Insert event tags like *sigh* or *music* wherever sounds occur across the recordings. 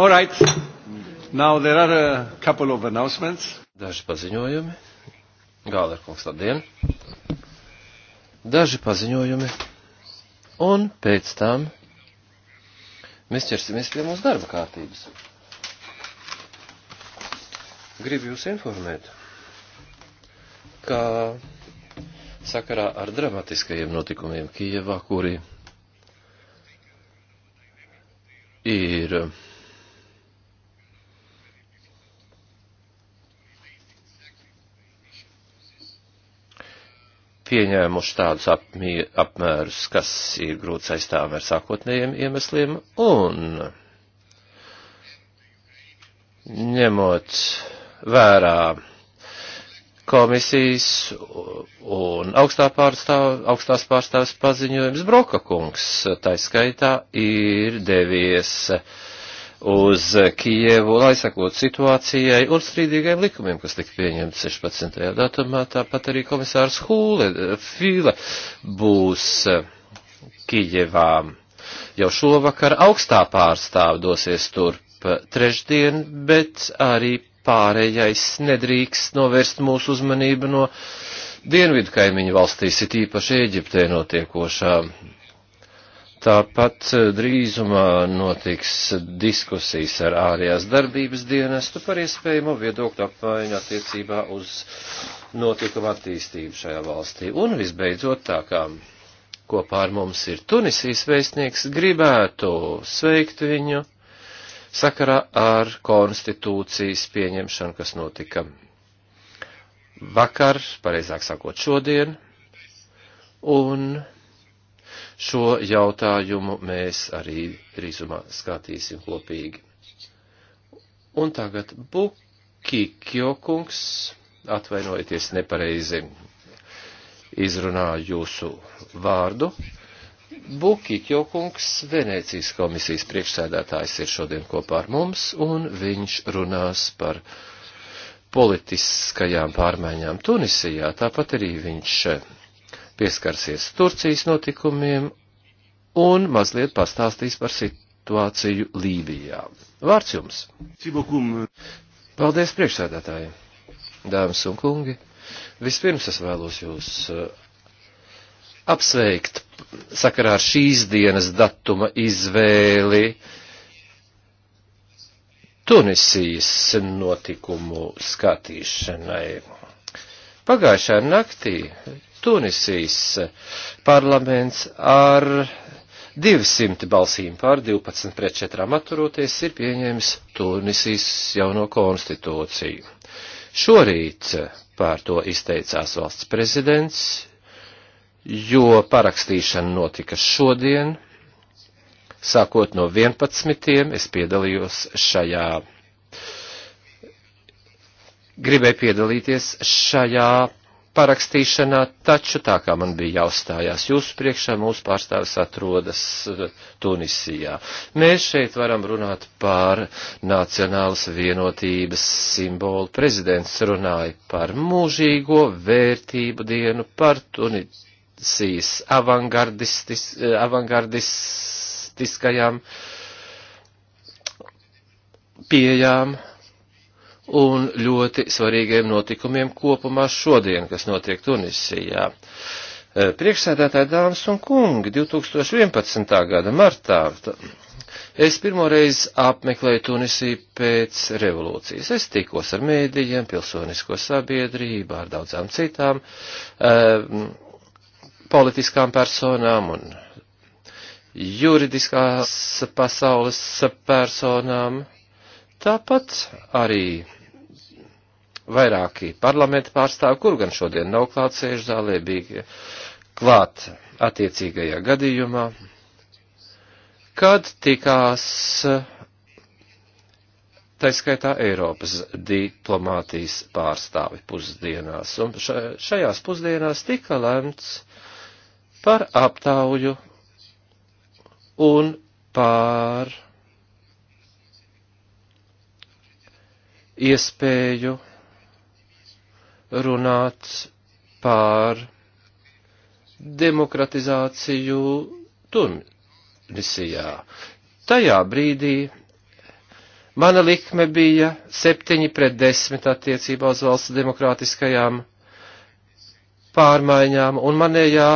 All right. Now there are a couple of announcements. Daži paziņojumi. Gālerkungs, labdien. Daži paziņojumi. Un pēc tam mēs ķersimies pie mūsu darba kārtības. Gribu jūs informēt, ka sakarā ar dramatiskajiem notikumiem Kijevā, kuri ir pieņēmuši tādus apmī, apmērus, kas ir grūti saistām ar sākotnējiem iemesliem, un ņemot vērā komisijas un augstā pārstāv, augstās pārstāvis paziņojums Broka kungs, tā skaitā ir devies uh, uz Kijievu, lai sakot situācijai un strīdīgiem likumiem, kas tika pieņemti 16. datumā. Tāpat arī komisārs Hūle, Fīle būs eh, Kijevā jau šovakar. Augstā pārstāv dosies turp trešdien, bet arī pārējais nedrīkst novērst mūsu uzmanību no dienvidu kaimiņu valstīs, it īpaši Eģiptē notiekošām Tāpat eh, drīzumā notiks diskusijas ar ārējās darbības dienestu par iespējamo viedokļu apmaiņu attiecībā uz notikumu attīstību šajā valstī. Un visbeidzot, tā kā kopā ar mums ir Tunisijas vēstnieks, gribētu sveikt viņu sakarā ar konstitūcijas pieņemšanu, kas notika vakar, pareizāk sakot šodien. Un Šo jautājumu mēs arī drīzumā skatīsim kopīgi. Un tagad Bukikjo kungs, atvainojieties nepareizi izrunāju jūsu vārdu. Bukikjo kungs, Venēcijas komisijas priekšsēdētājs, ir šodien kopā ar mums, un viņš runās par politiskajām pārmaiņām Tunisijā, tāpat arī viņš pieskarsies Turcijas notikumiem un mazliet pastāstīs par situāciju Lībijā. Vārds jums! Paldies priekšsēdētāji! Dāmas un kungi! Vispirms es vēlos jūs eh, apsveikt sakarā ar šīs dienas datuma izvēli Tunisijas notikumu skatīšanai. Pagājušā naktī Tunisijas parlaments ar 200 balsīm pār 12 pret 4 atturoties ir pieņēmis Tunisijas jauno konstitūciju. Šorīt pār to izteicās valsts prezidents, jo parakstīšana notika šodien. Sākot no 11. es piedalījos šajā, gribēju piedalīties šajā parakstīšanā, taču tā kā man bija jāuzstājās jūsu priekšā, mūsu pārstāvis atrodas eh, Tunisijā. Mēs šeit varam runāt par nacionālas vienotības simbolu. Prezidents runāja par mūžīgo vērtību dienu, par Tunisijas avangardistiskajām eh, pieejām un ļoti svarīgiem notikumiem kopumā šodien, kas notiek Tunisijā. E, priekšsēdētāji dāmas un kungi, 2011. gada martā es pirmoreiz apmeklēju Tunisiju pēc revolūcijas. Es tikos ar mēdījiem, pilsonisko sabiedrību, ar daudzām citām eh, politiskām personām un juridiskās pasaules personām. Tāpat arī vairāki parlamenta pārstāvi, kur gan šodien nav klāt sēžu zālē, bija klāt attiecīgajā gadījumā, kad tikās taiskaitā Eiropas diplomātijas pārstāvi pusdienās, un šajās pusdienās tika lemts par aptauju un par iespēju runāt pār demokratizāciju Tunisijā. Tajā brīdī mana likme bija septiņi pret desmit attiecībā uz valsts demokrātiskajām pārmaiņām, un manējā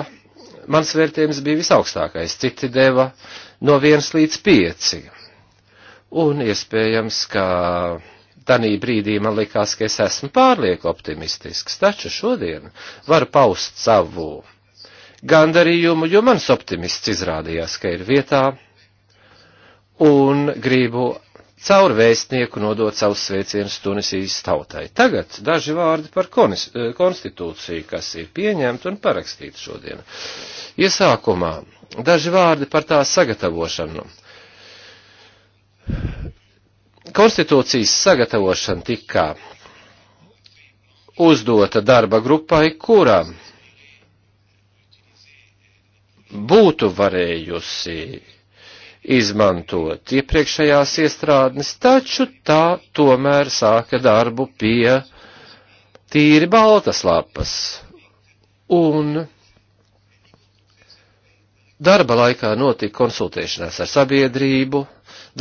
mans vērtējums bija visaugstākais, citi deva no viens līdz pieci. Un iespējams, ka Tanī brīdī man likās, ka es esmu pārlieku optimistisks, taču šodien varu paust savu gandarījumu, jo mans optimists izrādījās, ka ir vietā, un gribu caur vēstnieku nodot savus sveicienus Tunisijas tautai. Tagad daži vārdi par konis, konstitūciju, kas ir pieņemta un parakstīta šodien. Iesākumā daži vārdi par tā sagatavošanu. Konstitūcijas sagatavošana tika uzdota darba grupai, kurā būtu varējusi izmantot iepriekšējās iestrādnes, taču tā tomēr sāka darbu pie tīri baltas lapas. Un darba laikā notika konsultēšanās ar sabiedrību,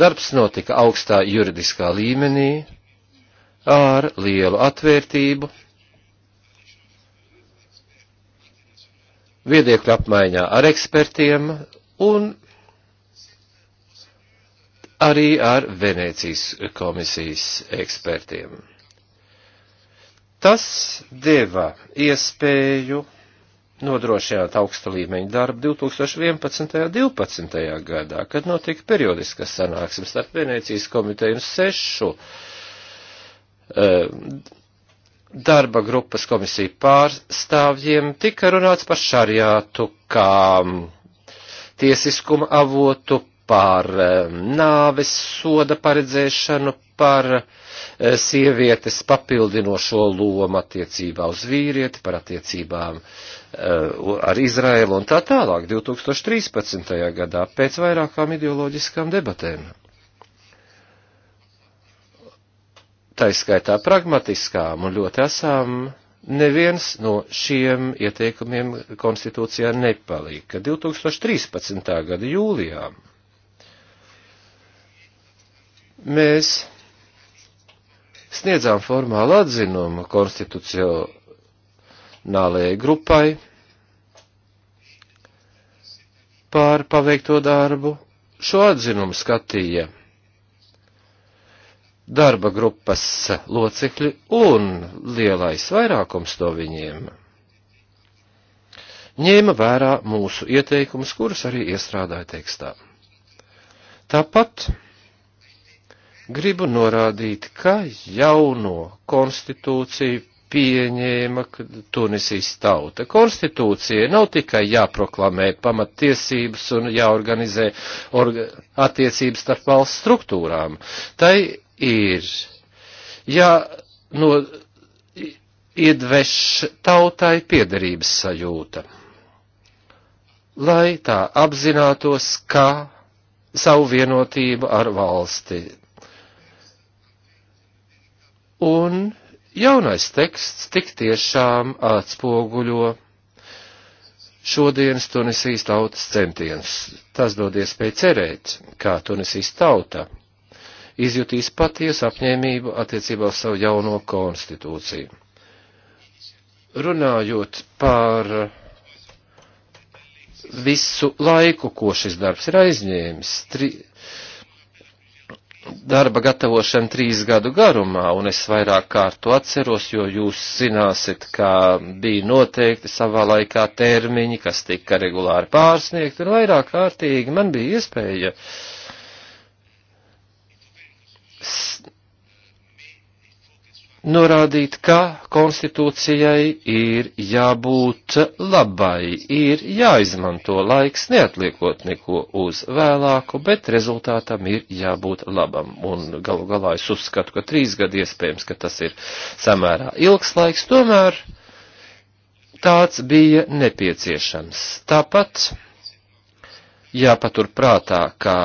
Darbs notika augstā juridiskā līmenī ar lielu atvērtību. Viedokļu apmaiņā ar ekspertiem un arī ar Venēcijas komisijas ekspertiem. Tas deva iespēju nodrošināt augsta līmeņa darbu 2011. un 2012. gadā, kad notika periodiskas sanāksmes starp Venecijas komiteju un sešu eh, darba grupas komisiju pārstāvjiem, tika runāts par šariātu kā tiesiskuma avotu par eh, nāves soda paredzēšanu, par eh, sievietes papildinošo lomu attiecībā uz vīrieti, par attiecībām eh, ar Izraēlu un tā tālāk 2013. gadā pēc vairākām ideoloģiskām debatēm. Taiskaitā pragmatiskām un ļoti asām neviens no šiem ieteikumiem konstitūcijā nepalika. 2013. gada jūlijām Mēs sniedzām formālu atzinumu konstitucionālajai grupai par paveikto darbu. Šo atzinumu skatīja darba grupas locekļi un lielais vairākums no viņiem ņēma vērā mūsu ieteikumus, kurus arī iestrādāja tekstā. Tāpat gribu norādīt, ka jauno konstitūciju pieņēma Tunisijas tauta. Konstitūcija nav tikai jāproklamē pamattiesības un jāorganizē orga, attiecības starp valsts struktūrām. Tai ir jāiedveš no, tautai piederības sajūta, lai tā apzinātos, kā savu vienotību ar valsti. Un jaunais teksts tik tiešām atspoguļo šodienas Tunisijas tautas centienus. Tas dod iespēju cerēt, kā Tunisijas tauta izjutīs patiesu apņēmību attiecībā uz savu jauno konstitūciju. Runājot par visu laiku, ko šis darbs ir aizņēmis, tri, darba gatavošana trīs gadu garumā, un es vairāk kārtu atceros, jo jūs zināsiet, kā bija noteikti savā laikā termiņi, kas tika regulāri pārsniegti, un vairāk kārtīgi man bija iespēja uh, norādīt, ka konstitūcijai ir jābūt labai, ir jāizmanto laiks, neatliekot neko uz vēlāku, bet rezultātam ir jābūt labam. Un galu galā es uzskatu, ka trīs gadi iespējams, ka tas ir samērā ilgs laiks, tomēr tāds bija nepieciešams. Tāpat jāpatur prātā, kā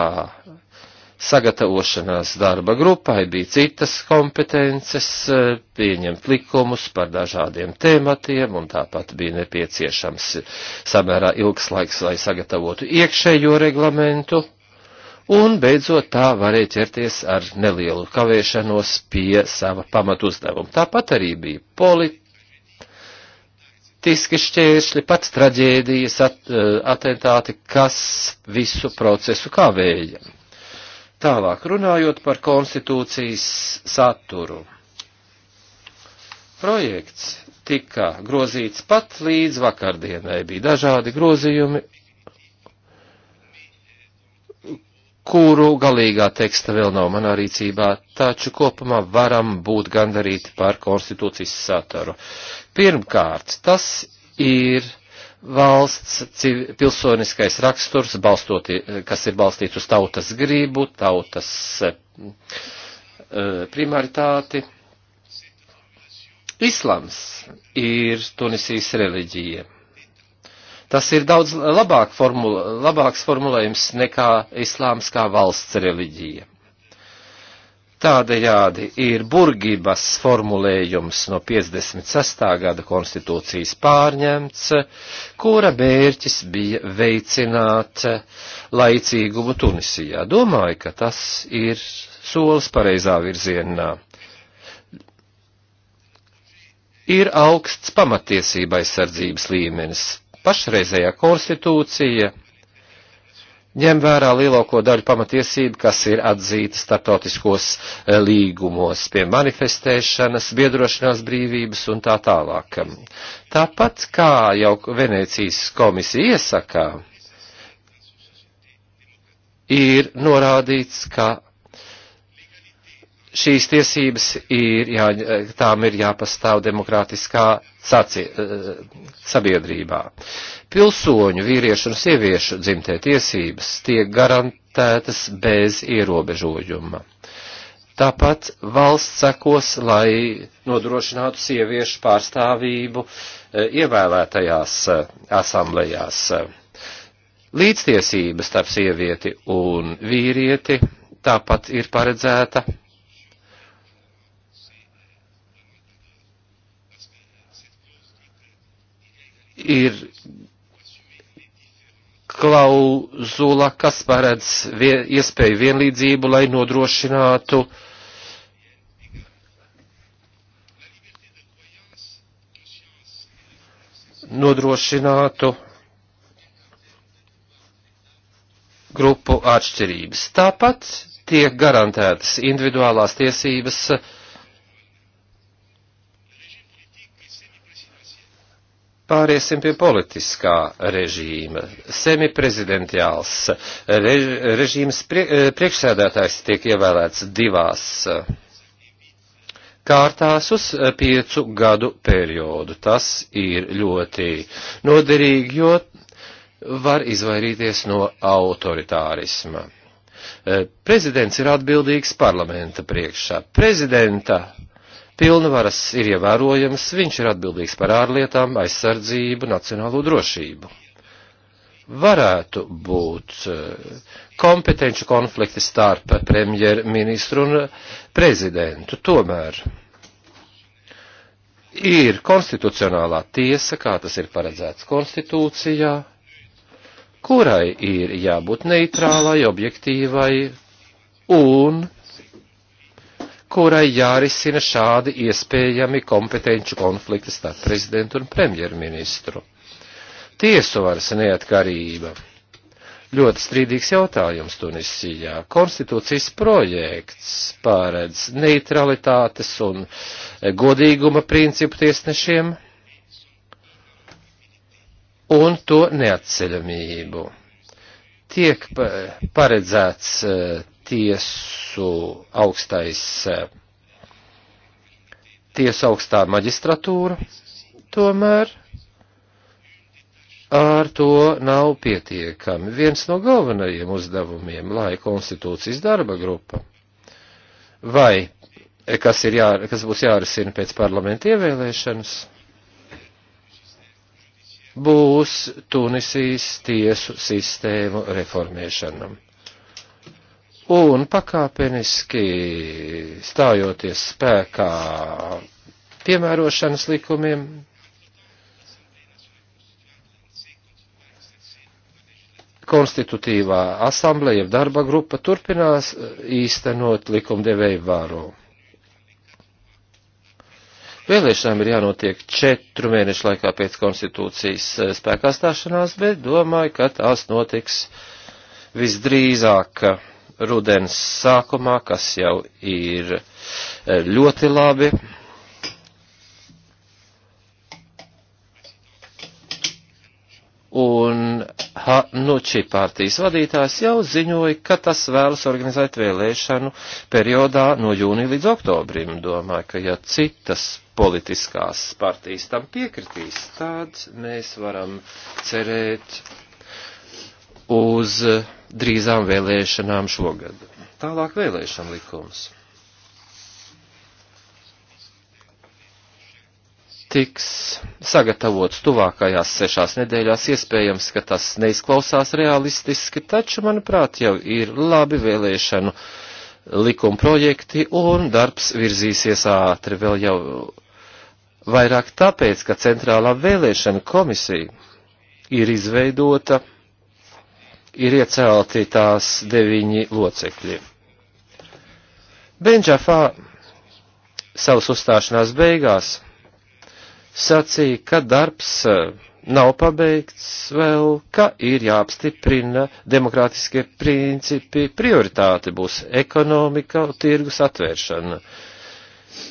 sagatavošanās darba grupai bija citas kompetences, e, pieņemt likumus par dažādiem tēmatiem, un tāpat bija nepieciešams samērā ilgs laiks, lai sagatavotu iekšējo reglamentu, un beidzot tā varēja ķerties ar nelielu kavēšanos pie sava pamatu uzdevuma. Tāpat arī bija politika politiski šķēršļi, pat traģēdijas, at, e, atentāti, kas visu procesu kavēja. Tālāk runājot par konstitūcijas saturu. Projekts tika grozīts pat līdz vakardienai. Bija dažādi grozījumi, kuru galīgā teksta vēl nav manā rīcībā, taču kopumā varam būt gandarīti par konstitūcijas saturu. Pirmkārt, tas ir valsts pilsoniskais raksturs, balstoti, kas ir balstīts uz tautas gribu, tautas eh, eh, primaritāti. Islams ir Tunisijas reliģija. Tas ir daudz labāk formula, labāks formulējums nekā islāms kā valsts reliģija. Tādējādi ir burgības formulējums no 56. gada konstitūcijas pārņemts, kura mērķis bija veicināt laicīgumu Tunisijā. Domāju, ka tas ir solis pareizā virzienā. Ir augsts pamatiesība aizsardzības līmenis. Pašreizējā konstitūcija ņem vērā lielāko daļu pamatiesību, kas ir atzīta startautiskos e, līgumos pie manifestēšanas, biedrošanās brīvības un tā tālāk. Tāpat kā jau Venēcijas komisija iesaka, ir norādīts, ka šīs tiesības ir, jā, tām ir jāpastāv demokrātiskā saci, eh, sabiedrībā. Pilsoņu, vīriešu un sieviešu dzimtē tiesības tiek garantētas bez ierobežojuma. Tāpat valsts sekos, lai nodrošinātu sieviešu pārstāvību eh, ievēlētajās eh, asamblējās. Līdztiesības starp sievieti un vīrieti tāpat ir paredzēta ir klauzula, kas paredz vien, iespēju vienlīdzību, lai nodrošinātu nodrošinātu grupu atšķirības. Tāpat tiek garantētas individuālās tiesības uh, Pāriesim pie politiskā režīma. Semiprezidentiāls Re, režīms prie, eh, priekšsēdētājs tiek ievēlēts divās eh, kārtās uz eh, piecu gadu periodu. Tas ir ļoti noderīgi, jo var izvairīties no autoritārisma. Prezidents ir atbildīgs parlamenta priekšā. Prezidenta pilnvaras ir ievērojamas, viņš ir atbildīgs par ārlietām, aizsardzību, nacionālo drošību. Varētu būt eh, kompetenci konflikti starp premjerministru un prezidentu, tomēr ir konstitucionālā tiesa, kā tas ir paredzēts konstitūcijā, kurai ir jābūt neitrālai, objektīvai un kurai jārisina šādi iespējami kompetenču konflikti starp prezidentu un premjerministru. Tiesu varas neatkarība. Ļoti strīdīgs jautājums Tunisijā. Konstitūcijas projekts pārēdz neutralitātes un godīguma principu tiesnešiem un to neatceļamību. Tiek paredzēts eh, tiesu augstais, eh, tiesu augstā maģistratūra, tomēr ar to nav pietiekami. Viens no galvenajiem uzdevumiem, lai konstitūcijas darba grupa vai eh, kas, ir jā, kas būs jārisina pēc parlamenta ievēlēšanas, būs Tunisijas tiesu sistēmu reformēšanam un pakāpeniski stājoties spēkā piemērošanas likumiem, konstitutīvā asambleja darba grupa turpinās īstenot likumdevēju vāro. Vēlēšanām ir jānotiek četru mēnešu laikā pēc konstitūcijas eh, spēkā stāšanās, bet domāju, ka tās notiks visdrīzāk rudens sākumā, kas jau ir e, ļoti labi. Un Hanuči partijas vadītājs jau ziņoja, ka tas vēlas organizēt vēlēšanu periodā no jūnija līdz oktobrim. Domāju, ka ja citas politiskās partijas tam piekritīs, tad mēs varam cerēt uz uh, drīzām vēlēšanām šogad. Tālāk vēlēšana likums. tiks sagatavots tuvākajās sešās nedēļās, iespējams, ka tas neizklausās realistiski, taču, manuprāt, jau ir labi vēlēšanu likuma projekti un darbs virzīsies ātri vēl jau vairāk tāpēc, ka Centrālā vēlēšana komisija ir izveidota ir iecelti tās deviņi locekļi. Benžafā savas uzstāšanās beigās sacīja, ka darbs eh, nav pabeigts vēl, ka ir jāapstiprina demokrātiskie principi, prioritāte būs ekonomika, tirgus atvēršana.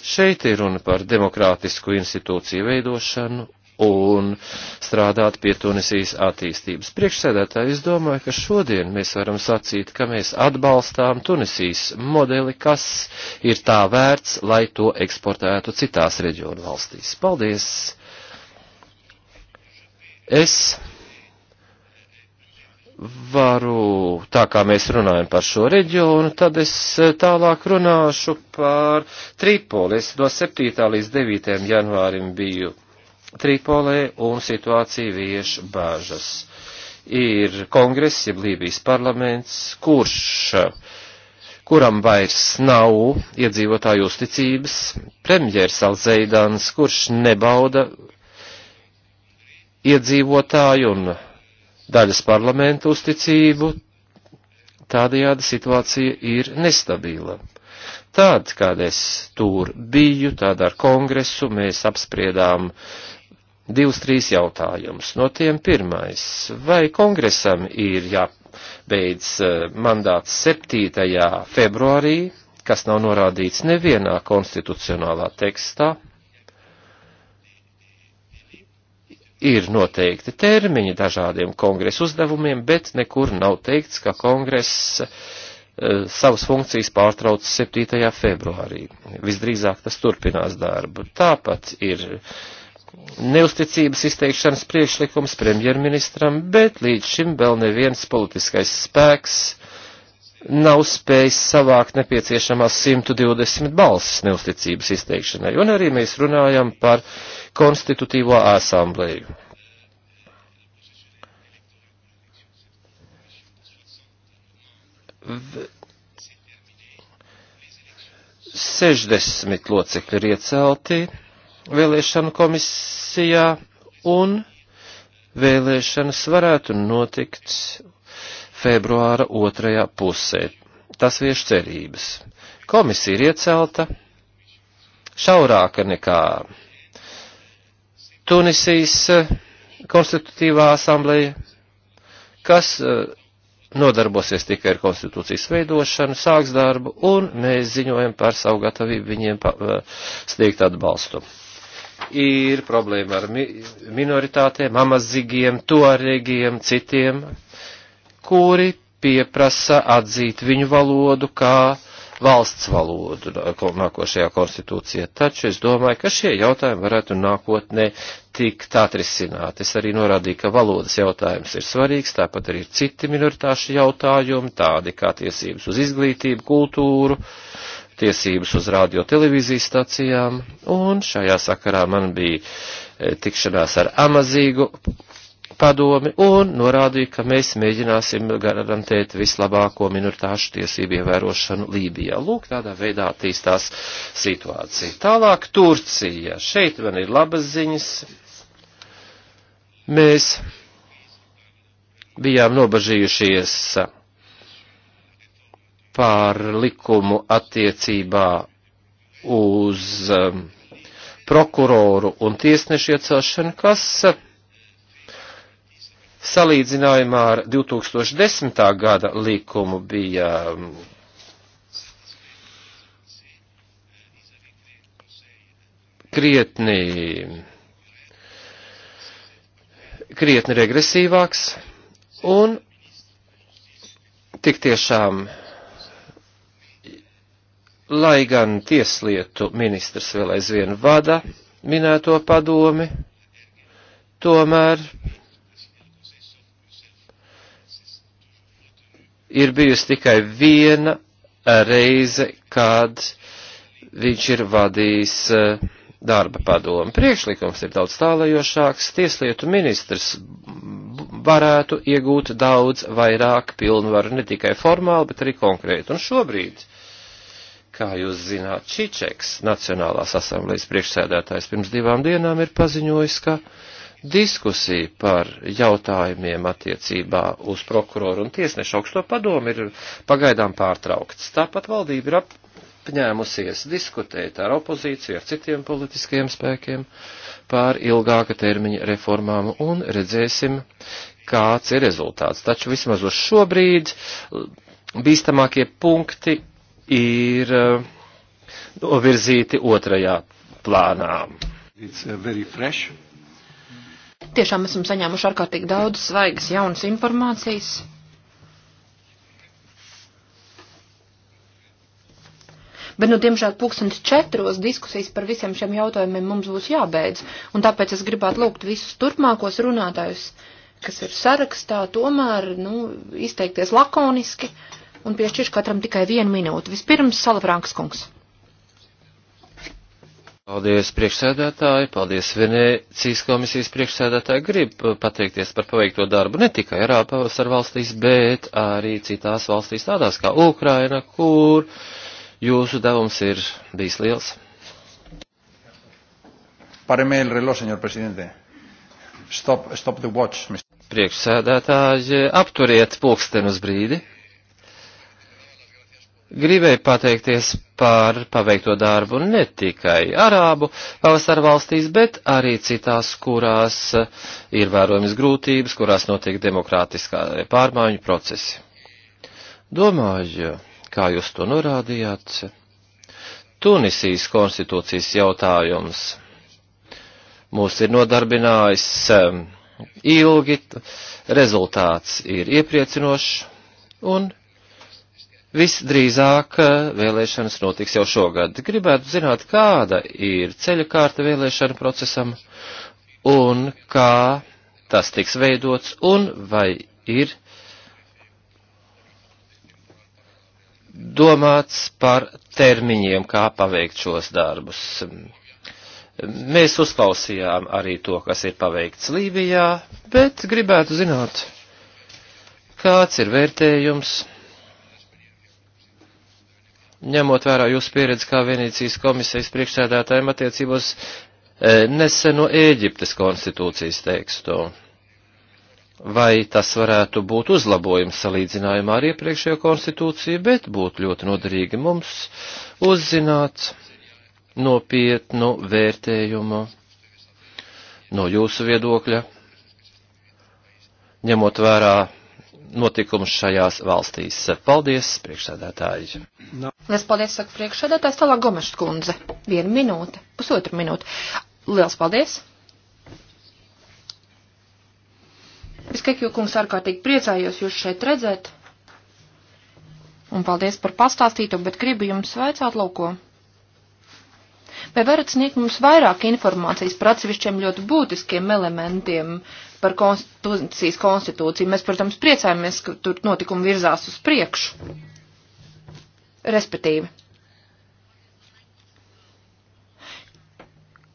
Šeit ir runa par demokrātisku institūciju veidošanu un strādāt pie Tunisijas attīstības. Priekšsēdētāji, es domāju, ka šodien mēs varam sacīt, ka mēs atbalstām Tunisijas modeli, kas ir tā vērts, lai to eksportētu citās reģionu valstīs. Paldies! Es varu, tā kā mēs runājam par šo reģionu, tad es tālāk runāšu par Tripoli. Es no 7. līdz 9. janvārim biju Tripolē un situācija vieš bāžas. Ir kongress, jeb Lībijas parlaments, kurš, kuram vairs nav iedzīvotāju uzticības, premjers Alzeidans, kurš nebauda iedzīvotāju un daļas parlamentu uzticību, tādējādi situācija ir nestabila. Tad, kad es tur biju, tad ar kongresu mēs apspriedām divus, trīs jautājumus. No tiem pirmais, vai kongresam ir jābeidz eh, mandāts 7. februārī, kas nav norādīts nevienā konstitucionālā tekstā, ir noteikti termiņi dažādiem kongresa uzdevumiem, bet nekur nav teikts, ka kongress e, savas funkcijas pārtrauc 7. februārī. Visdrīzāk tas turpinās darbu. Tāpat ir neusticības izteikšanas priekšlikums premjerministram, bet līdz šim vēl neviens politiskais spēks nav spējis savākt nepieciešamās 120 balsis neusticības izteikšanai, un arī mēs runājam par konstitutīvo asamblēju. V 60 locekļi ir iecelti, vēlēšanu komisijā un vēlēšanas varētu notikt februāra otrajā pusē. Tas vieš cerības. Komisija ir iecelta šaurāka nekā Tunisijas eh, konstitutīvā asambleja, kas eh, nodarbosies tikai ar konstitūcijas veidošanu, sāks darbu, un mēs ziņojam par savu gatavību viņiem eh, sniegt atbalstu ir problēma ar mi minoritātēm, amazigiem, tuarīgiem, citiem, kuri pieprasa atzīt viņu valodu kā valsts valodu nākošajā konstitūcijā. Taču es domāju, ka šie jautājumi varētu nākotnē tikt atrisināti. Es arī norādīju, ka valodas jautājums ir svarīgs, tāpat arī ir citi minoritāšu jautājumi, tādi kā tiesības uz izglītību, kultūru, uh, tiesības uz radio televīzijas stacijām, un šajā sakarā man bija e, tikšanās ar amazīgu padomi un norādīja, ka mēs mēģināsim garantēt vislabāko minoritāšu tiesību ievērošanu Lībijā. Lūk, tādā veidā attīstās situācija. Tālāk Turcija. Šeit man ir labas ziņas. Mēs bijām nobažījušies par likumu attiecībā uz um, prokuroru un tiesnešu iecelšanu, kas uh, salīdzinājumā ar 2010. gada likumu bija um, krietni, krietni regresīvāks un tik tiešām lai gan tieslietu ministrs vēl aizvien vada minēto padomi, tomēr ir bijusi tikai viena reize, kad viņš ir vadījis eh, darba padomu. Priekšlikums ir daudz tālajošāks, tieslietu ministrs varētu iegūt daudz vairāk pilnvaru, ne tikai formāli, bet arī konkrēti. Un šobrīd Kā jūs zināt, Čičeks, Nacionālās asamblejas priekšsēdētājs, pirms divām dienām ir paziņojis, ka diskusija par jautājumiem attiecībā uz prokuroru un tiesnešu augsto padomu ir pagaidām pārtraukts. Tāpat valdība ir apņēmusies diskutēt ar opozīciju, ar citiem politiskiem spēkiem pār ilgāka termiņa reformām un redzēsim, kāds ir rezultāts. Taču vismaz uz šobrīd bīstamākie punkti ir novirzīti eh, otrajā plānā. Eh, Tiešām esam saņēmuši ārkārtīgi daudz svaigas jaunas informācijas. Bet, nu, diemžēl pūkstens četros diskusijas par visiem šiem jautājumiem mums būs jābeidz, un tāpēc es gribētu lūgt visus turpmākos runātājus, kas ir sarakstā, tomēr, nu, izteikties lakoniski, uh, un piešķiršu katram tikai vienu minūti. Vispirms Salafrānks kungs. Paldies priekšsēdētāji, paldies Venecijas komisijas priekšsēdētāji. Gribu pateikties par paveikto darbu ne tikai Eiropas ar valstīs, bet arī citās valstīs tādās kā Ukraina, kur jūsu devums ir bijis liels. Paremē el reloj, senor presidente. Stop, stop the watch, Mr. Priekšsēdētāji, apturiet pulksteni uz brīdi gribēju pateikties par paveikto darbu ne tikai Arābu pavasara valstīs, bet arī citās, kurās ir vērojamas grūtības, kurās notiek demokrātiskā pārmaiņu procesi. Domāju, kā jūs to norādījāt, Tunisijas konstitūcijas jautājums mūs ir nodarbinājis um, ilgi, rezultāts ir iepriecinošs un Visdrīzāk eh, vēlēšanas notiks jau šogad. Gribētu zināt, kāda ir ceļa kārta vēlēšana procesam un kā tas tiks veidots un vai ir domāts par termiņiem, kā paveikt šos darbus. Mēs uzklausījām arī to, kas ir paveikts Lībijā, bet gribētu zināt, kāds ir vērtējums ņemot vērā jūsu pieredzi kā Venīcijas komisijas priekšsēdētājiem attiecībos e, neseno Ēģiptes konstitūcijas tekstu. Vai tas varētu būt uzlabojums salīdzinājumā ar iepriekšējo konstitūciju, bet būtu ļoti noderīgi mums uzzināt nopietnu vērtējumu no jūsu viedokļa, ņemot vērā notikumus šajās valstīs. Paldies, priekšsēdētāji. Liels paldies, saka priekšsēdētājs Talā Gomešs kundze. Vienu minūte, pusotru minūte. Liels paldies. Viskaikju kungs ārkārtīgi priecājos jūs šeit redzēt. Un paldies par pastāstīto, bet gribu jums sveicāt lauko. Vai varat sniegt mums vairāk informācijas par atsevišķiem ļoti būtiskiem elementiem par konstitūcijas konstitūciju? Mēs, protams, priecājamies, ka tur notikumi virzās uz priekšu. Respektīvi.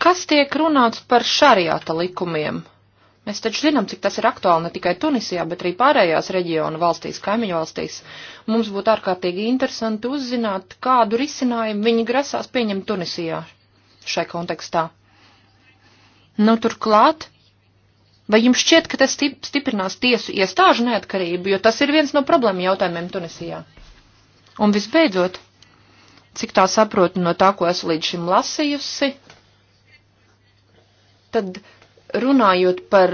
Kas tiek runāts par šariāta likumiem? Mēs taču zinām, cik tas ir aktuāli ne tikai Tunisijā, bet arī pārējās reģionu valstīs, kaimiņu valstīs. Mums būtu ārkārtīgi interesanti uzzināt, kādu risinājumu viņi grasās pieņemt Tunisijā šai kontekstā. Nu, turklāt, vai jums šķiet, ka tas stiprinās tiesu iestāžu neatkarību, jo tas ir viens no problēmu jautājumiem Tunisijā? Un visbeidzot, cik tā saprotu no tā, ko esmu līdz šim lasījusi, tad runājot par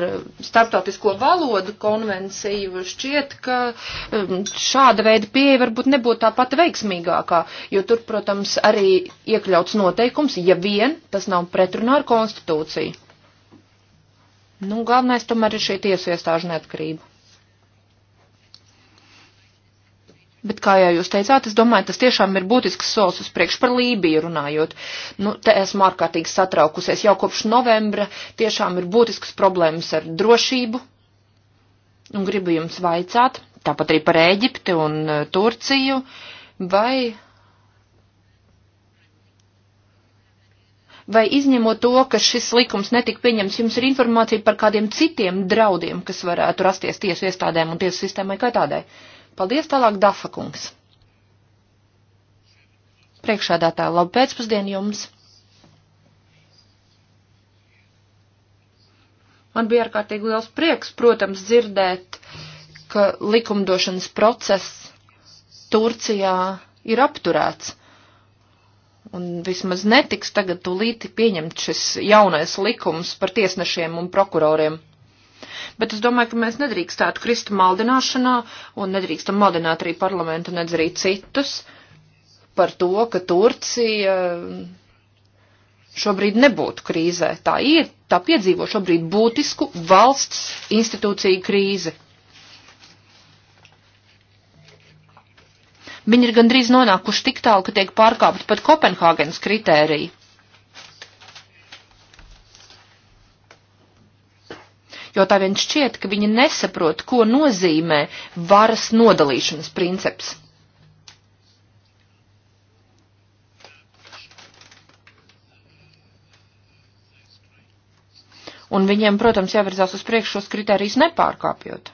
starptautisko valodu konvenciju, šķiet, ka um, šāda veida pieeja varbūt nebūtu tā pati veiksmīgākā, jo tur, protams, arī iekļauts noteikums, ja vien tas nav pretrunā ar konstitūciju. Nu, galvenais tomēr ir šī tiesu iestāžu neatkarība. Bet, kā jau jūs teicāt, es domāju, tas tiešām ir būtisks solis uz priekšu par Lībiju runājot. Nu, te esmu ārkārtīgi satraukusies. Jau kopš novembra tiešām ir būtisks problēmas ar drošību. Un gribu jums vaicāt, tāpat arī par Ēģipti un e, Turciju, vai vai izņemot to, ka šis likums netika pieņemts, jums ir informācija par kādiem citiem draudiem, kas varētu rasties tiesu iestādēm un tiesu sistēmai kā tādai? Uh, Paldies tālāk, Dafa kungs. Priekšādātā labu pēcpusdienu jums. Man bija ārkārtīgi liels prieks, protams, dzirdēt, ka likumdošanas process Turcijā ir apturēts. Un vismaz netiks tagad tūlīti pieņemt šis jaunais likums par tiesnešiem un prokuroriem. Bet es domāju, ka mēs nedrīkstētu krist maldināšanā un nedrīkstam maldināt arī parlamentu, nedz arī citus par to, ka Turcija šobrīd nebūtu krīzē. Tā ir, tā piedzīvo šobrīd būtisku valsts institūciju krīzi. Viņi ir gandrīz nonākuši tik tālu, ka tiek pārkāpti pat Kopenhāgenes kritēriji. jo tā vien šķiet, ka viņi nesaprot, ko nozīmē varas nodalīšanas princips. Un viņiem, protams, jāvirzās uz priekšu šos kritērijus nepārkāpjot.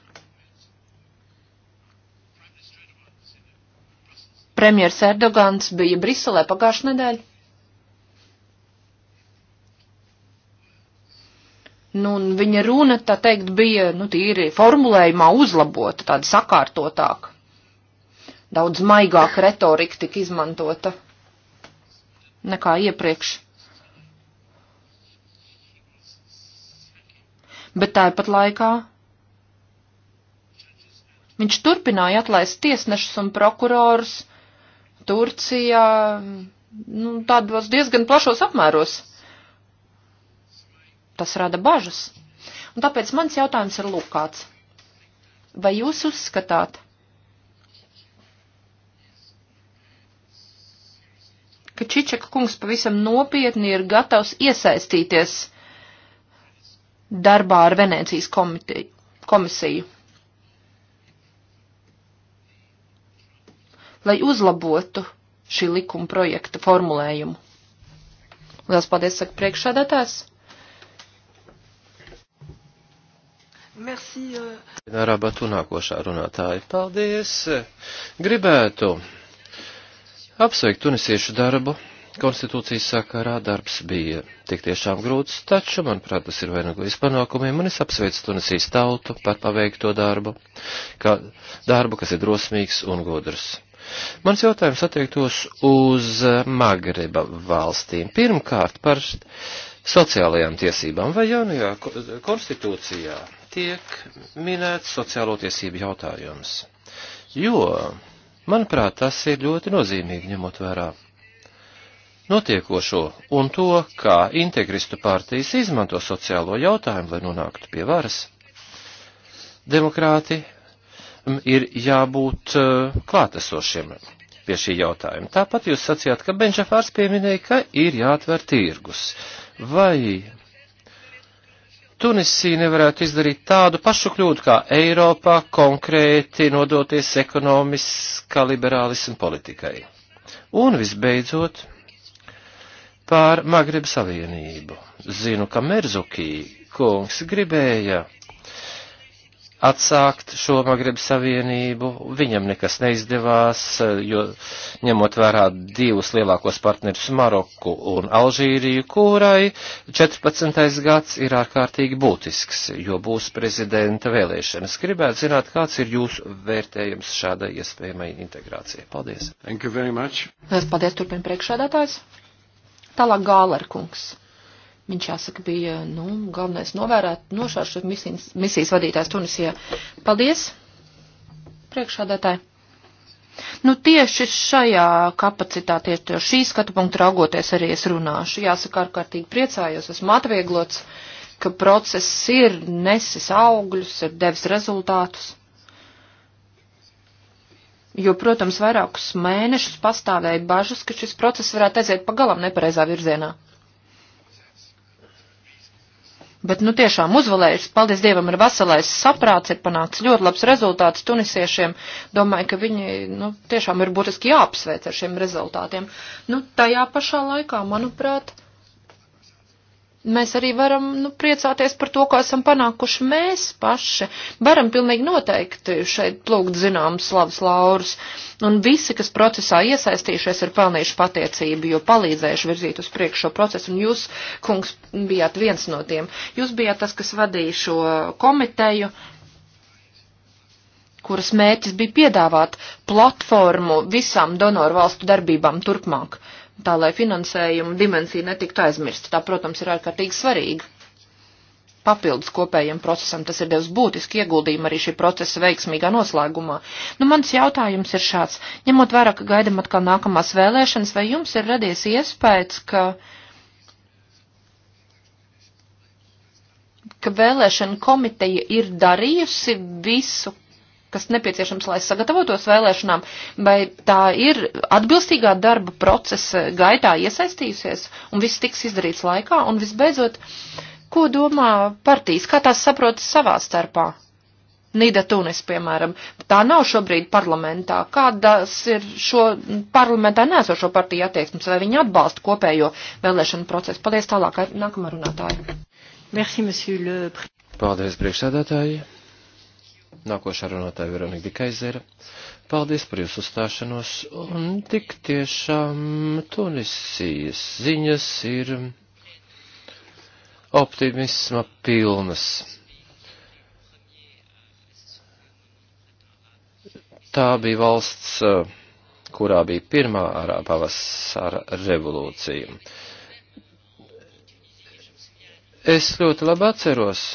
Premjers Erdogans bija Briselē pagājušajā nedēļā Nu, un viņa runa, tā teikt, bija, nu, tīri formulējumā uzlabota, tāda sakārtotāka. Daudz maigāka retorika tika izmantota nekā iepriekš. Bet tāpat laikā viņš turpināja atlaist tiesnešus un prokurorus Turcijā, nu, tādos diezgan plašos apmēros tas rada bažas. Un tāpēc mans jautājums ir lūkāts. Vai jūs uzskatāt, ka Čičaka kungs pavisam nopietni ir gatavs iesaistīties darbā ar Venēcijas komiteju, komisiju? Lai uzlabotu šī likuma projekta formulējumu. Lielas paldies, saka priekšādātājs. Merci. Arabatu euh. nākošā runātāja. Paldies. Gribētu apsveikt tunisiešu darbu. Konstitūcijas sakarā darbs bija tik tiešām grūts, taču, manuprāt, tas ir vainaglīs panākumiem, un es apsveicu Tunisijas tautu par paveikto darbu, kā darbu, kas ir drosmīgs un gudrs. Mans jautājums attiektos uz Magreba valstīm. Pirmkārt, par sociālajām tiesībām vai jaunajā konstitūcijā tiek minēts sociālo tiesību jautājums. Jo, manuprāt, tas ir ļoti nozīmīgi ņemot vērā notiekošo un to, kā integristu partijas izmanto sociālo jautājumu, lai nonāktu pie varas. Demokrāti mm, ir jābūt eh, klātesošiem pie šī jautājuma. Tāpat jūs sacījāt, ka Benžafārs pieminēja, ka ir jāatver tirgus. Vai Tunisija nevarētu izdarīt tādu pašu kļūdu kā Eiropā, konkrēti nodoties ekonomiskā liberālismu politikai. Un visbeidzot, pār Magrib Savienību. Zinu, ka Merzukī kungs gribēja atsākt šo Magreb savienību. Viņam nekas neizdevās, jo ņemot vērā divus lielākos partnerus Maroku un Alžīriju, kurai 14. gads ir ārkārtīgi būtisks, jo būs prezidenta vēlēšanas. Gribētu zināt, kāds ir jūsu vērtējums šādai iespējamai integrācijai. Paldies! Paldies, turpina priekšādātājs. Tālāk Gālerkungs. Viņš, jāsaka, bija nu, galvenais novērēt nošāršot misijas, misijas vadītājs Tunisijā. Paldies, priekšādātāji! Nu, tieši šajā kapacitātē, šī skatu punktu raugoties arī es runāšu. Jāsaka, ārkārtīgi priecājos, esmu atvieglots, ka process ir nesis augļus, ir devis rezultātus jo, protams, vairākus mēnešus pastāvēja bažas, ka šis process varētu aiziet pagalam nepareizā virzienā. Bet, nu, tiešām uzvalējis, paldies Dievam, ir veselais saprāts, ir panācis ļoti labs rezultāts tunisiešiem. Domāju, ka viņi, nu, tiešām ir būtiski jāapsveic ar šiem rezultātiem. Nu, tajā pašā laikā, manuprāt, mēs arī varam nu, priecāties par to, ko esam panākuši mēs paši. Varam pilnīgi noteikti šeit plūgt zināmas slavas laurus, un visi, kas procesā iesaistījušies, ir pelnījuši pateicību, jo palīdzējuši virzīt uz priekšu šo procesu, un jūs, kungs, bijāt viens no tiem. Jūs bijāt tas, kas vadīja šo komiteju, kuras mērķis bija piedāvāt platformu visām donoru valstu darbībām turpmāk. Uh, tā lai finansējuma dimensija netiktu aizmirsta. Tā, protams, ir ārkārtīgi svarīga. Papildus kopējiem procesam tas ir devis būtiski ieguldījumu arī šī procesa veiksmīgā noslēgumā. Nu, mans jautājums ir šāds. Ņemot vērā, ka gaidam atkal nākamās vēlēšanas, vai jums ir radies iespējas, ka. ka vēlēšana komiteja ir darījusi visu, kas nepieciešams, lai sagatavotos vēlēšanām, vai tā ir atbilstīgā darba procesa gaitā iesaistījusies un viss tiks izdarīts laikā, un visbeidzot, ko domā partijas, kā tās saprot savā starpā? Nīda Tunis, piemēram, tā nav šobrīd parlamentā. Kādas ir šo parlamentā nēsošo partiju attieksmes, vai viņi atbalsta kopējo vēlēšanu procesu? Paldies tālāk, nākamā runātāja. Merci, monsieur le... Paldies, priekšsēdētāji. Nākošā runātāja Veronika Dikaizera. Paldies par jūsu uzstāšanos. Un tik tiešām Tunisijas ziņas ir optimisma pilnas. Tā bija valsts, kurā bija pirmā arā pavasara revolūcija. Es ļoti labi atceros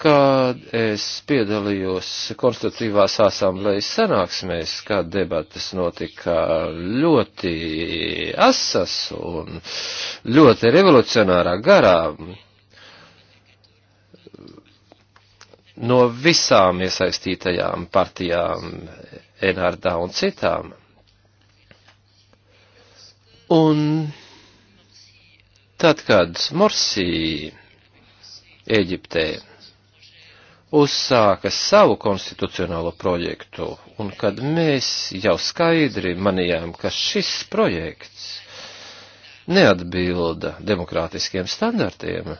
kad es piedalījos konstitutīvās asamblējas sanāksmēs, kad debatas notika ļoti asas un ļoti revolucionārā garā. No visām iesaistītajām partijām, Enārdā un citām. Un tad, kad Morsī Eģiptē uzsāka savu konstitucionālo projektu, un kad mēs jau skaidri manījām, ka šis projekts neatbilda demokrātiskiem standartiem,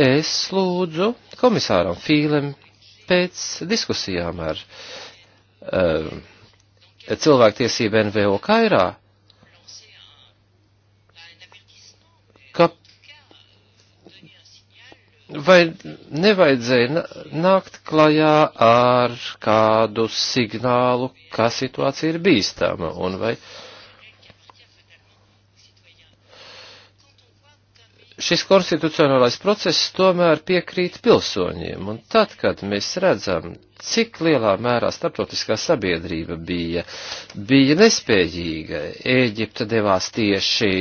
es lūdzu komisāram Fīlem pēc diskusijām ar um, cilvēktiesību NVO Kairā vai nevajadzēja nākt klajā ar kādu signālu, kā situācija ir bīstama, un vai šis konstitucionālais process tomēr piekrīt pilsoņiem, un tad, kad mēs redzam, cik lielā mērā starptautiskā sabiedrība bija, bija nespējīga, Ēģipte devās tieši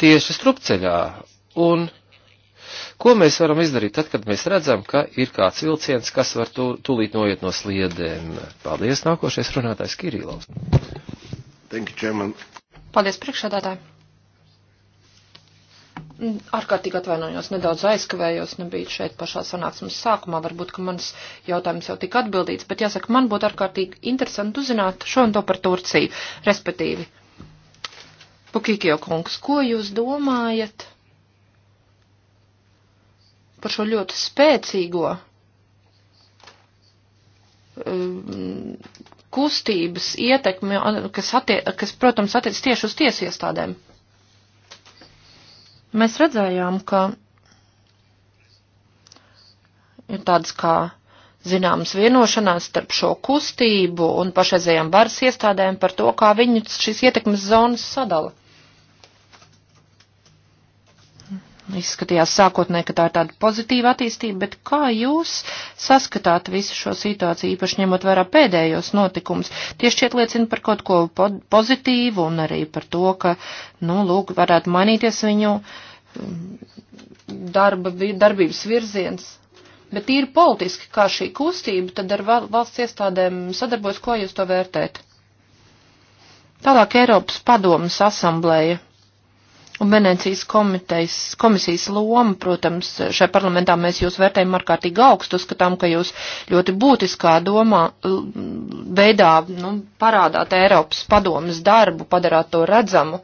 tieši strupceļā. Un ko mēs varam izdarīt tad, kad mēs redzam, ka ir kāds vilciens, kas var tu, tūlīt noiet no sliedēm? Paldies, nākošais runātājs Kirīlovs. Thank you, Chairman. Paldies, priekšādātāji. Mm, ārkārtīgi atvainojos, nedaudz aizkavējos, nebija šeit pašā sanāksmes sākumā, varbūt, ka mans jautājums jau tika atbildīts, bet jāsaka, man būtu ārkārtīgi interesanti uzzināt šo un to par Turciju, respektīvi Pukīkio kungs, ko jūs domājat par šo ļoti spēcīgo um, kustības ietekmi, kas, attie, kas protams, attiec tieši uz tiesu iestādēm? Mēs redzējām, ka ir tādas kā zināmas vienošanās starp šo kustību un pašreizējām varas iestādēm par to, kā viņu šīs ietekmes zonas sadala. Izskatījās sākotnē, ka tā ir tāda pozitīva attīstība, bet kā jūs saskatāt visu šo situāciju, īpaši ņemot vērā pēdējos notikumus? Tie šķiet liecina par kaut ko pozitīvu un arī par to, ka, nu, lūk, varētu mainīties viņu mm, darba, darbības virziens. Bet tīri politiski, kā šī kustība, tad ar valsts iestādēm sadarbojas, ko jūs to vērtēt? Tālāk Eiropas padomas asamblēja Un Venecijas komisijas loma, protams, šajā parlamentā mēs jūs vērtējam ārkārtīgi augstu, uzskatām, ka jūs ļoti būtiskā domā, veidā, nu, parādāt Eiropas padomas darbu, padarāt to redzamu.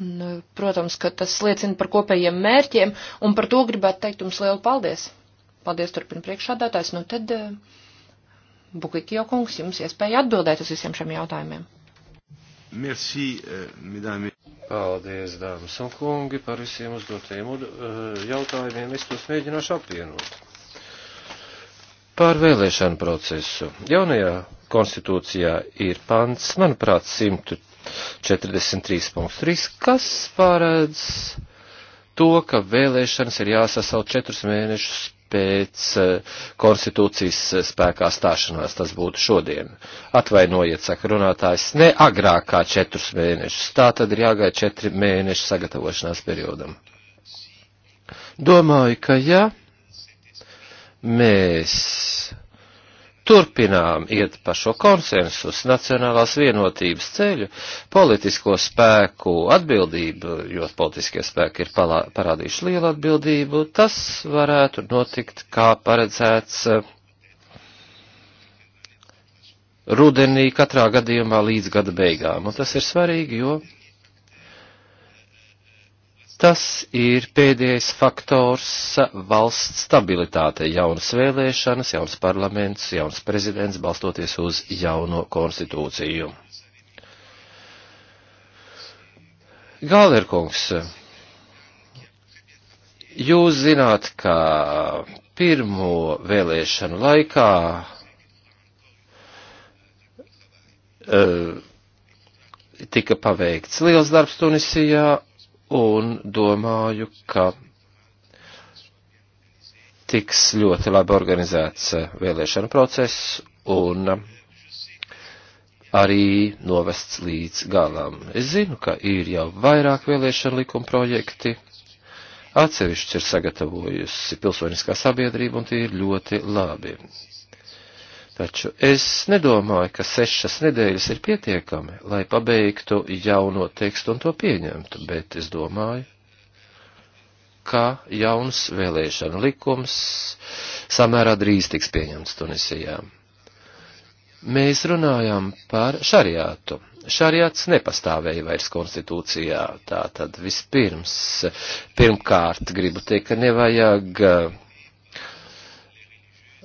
Un, protams, ka tas liecina par kopējiem mērķiem, un par to gribētu teikt jums lielu paldies. Paldies turpin priekšādātājs. Nu tad, eh, Bukikio kungs, jums iespēja atbildēt uz visiem šiem jautājumiem. Merci, euh, mesdames. Paldies, dāmas un kungi, par visiem uzdotajiem eh, jautājumiem. Es tos mēģināšu apvienot. Par vēlēšanu procesu. Jaunajā konstitūcijā ir pants, manuprāt, 143.3, kas paredz to, ka vēlēšanas ir jāsasaukt četrus mēnešus pēc eh, konstitūcijas eh, spēkā stāšanās tas būtu šodien. Atvainojiet, saka runātājs, ne agrāk kā četrus mēnešus. Tā tad ir jāgaida četri mēneši sagatavošanās periodam. Domāju, ka ja mēs turpinām iet pa šo konsensus, nacionālās vienotības ceļu, politisko spēku atbildību, jo politiskie spēki ir palā, parādījuši lielu atbildību, tas varētu notikt kā paredzēts eh, rudenī katrā gadījumā līdz gada beigām. Un tas ir svarīgi, jo Tas ir pēdējais faktors valsts stabilitātei. Jaunas vēlēšanas, jauns parlaments, jauns prezidents balstoties uz jauno konstitūciju. Gālerkungs, jūs zināt, ka pirmo vēlēšanu laikā uh, tika paveikts liels darbs Tunisijā un domāju, ka tiks ļoti labi organizēts eh, vēlēšana process un eh, arī novests līdz galam. Es zinu, ka ir jau vairāk vēlēšana likuma projekti, atsevišķi ir sagatavojusi pilsoniskā sabiedrība un tie ir ļoti labi. Taču es nedomāju, ka sešas nedēļas ir pietiekami, lai pabeigtu jauno tekstu un to pieņemtu, bet es domāju, ka jauns vēlēšana likums samērā drīz tiks pieņemts Tunisijā. Mēs runājam par šariātu. Šariāts nepastāvēja vairs konstitūcijā, tā tad vispirms, pirmkārt, gribu teikt, ka nevajag uh,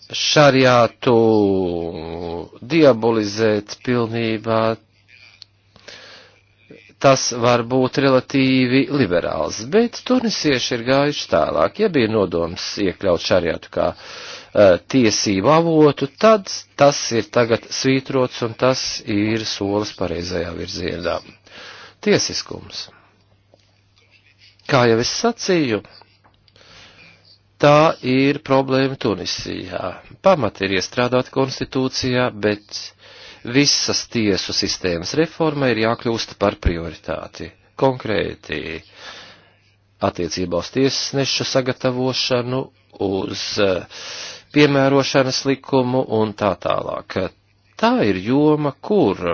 šariātu diabolizēt pilnībā, tas var būt relatīvi liberāls, bet tunisieši ir gājuši tālāk. Ja bija nodoms iekļaut šariātu kā uh, tiesību avotu, tad tas ir tagad svītrots un tas ir solis pareizajā virzienā. Tiesiskums. Kā jau es sacīju, Tā ir problēma Tunisijā. Pamat ir iestrādāt konstitūcijā, bet visas tiesu sistēmas reforma ir jākļūst par prioritāti. Konkrēti, attiecībā uz tiesnešu sagatavošanu, uz eh, piemērošanas likumu un tā tālāk. Tā ir joma, kur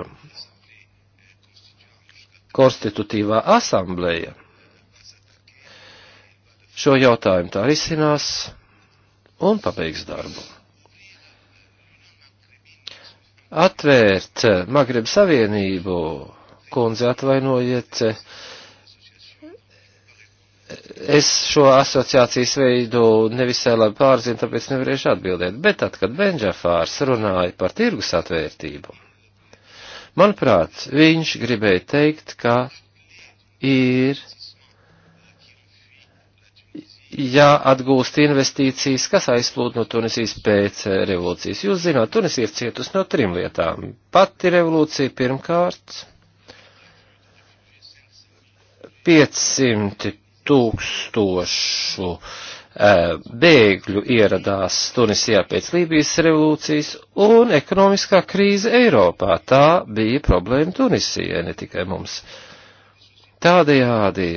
konstitutīvā asambleja šo jautājumu tā risinās un pabeigs darbu. Atvērt Magreb Savienību, kundze atvainojiet, es šo asociācijas veidu nevisai labi pārzinu, tāpēc nevarēšu atbildēt, bet tad, kad Benžafārs runāja par tirgus atvērtību, manuprāt, viņš gribēja teikt, ka ir jāatgūst investīcijas, kas aizplūd no Tunisijas pēc eh, revolūcijas. Jūs zināt, Tunisija ir cietusi no trim lietām. Pati revolūcija pirmkārt, 500 tūkstošu eh, bēgļu ieradās Tunisijā pēc Lībijas revolūcijas un ekonomiskā krīze Eiropā. Tā bija problēma Tunisijai, ne tikai mums. Tādējādi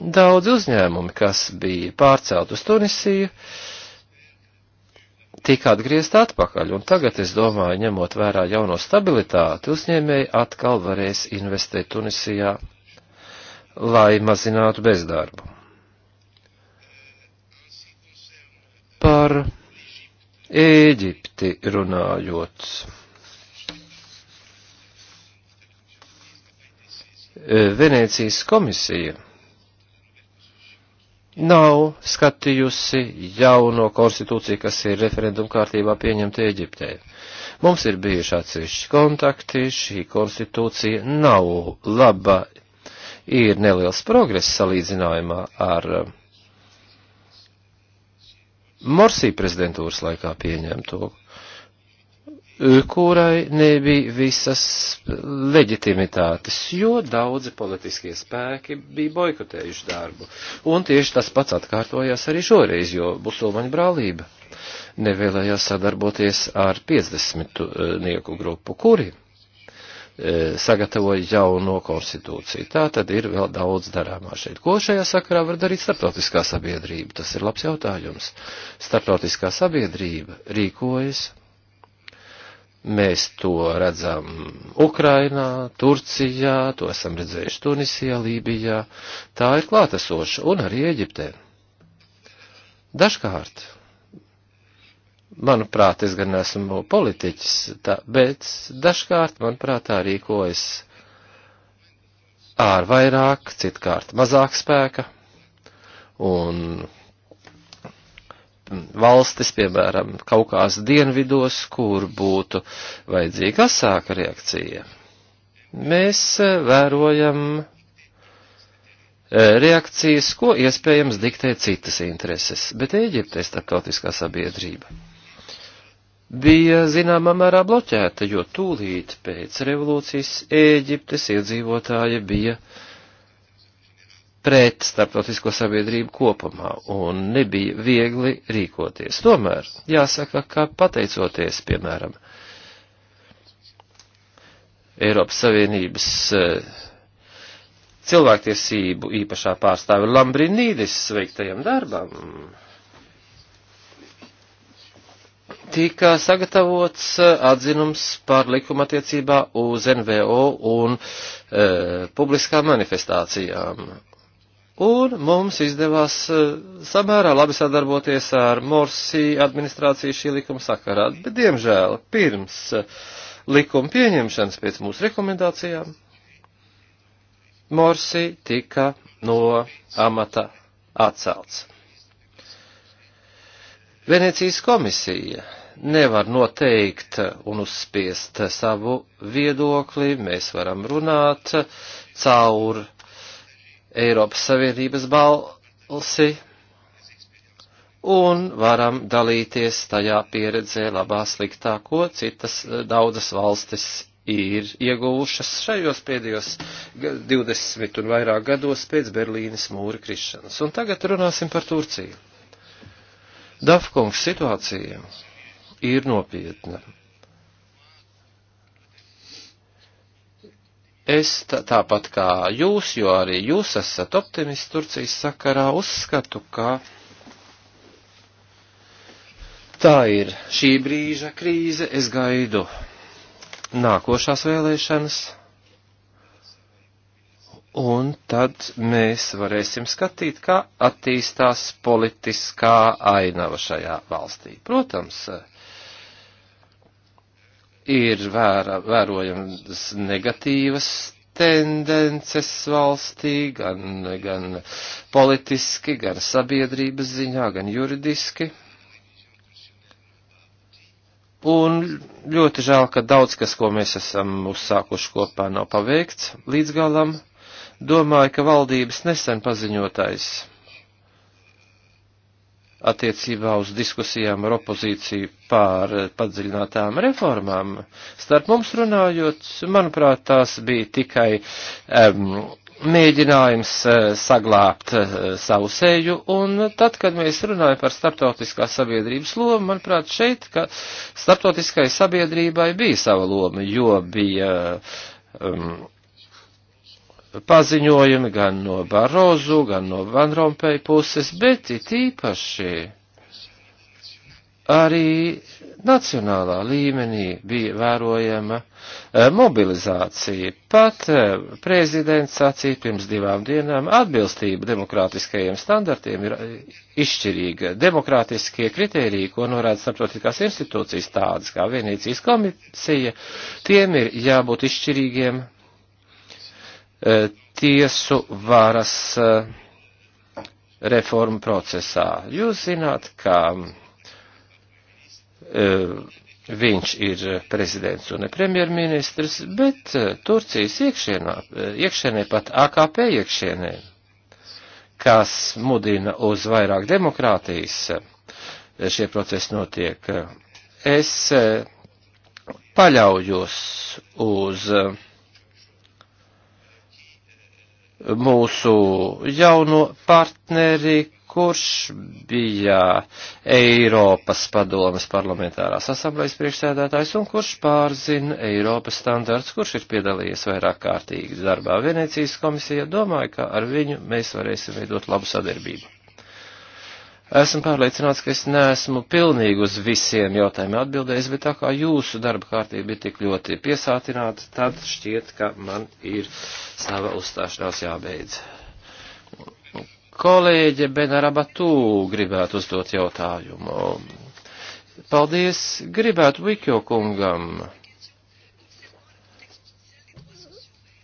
daudz uzņēmumi, kas bija pārcelt uz Tunisiju, tika atgriezt atpakaļ, un tagad, es domāju, ņemot vērā jauno stabilitāti, uzņēmēji atkal varēs investēt Tunisijā, lai mazinātu bezdarbu. Par Ēģipti runājot. Venēcijas komisija nav skatījusi jauno konstitūciju, kas ir referendum kārtībā pieņemta Eģiptē. Mums ir bijuši atsevišķi kontakti, šī konstitūcija nav laba, ir neliels progress salīdzinājumā ar eh, Morsī prezidentūras laikā pieņemto kurai nebija visas leģitimitātes, jo daudzi politiskie spēki bija boikotējuši darbu. Un tieši tas pats atkārtojās arī šoreiz, jo musulmaņu brālība nevēlējās sadarboties ar 50 eh, nieku grupu, kuri eh, sagatavoja jauno konstitūciju. Tā tad ir vēl daudz darāmā šeit. Ko šajā sakarā var darīt starptautiskā sabiedrība? Tas ir labs jautājums. Starptautiskā sabiedrība rīkojas Mēs to redzam Ukrainā, Turcijā, to esam redzējuši Tunisijā, Lībijā. Tā ir klātesoša un arī Eģiptē. Dažkārt, manuprāt, es gan esmu politiķis, tā, bet dažkārt, manuprāt, tā rīkojas ar vairāk, citkārt mazāk spēka, un valstis, piemēram, Kaukās dienvidos, kur būtu vajadzīga asāka reakcija. Mēs e, vērojam e, reakcijas, ko iespējams diktē citas intereses, bet Ēģipte ir starptautiskā sabiedrība. Bija zināmā mērā bloķēta, jo tūlīt pēc revolūcijas Ēģiptes iedzīvotāji bija uh, pret starptautisko sabiedrību kopumā, un nebija viegli rīkoties. Tomēr jāsaka, ka pateicoties, piemēram, Eiropas Savienības eh, cilvēktiesību īpašā pārstāve Lambrinīdis veiktajam darbam, tika sagatavots eh, atzinums par likuma attiecībā uz NVO un e, publiskām manifestācijām. Un mums izdevās eh, samērā labi sadarboties ar Morsi administrāciju šī likuma sakarā, bet diemžēl pirms eh, likuma pieņemšanas pēc mūsu rekomendācijām Morsi tika no amata atcelts. Venecijas komisija nevar noteikt un uzspiest savu viedokli, mēs varam runāt caur Eiropas Savienības balsi un varam dalīties tajā pieredzē labā sliktā, ko citas eh, daudzas valstis ir ieguvušas šajos pēdējos 20 un vairāk gados pēc Berlīnas mūra krišanas. Un tagad runāsim par Turciju. Dafkungs situācija ir nopietna. Es tāpat kā jūs, jo arī jūs esat optimists Turcijas sakarā, uzskatu, ka tā ir šī brīža krīze. Es gaidu nākošās vēlēšanas, un tad mēs varēsim skatīt, kā attīstās politiskā ainava šajā valstī. Protams, ir vēra, vērojams negatīvas tendences valstī, gan, gan politiski, gan sabiedrības ziņā, gan juridiski. Un ļoti žēl, ka daudz kas, ko mēs esam uzsākuši kopā, nav paveikts līdz galam. Domāju, ka valdības nesen paziņotais attiecībā uz diskusijām ar opozīciju pār padziļinātām reformām. Starp mums runājot, manuprāt, tās bija tikai um, mēģinājums uh, saglābt uh, savu seju, un tad, kad mēs runājam par starptautiskā sabiedrības lomu, manuprāt, šeit, ka starptautiskai sabiedrībai bija sava loma, jo bija um, paziņojumi gan no Barozu, gan no Van Rompēja puses, bet it īpaši arī nacionālā līmenī bija vērojama eh, mobilizācija. Pat eh, prezidents sacīja pirms divām dienām, atbilstība demokrātiskajiem standartiem ir eh, izšķirīga. Demokrātiskie kriteriji, ko norāda starptautiskās institūcijas tādas kā Venīcijas komisija, tiem ir jābūt izšķirīgiem Eh, tiesu varas eh, reformu procesā. Jūs zināt, ka eh, viņš ir prezidents un ne premjerministrs, bet Turcijas iekšienā, iekšienē pat AKP iekšienē, kas mudina uz vairāk demokrātijas, šie procesi notiek. Es paļaujos uz uh, mūsu jauno partneri, kurš bija Eiropas padomas parlamentārās asamblejas priekšsēdētājs un kurš pārzina Eiropas standarts, kurš ir piedalījies vairāk kārtīgi darbā Venecijas komisijā. Domāju, ka ar viņu mēs varēsim veidot labu sadarbību. Esmu pārliecināts, ka es neesmu pilnīgi uz visiem jautājumiem atbildējis, bet tā kā jūsu darba kārtība ir tik ļoti piesātināta, tad šķiet, ka man ir sava uzstāšanās jābeidz. Kolēģe Benarabatū gribētu uzdot jautājumu. Paldies, gribētu Vikjo kungam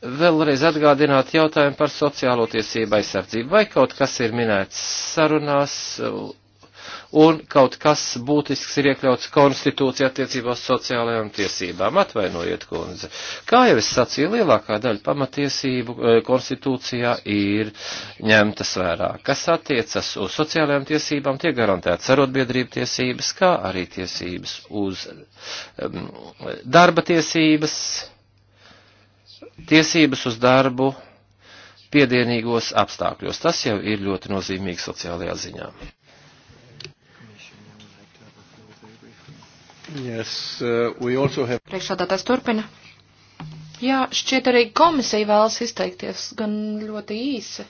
vēlreiz atgādināt jautājumu par sociālo tiesību aizsardzību. Vai kaut kas ir minēts sarunās un kaut kas būtisks ir iekļauts konstitūcijā attiecībā uz sociālajām tiesībām? Atvainojiet, kundze. Kā jau es sacīju, lielākā daļa pamatiesību eh, konstitūcijā ir ņemtas vērā. Kas attiecas uz sociālajām tiesībām, tiek garantēts arotbiedrību tiesības, kā arī tiesības uz um, darba tiesības tiesības uz darbu piedienīgos apstākļos. Tas jau ir ļoti nozīmīgi sociālajā ziņā. Yes, uh, have... Priekšādātājs turpina. Jā, šķiet arī komisija vēlas izteikties gan ļoti īsi.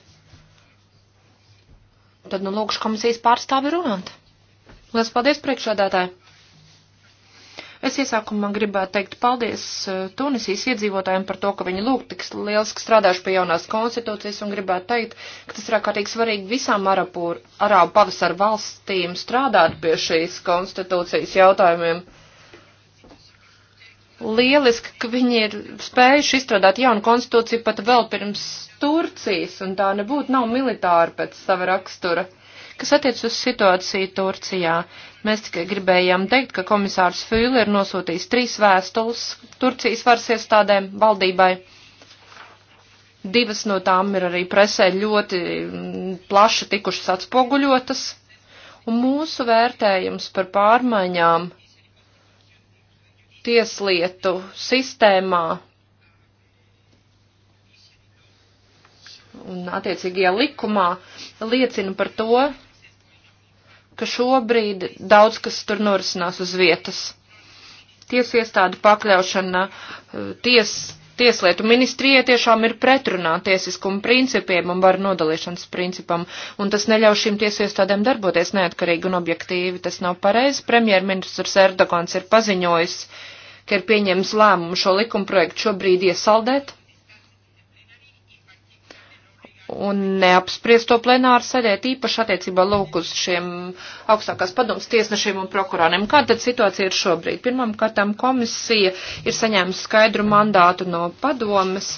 Tad nu lūkšu komisijas pārstāvi runāt. Lielas paldies priekšādātāji! Es iesākumā gribētu teikt paldies eh, Tunisijas iedzīvotājiem par to, ka viņi lūk tik lieliski strādājuši pie jaunās konstitūcijas un gribētu teikt, ka tas ir ārkārtīgi svarīgi visām Arabu, Arabu pavasaru valstīm strādāt pie šīs konstitūcijas jautājumiem lieliski, ka viņi ir spējuši izstrādāt jaunu konstitūciju pat vēl pirms Turcijas, un tā nebūtu nav militāra pēc sava rakstura. Kas attiec uz situāciju Turcijā, mēs tikai gribējām teikt, ka komisārs Fīle ir nosūtījis trīs vēstules Turcijas varas iestādēm valdībai. Divas no tām ir arī presē ļoti mm, plaši tikušas atspoguļotas, un mūsu vērtējums par pārmaiņām tieslietu sistēmā un attiecīgajā likumā liecina par to, ka šobrīd daudz kas tur norisinās uz vietas. Tiesu iestādu pakļaušana eh, ties, tieslietu ministrijai tiešām ir pretrunā tiesiskuma principiem un varu nodalīšanas principam, un tas neļauj šīm tiesu iestādēm darboties neatkarīgi un objektīvi. Tas nav pareizi. Premjerministrs Erdogans ir paziņojis, ka ir pieņems lēmumu šo likumprojektu šobrīd iesaldēt un neapspriest to plenāru sēdē, tīpaši attiecībā lūk uz šiem augstākās padomas tiesnešiem un prokuroriem. Kā tad situācija ir šobrīd? Pirmam kārtām komisija ir saņēmusi skaidru mandātu no padomas,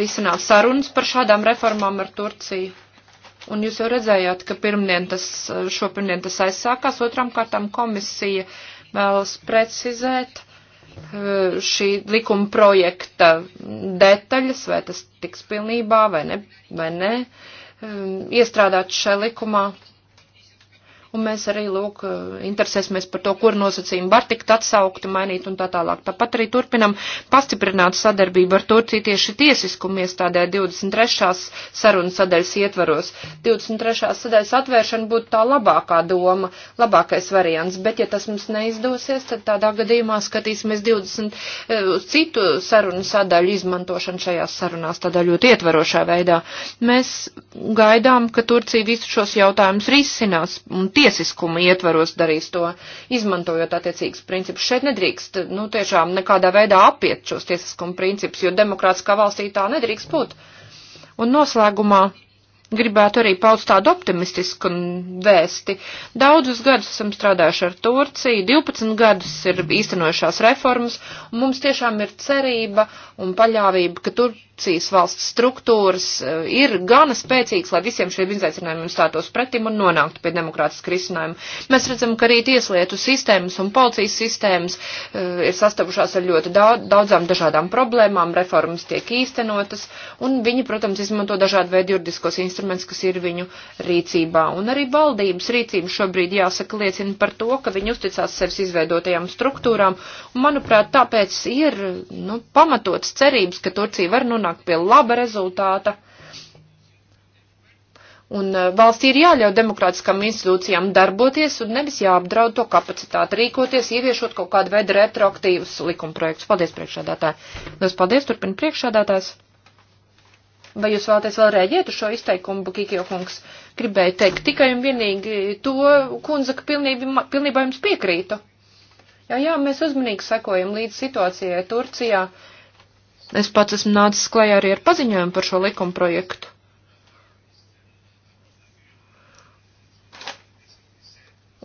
risinās sarunas par šādām reformām ar Turciju. Un jūs jau redzējāt, ka pirmdien tas, šo pirmdien tas aizsākās, otram kārtām komisija vēlas precizēt Eh, šī likuma projekta detaļas, vai tas tiks pilnībā vai ne, vai ne eh, iestrādāt šai likumā un mēs arī, lūk, interesēsimies par to, kur nosacījumi var tikt atsaukti, mainīt un tā tālāk. Tāpat arī turpinam pastiprināt sadarbību ar Turciju tieši tiesiskumu iestādē 23. sarunas sadaļas ietvaros. 23. sadaļas atvēršana būtu tā labākā doma, labākais variants, bet ja tas mums neizdosies, tad tādā gadījumā skatīsimies 20 eh, citu sarunu sadaļu izmantošanu šajās sarunās tādā ļoti ietvarošā veidā. Mēs gaidām, ka Turcija visu šos jautājumus risinās un tiesiskuma ietvaros darīs to, izmantojot attiecīgas principus. Šeit nedrīkst, nu, tiešām nekādā veidā apiet šos tiesiskuma principus, jo demokrātiskā valstī tā nedrīkst būt. Un noslēgumā gribētu arī paust tādu optimistisku vēsti. Daudzus gadus esam strādājuši ar Turciju, 12 gadus ir īstenojušās reformas, un mums tiešām ir cerība un paļāvība, ka tur korupcijas valsts struktūras eh, ir gana spēcīgas, lai visiem šiem izaicinājumiem stātos pretim un nonāktu pie demokrātiska risinājuma. Mēs redzam, ka arī tieslietu sistēmas un policijas sistēmas uh, ir sastapušās ar ļoti daudz, daudzām dažādām problēmām, reformas tiek īstenotas, un viņi, protams, izmanto dažādu veidu juridiskos instrumentus, kas ir viņu rīcībā. Un arī valdības rīcība šobrīd, jāsaka, liecina par to, ka viņi uzticās sevis izveidotajām struktūrām, un, manuprāt, tāpēc ir, nu, pamatots cerības, ka Turcija var nonākt nonākt pie laba rezultāta. Un e, valstī ir jāļauj demokrātiskām institūcijām darboties un nevis jāapdraud to kapacitāti rīkoties, ieviešot kaut kādu veidu retroaktīvus likumprojektus. Paldies, priekšādātāji. Lielas paldies, turpina priekšādātājs. Vai jūs vēlaties vēl rēģēt uz šo izteikumu, Bukīkio kungs? Gribēju teikt tikai un vienīgi to, kundze, ka pilnībā, pilnībā jums piekrītu. Jā, jā, mēs uzmanīgi sekojam līdz situācijai Turcijā. Uh, Es pats esmu nācis klajā arī ar paziņojumu par šo likuma projektu.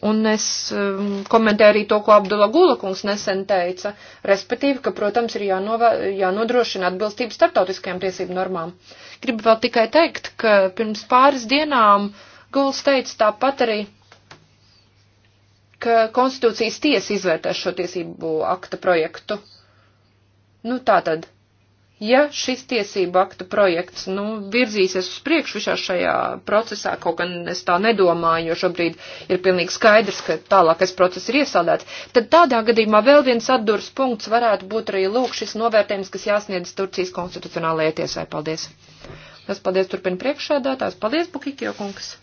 Un es um, komentēju arī to, ko Abdullah Gulakungs nesen teica, respektīvi, ka, protams, ir jānovē, jānodrošina atbilstība starptautiskajām tiesību normām. Gribu vēl tikai teikt, ka pirms pāris dienām Guls teica tāpat arī, ka Konstitūcijas tiesa izvērtēs šo tiesību akta projektu. Nu, tā tad ja šis tiesību aktu projekts, nu, virzīsies uz priekšu visā šajā procesā, kaut gan es tā nedomāju, jo šobrīd ir pilnīgi skaidrs, ka tālākais process ir iesaldēts, tad tādā gadījumā vēl viens atdurs punkts varētu būt arī lūk šis novērtējums, kas jāsniedz Turcijas konstitucionālajai tiesai. Paldies! Es paldies turpin priekšsēdētājs. Paldies, Bukikio kungs!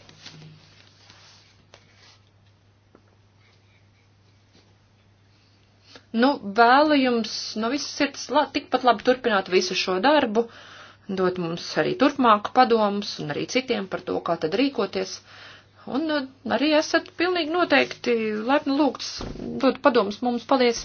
Nu, vēlu jums no visas sirds la, tikpat labi turpināt visu šo darbu, dot mums arī turpmāku padomus un arī citiem par to, kā tad rīkoties. Un eh, arī esat pilnīgi noteikti laipni lūgts dot padomus mums. Paldies!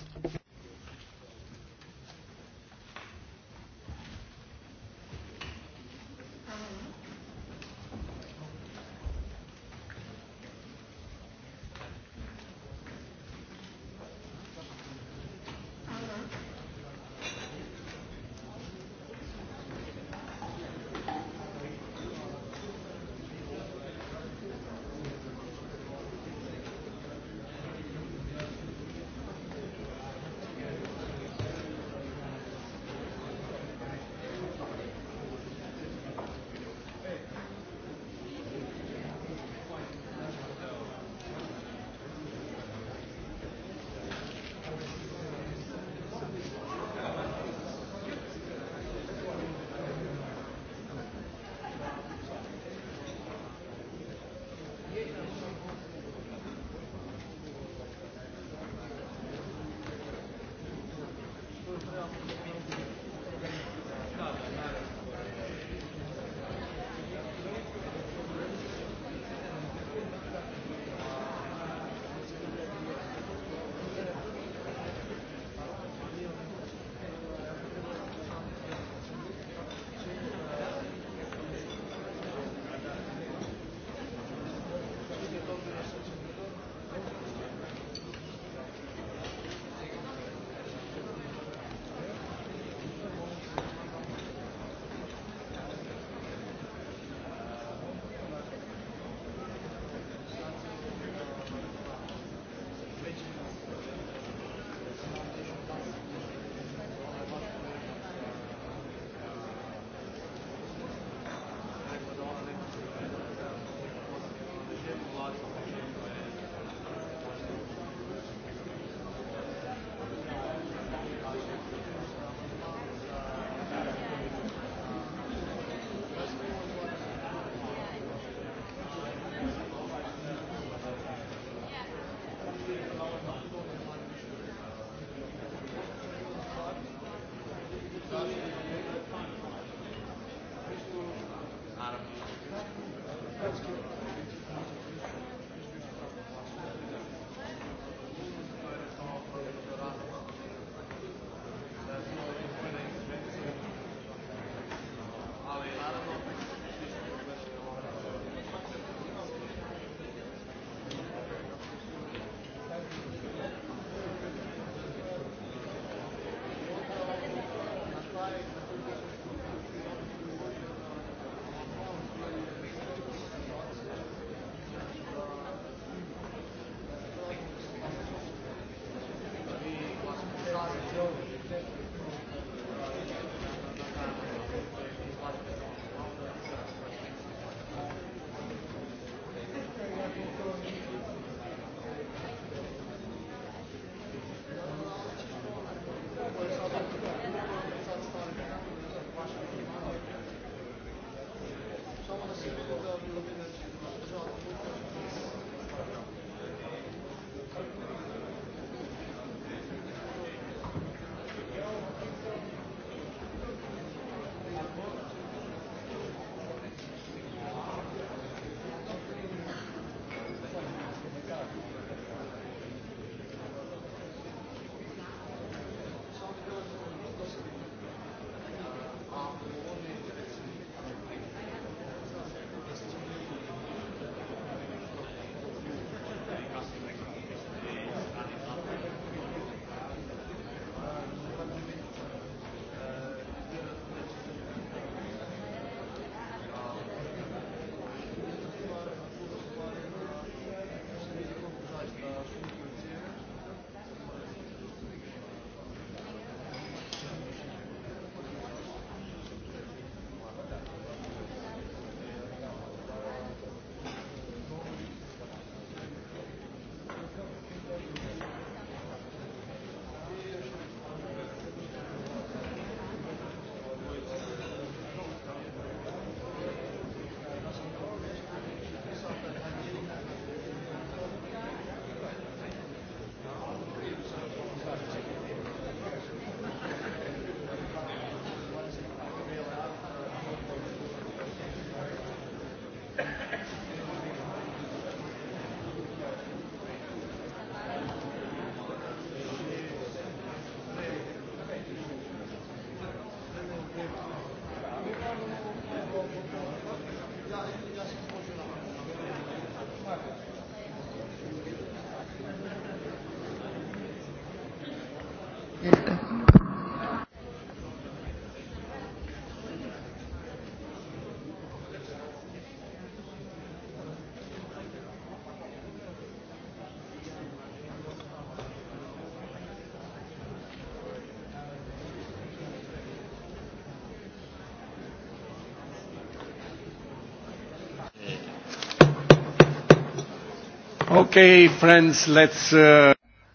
Okay, friends, let's. Uh...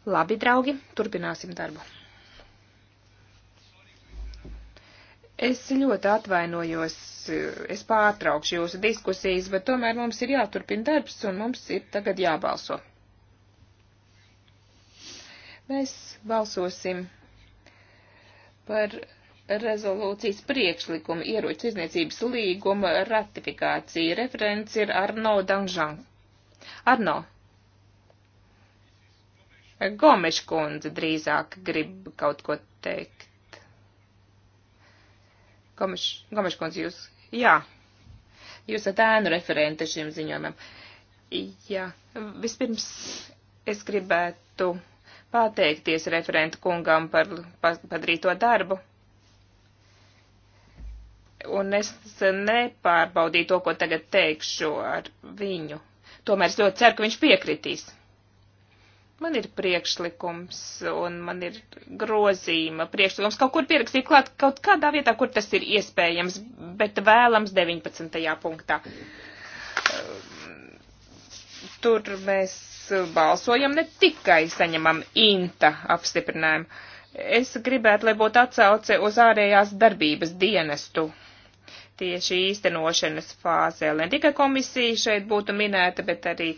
Labi, draugi, turpināsim darbu. Es ļoti atvainojos, es pārtraukšu jūsu diskusijas, bet tomēr mums ir jāturpina darbs un mums ir tagad jābalso. Mēs balsosim par rezolūcijas priekšlikumu ieroču izniecības līguma ratifikācija. Referents ir Arno Danžan. Arno, Gomeša kundze drīzāk grib kaut ko teikt. Gomeš, Gomeš kundze, jūs, jā, jūs esat ēnu referente šiem ziņojumam. Jā, vispirms es gribētu pateikties referentu kungam par padarīto darbu. Un es nepārbaudīju to, ko tagad teikšu ar viņu. Tomēr es ļoti ceru, ka viņš piekritīs. Man ir priekšlikums un man ir grozīma priekšlikums. Kaut kur pierakstīt klāt kaut kādā vietā, kur tas ir iespējams, bet vēlams 19. punktā. Tur mēs balsojam ne tikai saņemam inta apstiprinājumu. Es gribētu, lai būtu atsauce uz ārējās darbības dienestu tieši īstenošanas fāzē. Ne tikai komisija šeit būtu minēta, bet arī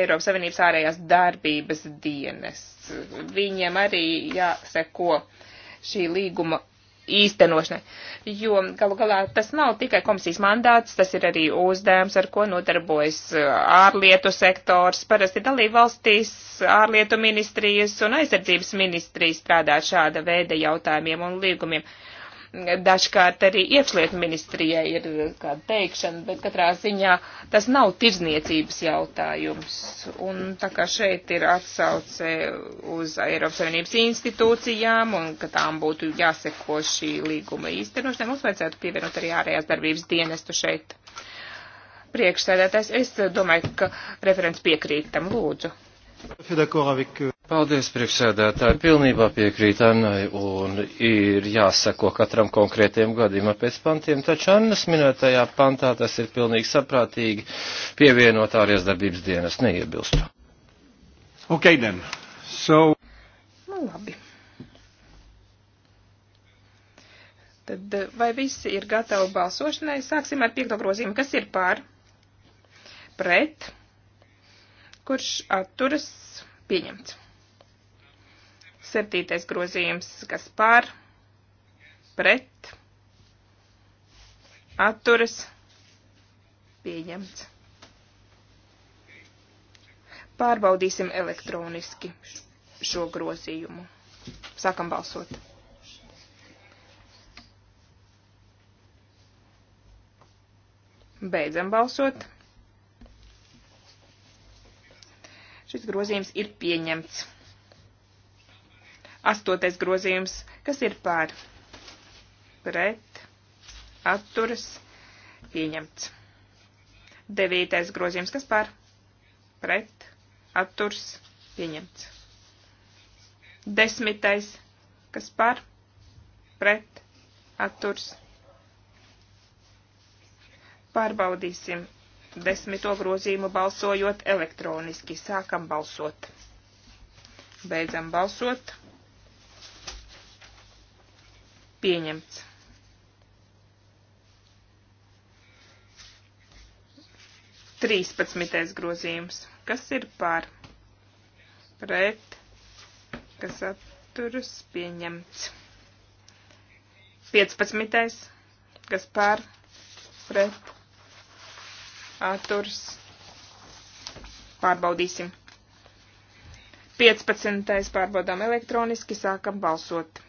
Eiropas Savienības ārējās darbības dienas. Viņiem arī jāseko šī līguma īstenošanai, jo galu galā tas nav tikai komisijas mandāts, tas ir arī uzdevums, ar ko nodarbojas uh, ārlietu sektors. Parasti dalībvalstīs ārlietu ministrijas un aizsardzības ministrijas strādā šāda veida jautājumiem un līgumiem. Uh, dažkārt arī iekšlietu ministrijai ir eh, kāda teikšana, bet katrā ziņā tas nav tirzniecības jautājums. Un tā kā šeit ir atsauce uz Eiropas Savienības institūcijām un ka tām būtu jāseko šī līguma īstenošanai, mums vajadzētu pievienot arī ārējās darbības dienestu šeit. Priekšsēdētājs, es domāju, ka referents piekrīt tam lūdzu. Paldies, priekšsēdētāji. Pilnībā piekrīt Annai un ir jāsako katram konkrētiem gadījumam pēc pantiem, taču Annas minētajā pantā tas ir pilnīgi saprātīgi pievienot ārējās darbības dienas neiebilstu. Ok, then. So. Nu, labi. Tad eh, vai visi ir gatavi balsošanai? Sāksim ar piekto grozījumu. Kas ir pār? Pret? Kurš atturas? Pieņemts. Septītais grozījums, kas par, pret, atturas, pieņemts. Pārbaudīsim elektroniski šo grozījumu. Sākam balsot. Beidzam balsot. Šis grozījums ir pieņemts. Astotais grozījums, kas ir pār, pret, atturas, pieņemts. Devītais grozījums, kas pār, pret, atturs, pieņemts. Desmitais, kas pār, pret, atturs. Pārbaudīsim desmito grozījumu balsojot elektroniski. Sākam balsot. Beidzam balsot. Pieņemts. Trīspadsmitais grozījums. Kas ir par? Pret. Kas atturas? Pieņemts. Piecpadsmitais. Kas par? Pret. Atturs. Pārbaudīsim. 15. pārbaudām elektroniski, sākam balsot.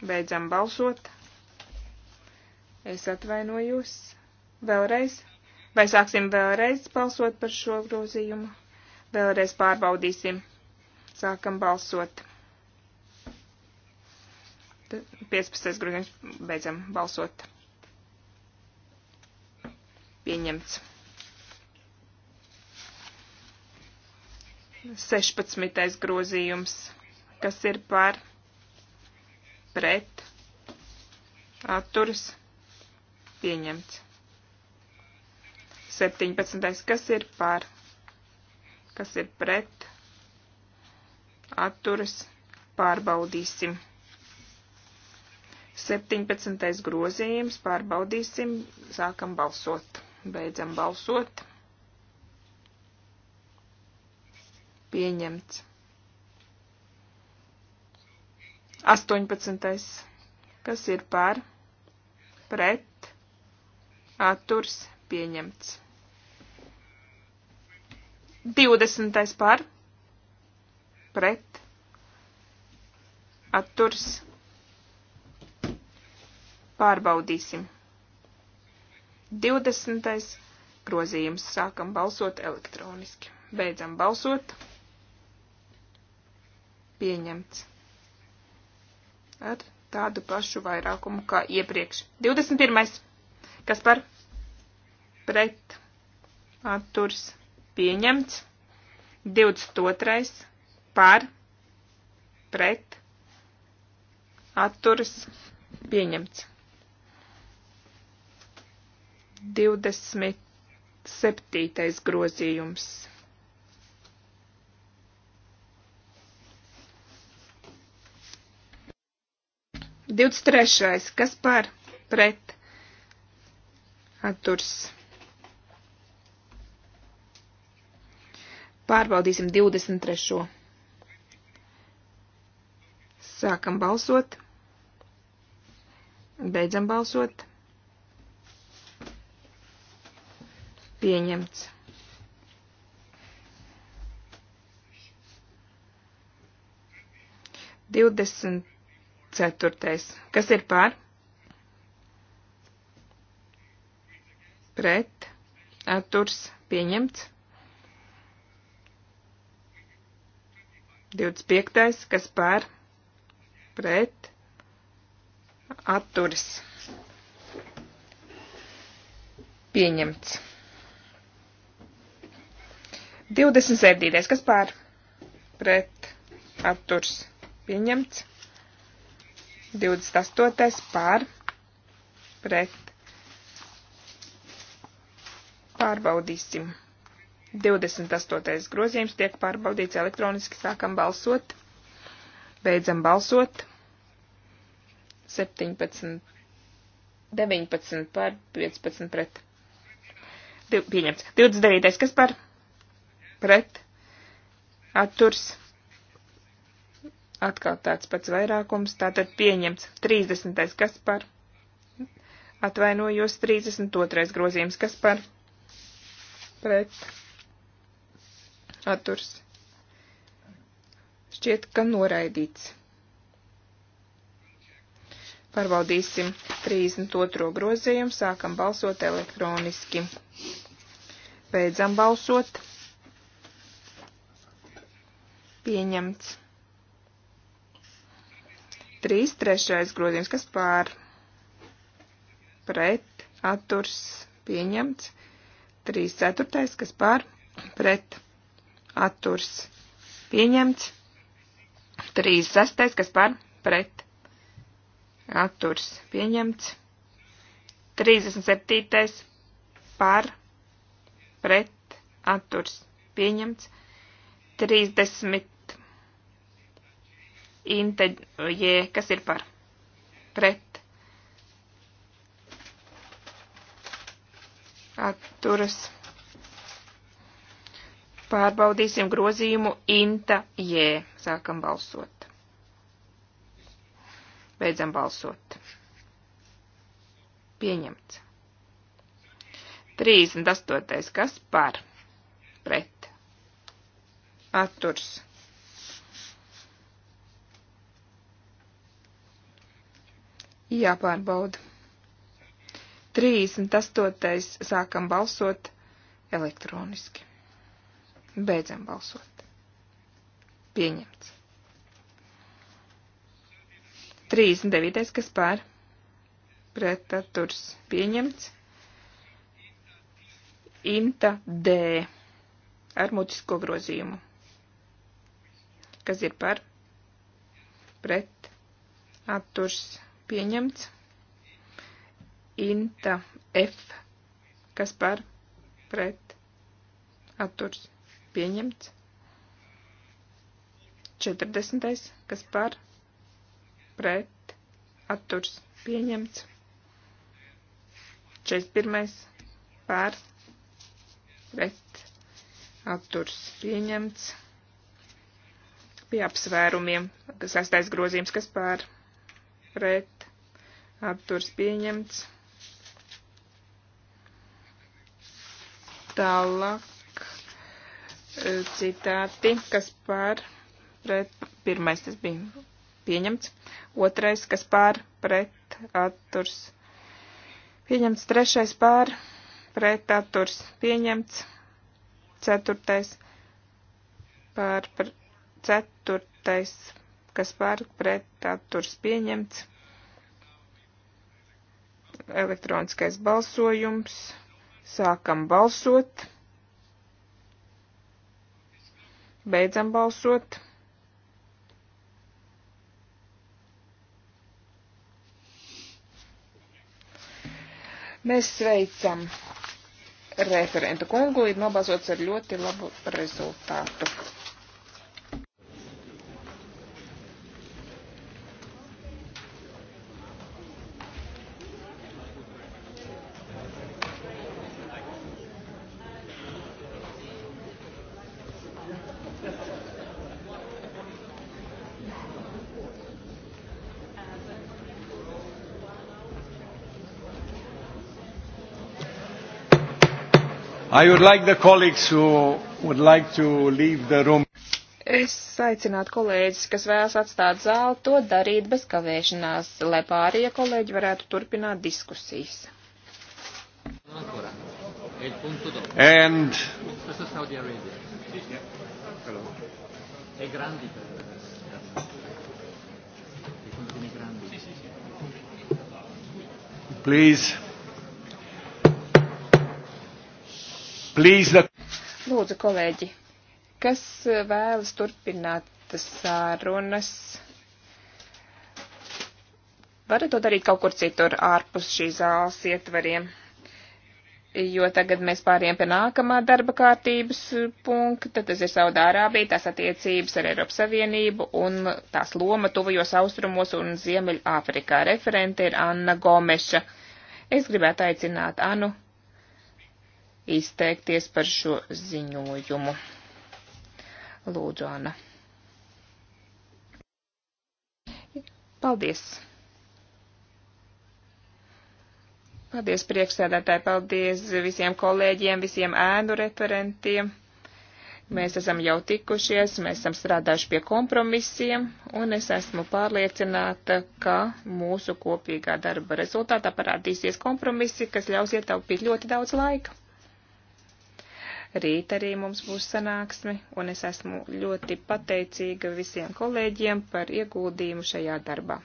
Beidzam balsot. Es atvainojos. Vēlreiz. Vai sāksim vēlreiz balsot par šo grozījumu? Vēlreiz pārbaudīsim. Sākam balsot. 15. grozījums. Beidzam balsot. Pieņemts. 16. grozījums, kas ir par pret atturas pieņemts. 17. kas ir par, kas ir pret atturas pārbaudīsim. 17. grozījums pārbaudīsim, sākam balsot, beidzam balsot. Pieņemts. 18. Kas ir par? Pret. Atturs pieņemts. 20. par? Pret. Atturs. Pārbaudīsim. 20. grozījums. Sākam balsot elektroniski. Beidzam balsot. Pieņemts ar tādu pašu vairākumu kā iepriekš. 21. Kas par pret atturs pieņemts. 22. par pret atturs pieņemts. 27. grozījums 23. Kas par pret atturs? Pārbaudīsim 23. Sākam balsot. Beidzam balsot. Pieņemts. Divdesmit Ceturtais. Kas ir pār? Pret. Atturs pieņemts. 25. Kas pār? Pret. Atturs pieņemts. 27. Kas pār? Pret. Atturs pieņemts. 28. pār pret. Pārbaudīsim. 28. grozījums tiek pārbaudīts elektroniski, sākam balsot, beidzam balsot. 17, 19 par 15 pret. Div, pieņemts. 29. kas par? Pret. Atturs. Atkal tāds pats vairākums, tātad pieņemts 30. kas par. Atvainojos 32. grozījums, kas par pret atturs. Šķiet, ka noraidīts. Pārbaudīsim 32. grozījumu, sākam balsot elektroniski. Beidzam balsot. Pieņemts. 3, 3 grozījums, kas pār pret atturs pieņemts, 3, 4, kas pār pret atturs pieņemts, 3, 6, kas pār pret atturs pieņemts, 37. pār pret atturs pieņemts, 30. Inte J, kas ir par? Pret. Atturas. Pārbaudīsim grozījumu Inta J. Sākam balsot. Beidzam balsot. Pieņemts. 38. Kas par? Pret. Atturs jāpārbauda. 38. sākam balsot elektroniski. Beidzam balsot. Pieņemts. 39. kas pār pretaturs pieņemts. Inta D ar mutisko grozījumu. Kas ir par pret atturs pieņemts pieņemts. Inta F, kas par pret atturs pieņemts. 40. kas par pret atturs pieņemts. 41. par pret atturs pieņemts. Pie apsvērumiem, kas astais grozījums, kas par pret apturs pieņemts. Tālāk e, citāti, kas pār pret, pirmais tas bija pieņemts, otrais, kas pār pret atturs pieņemts, trešais pār pret atturs pieņemts, ceturtais pār pret, ceturtais, kas pār pret atturs pieņemts, elektroniskais balsojums. Sākam balsot. Beidzam balsot. Mēs sveicam referentu kungu, ir nobalsots ar ļoti labu rezultātu. I would like the colleagues who would like to leave the room. Es aicinātu kolēģis, kas vēlas atstāt zāli, to darīt bez kavēšanās, lai pārējie kolēģi varētu turpināt diskusijas. And Please. Please, let... Lūdzu, kolēģi, kas eh, vēlas turpināt sārunas, varat to darīt kaut kur citur ārpus šīs zāles ietvariem, jo tagad mēs pāriem pie nākamā darba kārtības eh, punkta, tas ir Saudārābija, tās attiecības ar Eiropas Savienību un tās loma tuvajos austrumos un Ziemeļāfrikā. Referente ir Anna Gomeša. Es gribētu aicināt Anu izteikties par šo ziņojumu. Lūdzu, Ana. Paldies! Paldies priekšsēdētāji, paldies visiem kolēģiem, visiem ēnu referentiem. Mēs esam jau tikušies, mēs esam strādājuši pie kompromisiem, un es esmu pārliecināta, ka mūsu kopīgā darba rezultātā parādīsies kompromisi, kas ļaus ietaupīt ļoti daudz laika. Rīt arī mums būs sanāksme, un es esmu ļoti pateicīga visiem kolēģiem par ieguldījumu šajā darbā.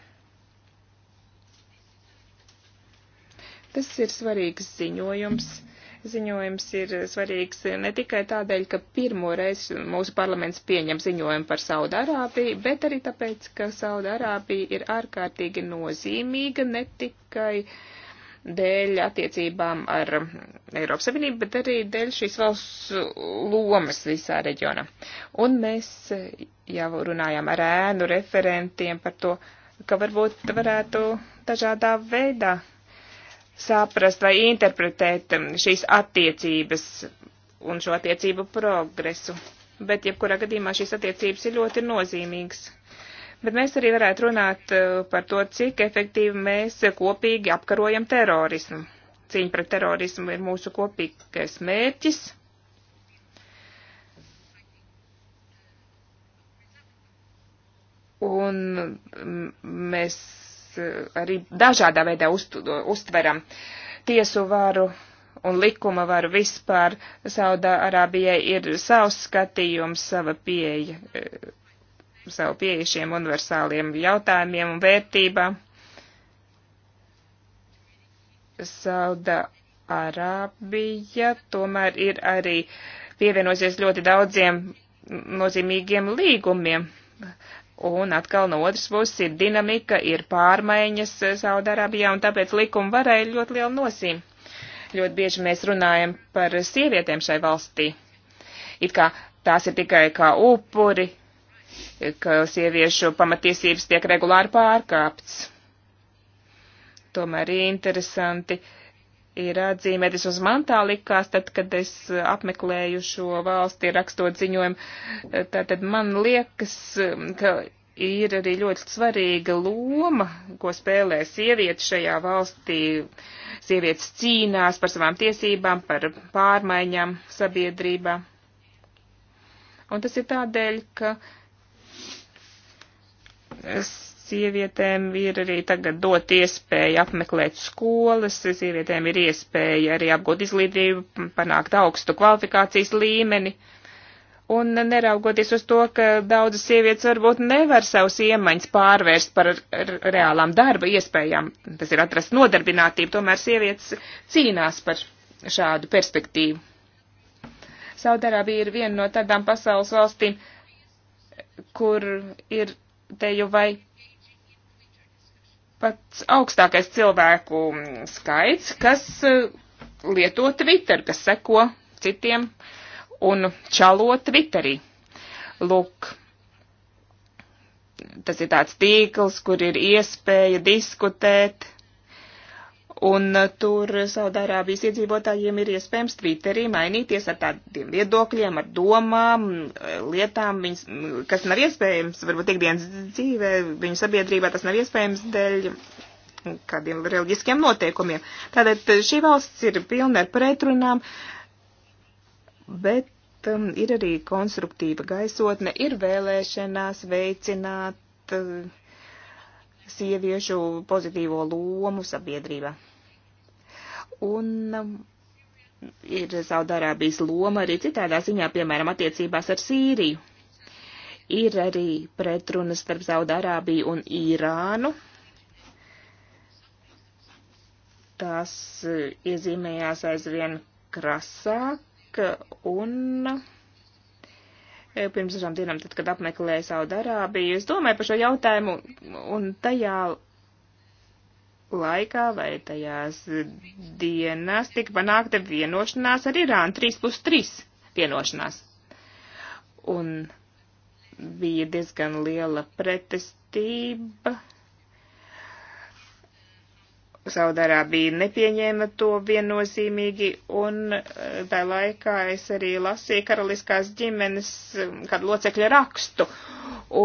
Tas ir svarīgs ziņojums. Ziņojums ir svarīgs ne tikai tādēļ, ka pirmo reizi mūsu parlaments pieņem ziņojumu par Saudārābiju, bet arī tāpēc, ka Saudārābija ir ārkārtīgi nozīmīga ne tikai uh, dēļ attiecībām ar Eiropas Savienību, bet arī dēļ šīs valsts lomas visā reģionā. Un mēs jau runājām ar ēnu referentiem par to, ka varbūt varētu dažādā veidā saprast vai interpretēt šīs attiecības un šo attiecību progresu. Bet, jebkurā gadījumā, šīs attiecības ir ļoti nozīmīgas bet mēs arī varētu runāt eh, par to, cik efektīvi mēs kopīgi apkarojam terorismu. Cīņa pret terorismu ir mūsu kopīgais mērķis. Un mm, mēs eh, arī dažādā veidā uzt, uztveram tiesu varu un likuma varu vispār. Saudā Arābijai ir savs skatījums, sava pieeja eh, savu pieeju šiem universāliem jautājumiem un vērtībām. Sauda Arābija tomēr ir arī pievienosies ļoti daudziem nozīmīgiem līgumiem. Un atkal no otras puses ir dinamika, ir pārmaiņas Saudarābijā, un tāpēc likuma varēja ļoti liela nozīme. Ļoti bieži mēs runājam par sievietēm šai valstī. It kā tās ir tikai kā upuri, ka sieviešu pamatiesības tiek regulāri pārkāpts. Tomēr interesanti ir atzīmēt, es uz man tā likās, tad, kad es apmeklēju šo valsti rakstot ziņojumu, tad man liekas, ka ir arī ļoti svarīga loma, ko spēlē sievietes šajā valstī. Sievietes cīnās par savām tiesībām, par pārmaiņām sabiedrībā. Un tas ir tādēļ, ka uh, Sievietēm ir arī tagad dot iespēju apmeklēt skolas, sievietēm ir iespēja arī apgūt izglītību, panākt augstu kvalifikācijas līmeni. Un neraugoties uz to, ka daudzas sievietes varbūt nevar savus iemaņas pārvērst par reālām darba iespējām, tas ir atrast nodarbinātību, tomēr sievietes cīnās par šādu perspektīvu. Saudarābija ir viena no tādām pasaules valstīm, kur ir te jau vai pats augstākais cilvēku skaits, kas eh, lieto Twitter, kas seko citiem un čalo Twitterī. Lūk, tas ir tāds tīkls, kur ir iespēja diskutēt Un uh, tur Saudārābijas iedzīvotājiem ir iespējams Twitterī mainīties ar tādiem viedokļiem, ar domām, uh, lietām, viņas, mm, kas nav iespējams, varbūt ikdienas dzīvē, viņu sabiedrībā tas nav iespējams dēļ kādiem reliģiskiem noteikumiem. Tātad uh, šī valsts ir pilna ar pretrunām, bet um, ir arī konstruktīva gaisotne, ir vēlēšanās veicināt. Uh, sieviešu pozitīvo lomu sabiedrībā. Un ir Saudārābijas loma arī citādā ziņā, piemēram, attiecībās ar Sīriju. Ir arī pretrunas starp Saudārābiju un Irānu. Tās iezīmējās aizvien krasāk un E, pirms dažām dienām, tad, kad apmeklēju Saudārābiju. Es domāju par šo jautājumu un tajā laikā vai tajās dienās tika panākta vienošanās ar Irānu 3 plus 3 vienošanās. Un bija diezgan liela pretestība Saudarābija nepieņēma to viennozīmīgi, un eh, tā laikā es arī lasīju karaliskās ģimenes eh, kādu locekļa rakstu.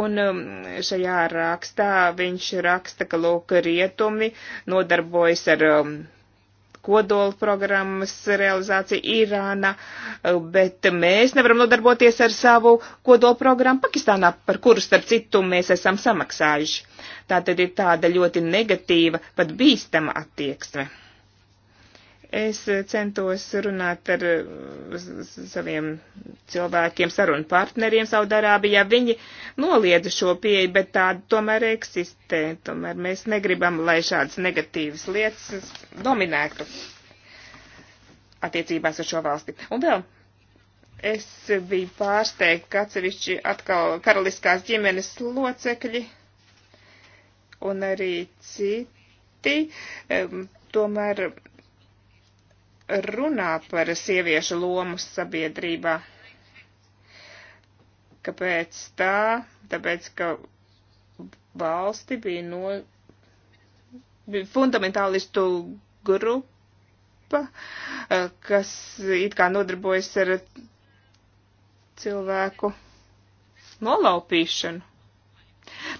Un um, šajā rakstā viņš raksta, ka lūk, rietumi nodarbojas ar um, kodola programmas realizācija Irāna, eh, bet mēs nevaram nodarboties ar savu kodola programmu Pakistānā, par kuru starp citu mēs esam samaksājuši. Tā tad ir tāda ļoti negatīva, pat bīstama attieksme. Es centos runāt ar eh, saviem cilvēkiem, sarunu partneriem Saudārābijā. Viņi noliedza šo pieeju, bet tāda tomēr eksistē. Tomēr mēs negribam, lai šādas negatīvas lietas dominētu attiecībās ar šo valsti. Un vēl es biju pārsteigta, ka atsevišķi atkal karaliskās ģimenes locekļi un arī citi. Um, tomēr runā par sieviešu lomu sabiedrībā. Kāpēc tā? Tāpēc, ka valsti bija no bija fundamentālistu grupa, eh, kas it kā nodarbojas ar cilvēku nolaupīšanu.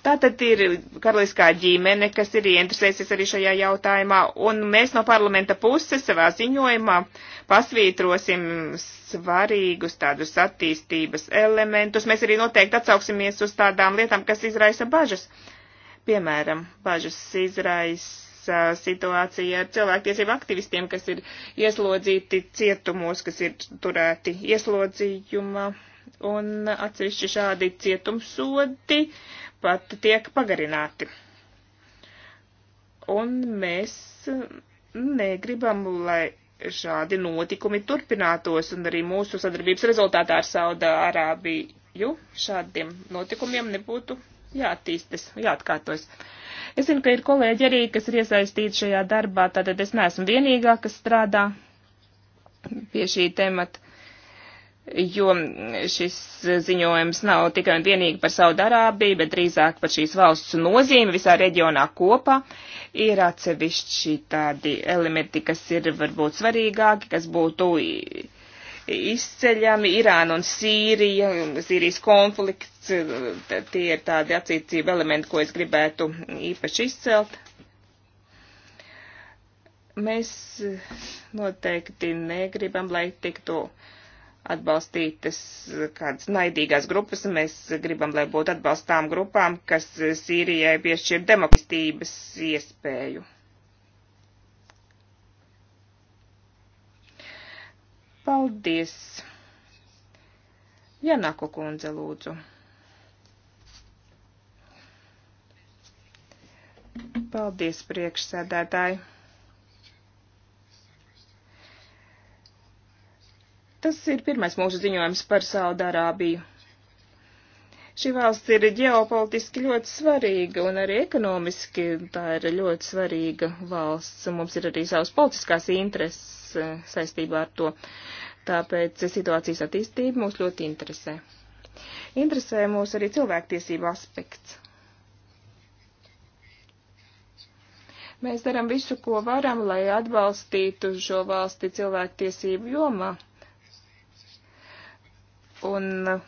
Tā tad ir karaliskā ģimene, kas ir ieinteresējusies arī šajā jautājumā, un mēs no parlamenta puses savā ziņojumā pasvītrosim svarīgus tādus attīstības elementus. Mēs arī noteikti atsauksimies uz tādām lietām, kas izraisa bažas. Piemēram, bažas izraisa situācija ar cilvēktiesību aktivistiem, kas ir ieslodzīti cietumos, kas ir turēti ieslodzījumā un atsevišķi šādi cietumsodi pat tiek pagarināti. Un mēs negribam, lai šādi notikumi turpinātos, un arī mūsu sadarbības rezultātā ar Sauda Arābiju šādiem notikumiem nebūtu jāattīstas, jāatkārtojas. Es zinu, ka ir kolēģi arī, kas ir iesaistīti šajā darbā, tātad es neesmu vienīgā, kas strādā pie šī temata jo šis ziņojums nav tikai un vienīgi par Saudarābiju, bet drīzāk par šīs valsts nozīmi visā reģionā kopā. Ir atsevišķi tādi elementi, kas ir varbūt svarīgāki, kas būtu izceļami. Irāna un Sīrija, Sīrijas konflikts, tie ir tādi atcīcība elementi, ko es gribētu īpaši izcelt. Mēs noteikti negribam, lai tiktu. To atbalstītas kādas naidīgās grupas, un mēs gribam, lai būtu atbalstām grupām, kas Sīrijai piešķir demokratistības iespēju. Paldies! Janako kundze, lūdzu. Paldies, priekšsēdētāji! Tas ir pirmais mūsu ziņojums par Saudārābiju. Šī valsts ir ģeopolitiski ļoti svarīga un arī ekonomiski tā ir ļoti svarīga valsts. Mums ir arī savas politiskās intereses eh, saistībā ar to. Tāpēc situācijas attīstība mūs ļoti interesē. Interesē mūs arī cilvēktiesība aspekts. Mēs darām visu, ko varam, lai atbalstītu šo valsti cilvēktiesību jomā. Un uh,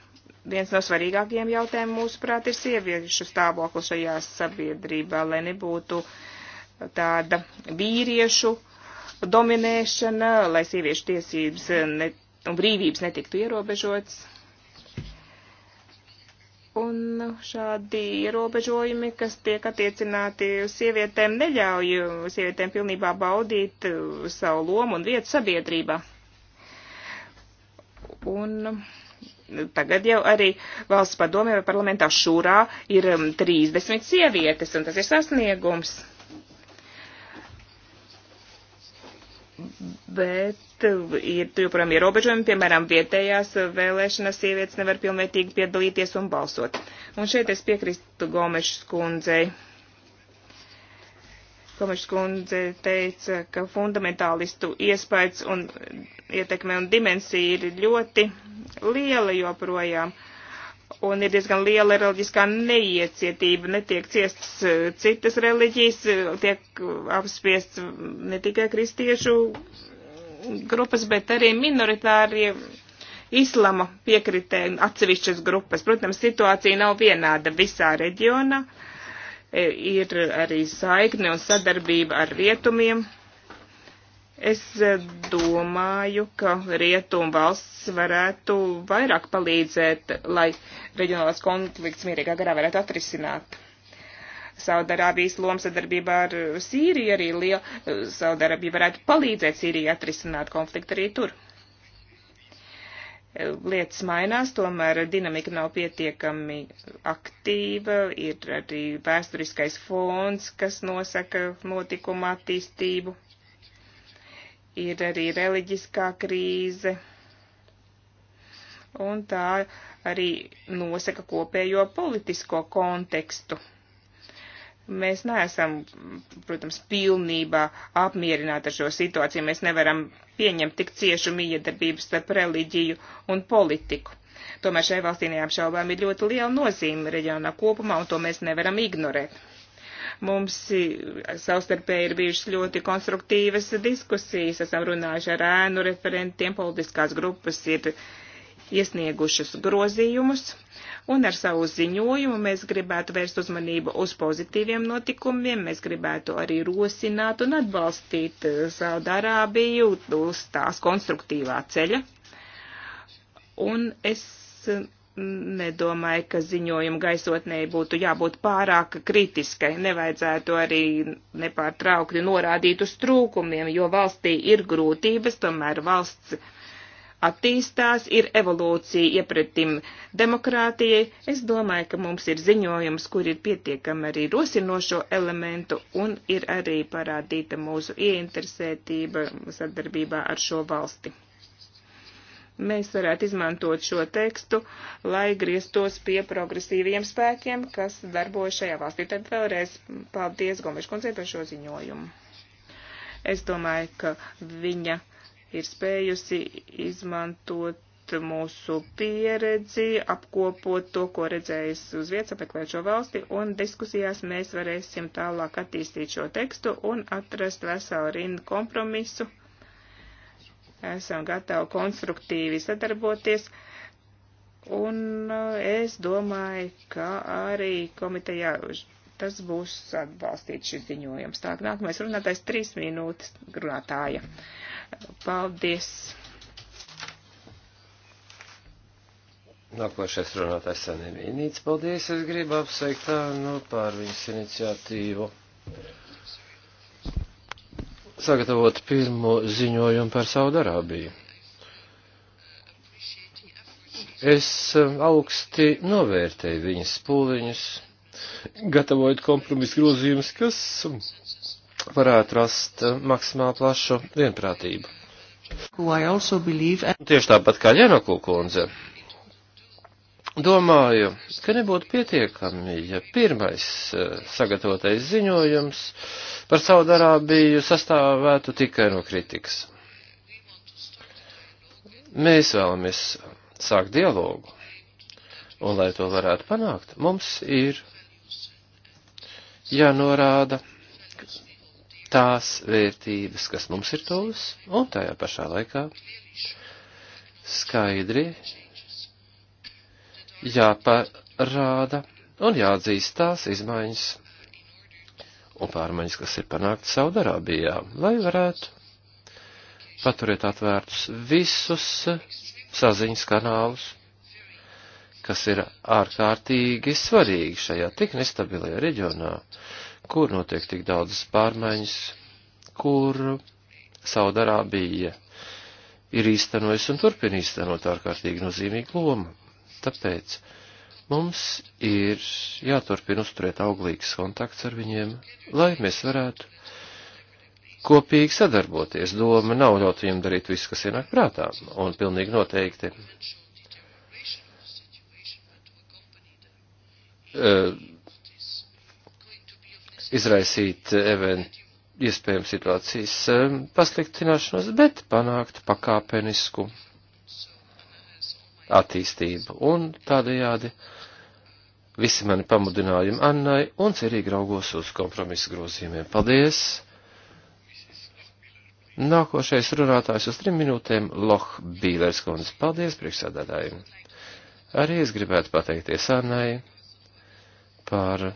viens no svarīgākajiem jautājumiem, mūsuprāt, ir sieviešu stāvoklis šajā sabiedrībā, lai nebūtu tāda vīriešu dominēšana, lai sieviešu tiesības ne, un brīvības netiktu ierobežotas. Un šādi ierobežojumi, kas tiek attiecināti uz sievietēm, neļauj sievietēm pilnībā baudīt savu lomu un vietu sabiedrībā. Un tagad jau arī valsts padomē vai parlamentā šūrā ir 30 um, sievietes, un tas ir sasniegums. Bet uh, ir joprojām ierobežojumi, piemēram, vietējās vēlēšanas sievietes nevar pilnvērtīgi piedalīties un balsot. Un šeit es piekrīstu Gomešas kundzei. Komišs kundze teica, ka fundamentālistu iespējas un ietekme un dimensija ir ļoti liela joprojām. Un ir diezgan liela reliģiskā neiecietība, netiek ciests eh, citas reliģijas, eh, tiek eh, apspiests ne tikai kristiešu mm, grupas, bet arī minoritārie islama piekritē atsevišķas grupas. Protams, situācija nav vienāda visā reģionā. E, ir arī saikne un sadarbība ar rietumiem Es domāju, ka rietumu valsts varētu vairāk palīdzēt, lai reģionālās konflikts mierīgā garā varētu atrisināt. Saudarābijas loma sadarbībā ar Sīriju arī liela. Saudarābija varētu palīdzēt Sīrijai atrisināt konfliktu arī tur. Lietas mainās, tomēr dinamika nav pietiekami aktīva, ir arī vēsturiskais fons, kas nosaka notikuma attīstību ir arī reliģiskā krīze, un tā arī nosaka kopējo politisko kontekstu. Mēs neesam, protams, pilnībā apmierināti ar šo situāciju. Mēs nevaram pieņemt tik ciešu miedarbības starp reliģiju un politiku. Tomēr šai valstī neapšaubām ir ļoti liela nozīme reģionā kopumā, un to mēs nevaram ignorēt. Mums savstarpēji ir bijušas ļoti konstruktīvas diskusijas, esam runājuši ar ēnu referentiem, politiskās grupas ir iesniegušas grozījumus, un ar savu ziņojumu mēs gribētu vērst uzmanību uz pozitīviem notikumiem, mēs gribētu arī rosināt un atbalstīt Saudārābiju uz tās konstruktīvā ceļa. Un es nedomāju, ka ziņojuma gaisotnēji būtu jābūt pārāk kritiskai. Nevajadzētu arī nepārtraukti norādīt uz trūkumiem, jo valstī ir grūtības, tomēr valsts attīstās, ir evolūcija iepretim demokrātijai. Es domāju, ka mums ir ziņojums, kur ir pietiekami arī rosinošo elementu un ir arī parādīta mūsu ieinteresētība sadarbībā ar šo valsti mēs varētu izmantot šo tekstu, lai grieztos pie progresīviem spēkiem, kas darbojas šajā valstī. Tad vēlreiz paldies Gomeša kundzei par šo ziņojumu. Es domāju, ka viņa ir spējusi izmantot mūsu pieredzi, apkopot to, ko redzējis uz vietas, apmeklēt šo valsti, un diskusijās mēs varēsim tālāk attīstīt šo tekstu un atrast veselu rindu kompromisu esam gatavi konstruktīvi sadarboties. Un uh, es domāju, ka arī komitejā tas būs atbalstīts šis ziņojums. Tā, nākamais runātais trīs minūtes runātāja. Paldies. Nākošais runātājs Sanevīnīts. Paldies, es gribu apsveikt Annu par viņas iniciatīvu sagatavot pirmo ziņojumu par Saudarābiju. Es um, augsti novērtēju viņas pūliņus, gatavojot kompromisu grozījumus, kas varētu rast um, maksimāli plašu vienprātību. Tieši tāpat kā Janoko kundze. Domāju, ka nebūtu pietiekami, ja pirmais eh, sagatavotais ziņojums par Saudarābiju sastāvētu tikai no kritikas. Mēs vēlamies sākt dialogu, un lai to varētu panākt, mums ir jānorāda tās vērtības, kas mums ir tuvas, un tajā pašā laikā skaidri jāparāda un jāatzīst tās izmaiņas un pārmaiņas, kas ir panāktas Saudarābijā, lai varētu paturēt atvērtus visus saziņas kanālus, kas ir ārkārtīgi svarīgi šajā tik nestabilajā reģionā, kur notiek tik daudzas pārmaiņas, kur Saudarābija ir īstenojusi un turpina īstenot ārkārtīgi nozīmīgu lomu. Tāpēc mums ir jāturpina uzturēt auglīgs kontakts ar viņiem, lai mēs varētu kopīgi sadarboties. Doma nav ļaut viņiem darīt visu, kas ienāk prātā, un pilnīgi noteikti. Uh, izraisīt eh, event, iespējams situācijas uh, pasliktināšanos, bet panākt pakāpenisku attīstību. Un tādējādi visi mani pamudinājumi Annai un cerīgi raugos uz kompromisu grozījumiem. Paldies! Nākošais runātājs uz trim minūtēm - Loh Bīlers kundze. Paldies priekšsādātājiem! Arī es gribētu pateikties Annai par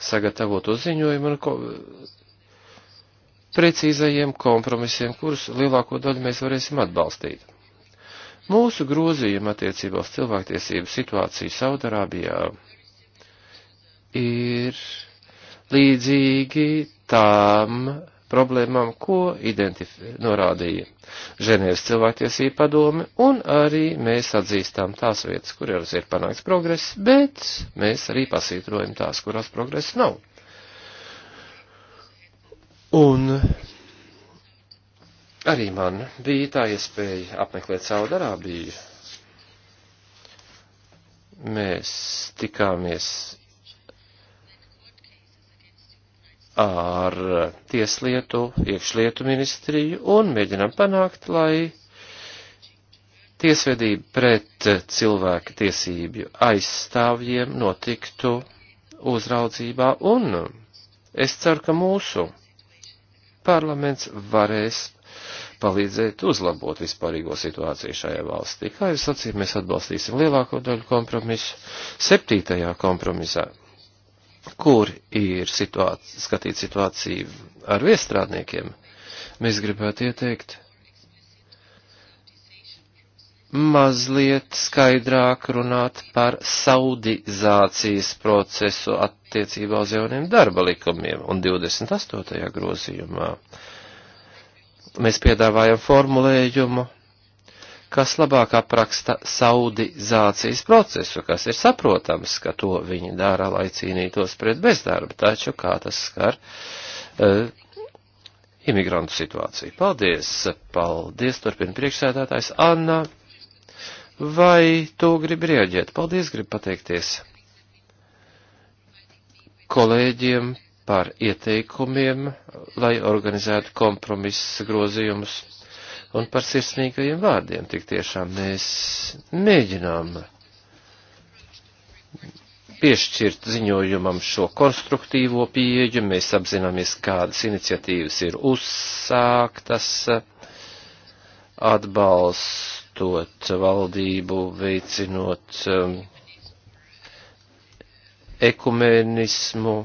sagatavotu ziņojumu un ko, precīzajiem kompromisiem, kurus lielāko daļu mēs varēsim atbalstīt. Mūsu grozījuma attiecībā uz cilvēktiesību situāciju Saudarābijā ir līdzīgi tām problēmām, ko norādīja Ženēvas cilvēktiesība padome, un arī mēs atzīstām tās vietas, kurās ir panāks progress, bet mēs arī pasītrojam tās, kurās progress nav. Un Arī man bija tā iespēja apmeklēt Saudarābiju. Mēs tikāmies ar tieslietu, iekšlietu ministriju un mēģinām panākt, lai tiesvedība pret cilvēku tiesību aizstāvjiem notiktu uzraudzībā un es ceru, ka mūsu parlaments varēs palīdzēt uzlabot vispārīgo situāciju šajā valstī. Kā jau sacīju, mēs atbalstīsim lielāko daļu kompromisu. Septītajā kompromisā, kur ir situācija, skatīt situāciju ar viestrādniekiem, mēs gribētu ieteikt mazliet skaidrāk runāt par saudizācijas procesu attiecībā uz jauniem darba likumiem un 28. grozījumā mēs piedāvājam formulējumu, kas labāk apraksta saudizācijas procesu, kas ir saprotams, ka to viņi dara, lai cīnītos pret bezdarbu, taču kā tas skar uh, imigrantu situāciju. Paldies, paldies, turpina priekšsēdētājs Anna. Vai tu gribi rieģēt? Paldies, gribu pateikties kolēģiem par ieteikumiem, lai organizētu kompromisu grozījumus un par sirsnīgajiem vārdiem. Tik tiešām mēs mēģinām piešķirt ziņojumam šo konstruktīvo pieeju, mēs apzināmies, kādas iniciatīvas ir uzsāktas, atbalstot valdību, veicinot um, ekumenismu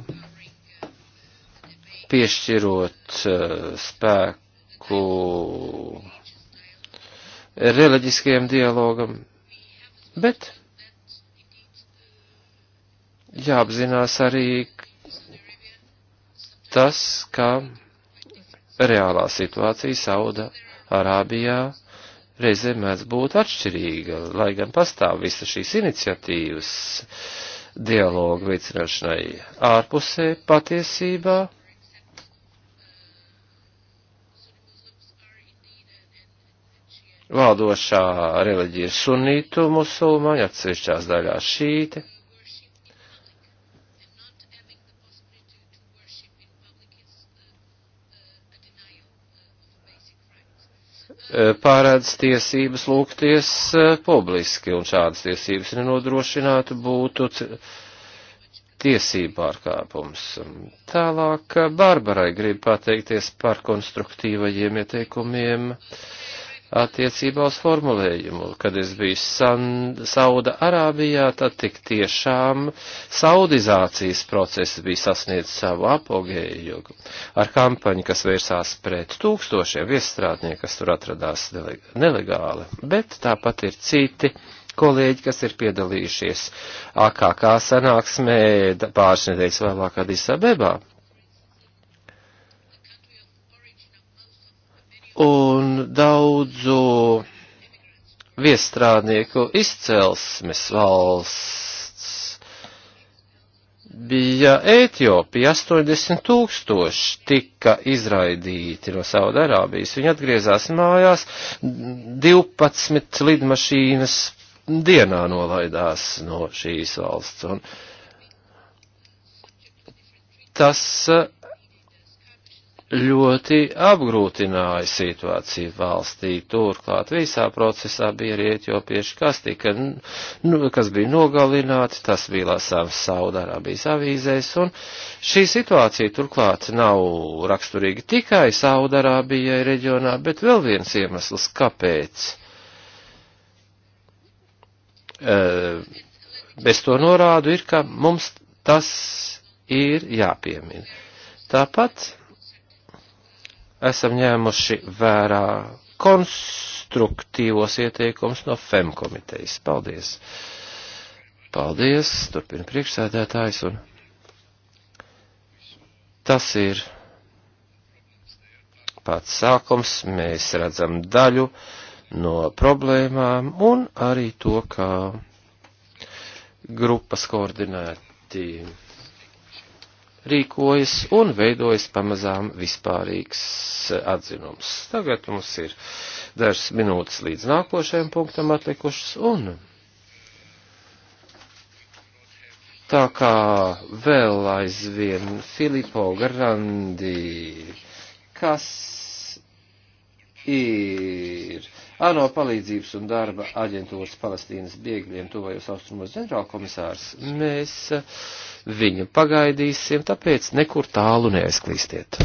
piešķirot eh, spēku reliģiskajam dialogam, bet jāapzinās arī tas, ka reālā situācija Sauda Arābijā reizē mēdz būt atšķirīga, lai gan pastāv visa šīs iniciatīvas dialogu veicināšanai ārpusē patiesībā Valdošā reliģija ir sunītu musulmaņi, atsevišķās daļās šīte. pārēdz tiesības lūgties e, publiski, un šādas tiesības nenodrošinātu būtu tiesību pārkāpums. Tālāk Barbarai grib pateikties par konstruktīvajiem ieteikumiem attiecībā uz formulējumu. Kad es biju San, Sauda Arābijā, tad tik tiešām saudizācijas process bija sasniedz savu apogēju ar kampaņu, kas vērsās pret tūkstošiem viestrādnieku, kas tur atradās nelegāli, bet tāpat ir citi kolēģi, kas ir piedalījušies AKK sanāksmē pāris nedēļas vēlāk Adisabebā. un daudzu viestrādnieku izcelsmes valsts bija Ētjopija, 80 tūkstoši tika izraidīti no Saudarābijas. Viņi atgriezās mājās, 12 lidmašīnas dienā nolaidās no šīs valsts. Un tas ļoti apgrūtināja situāciju valstī. Turklāt visā procesā bija arī etiopieši, kas, tika, nu, kas bija nogalināti, tas bija lasāms Saudarābijas avīzēs, un šī situācija turklāt nav raksturīga tikai Saudarābijai reģionā, bet vēl viens iemesls, kāpēc. Bez eh, to norādu ir, ka mums tas ir jāpiemina. Tāpat esam ņēmuši vērā konstruktīvos ieteikumus no FEM komitejas. Paldies! Paldies! Turpina priekšsēdētājs un tas ir pats sākums. Mēs redzam daļu no problēmām un arī to, kā grupas koordinēti rīkojas un veidojas pamazām vispārīgs eh, atzinums. Tagad mums ir dažas minūtes līdz nākošajam punktam atlikušas un tā kā vēl aizvien Filipo Grandi, kas ir ANO palīdzības un darba aģentūras Palestīnas biegļiem tuvajos austrumos ģenerālkomisārs, mēs eh, viņu pagaidīsim, tāpēc nekur tālu neaizklīstiet.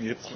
Jetzt.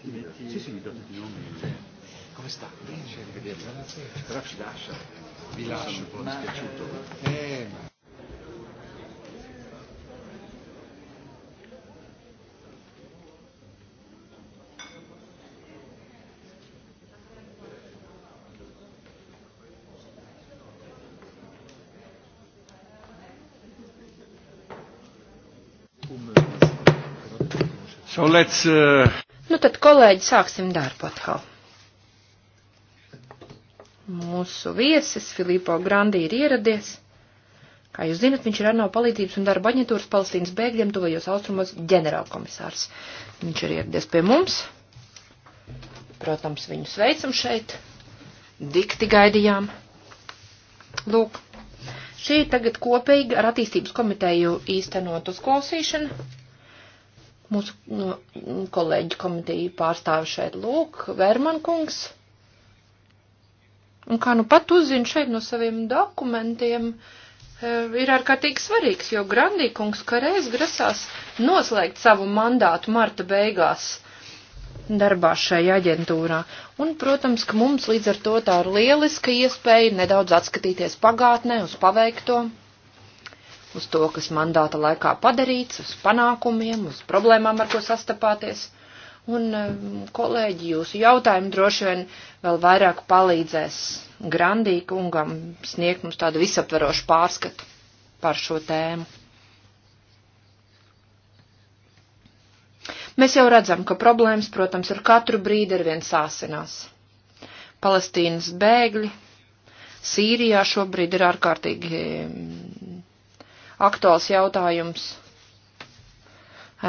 Ti metti... Sì, sì, mi do tutti i nomi. Come sta? Bene, arrivederci. Però ci lascia. Vi lascio, un po' dispiaciuto. Eh, ma... So let's, uh... Nu tad, kolēģi, sāksim darbu atkal. Mūsu viesis Filipo Grandi ir ieradies. Kā jūs zinat, viņš ir ANO palīdzības un darba aģentūras Palestīnas bēgļiem tuvajos austrumos ģenerālkomisārs. Viņš ir ieradies pie mums. Protams, viņu sveicam šeit. Dikti gaidījām. Lūk, šī tagad kopīgi ar attīstības komiteju īstenot uzklausīšana nu, kolēģi komiteju pārstāvi šeit lūk, Vermankungs. Un kā nu pat uzzinu šeit no saviem dokumentiem, e, ir ārkārtīgi svarīgs, jo Grandīkungs kareiz grasās noslēgt savu mandātu marta beigās darbā šajā aģentūrā. Un, protams, ka mums līdz ar to tā ir lieliska iespēja nedaudz atskatīties pagātnē uz paveikto uz to, kas mandāta laikā padarīts, uz panākumiem, uz problēmām, ar ko sastapāties. Un, um, kolēģi, jūsu jautājumi droši vien vēl vairāk palīdzēs Grandī kungam sniegt mums tādu visaptverošu pārskatu par šo tēmu. Mēs jau redzam, ka problēmas, protams, ar katru brīdi ar vien sāsinās. Palestīnas bēgļi Sīrijā šobrīd ir ārkārtīgi aktuāls jautājums.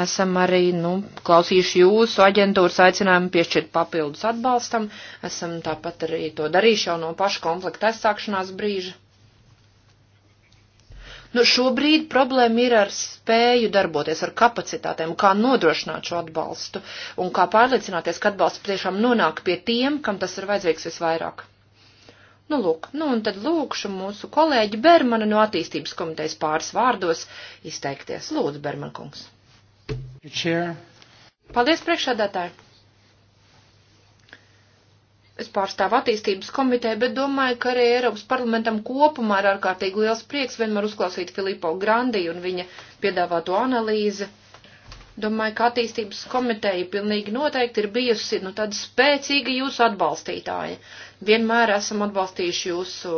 Esam arī, nu, klausījuši jūsu aģentūras aicinājumu piešķirt papildus atbalstam. Esam tāpat arī to darījuši jau no paša konflikta aizsākšanās brīža. Nu, šobrīd problēma ir ar spēju darboties, ar kapacitātēm, kā nodrošināt šo atbalstu un kā pārliecināties, ka atbalsts tiešām nonāk pie tiem, kam tas ir vajadzīgs visvairāk. Nu, lūk, nu, un tad lūkšu mūsu kolēģi Bermanu no attīstības komitejas pāris vārdos izteikties. Lūdzu, Berman kungs. Paldies, priekšādātāji. Es pārstāvu attīstības komiteju, bet domāju, ka arī Eiropas parlamentam kopumā ir ārkārtīgi liels prieks vienmēr uzklausīt Filipo Grandi un viņa piedāvāto analīzi Domāju, ka attīstības komiteja pilnīgi noteikti ir bijusi nu, tāda spēcīga jūsu atbalstītāja. Vienmēr esam atbalstījuši jūsu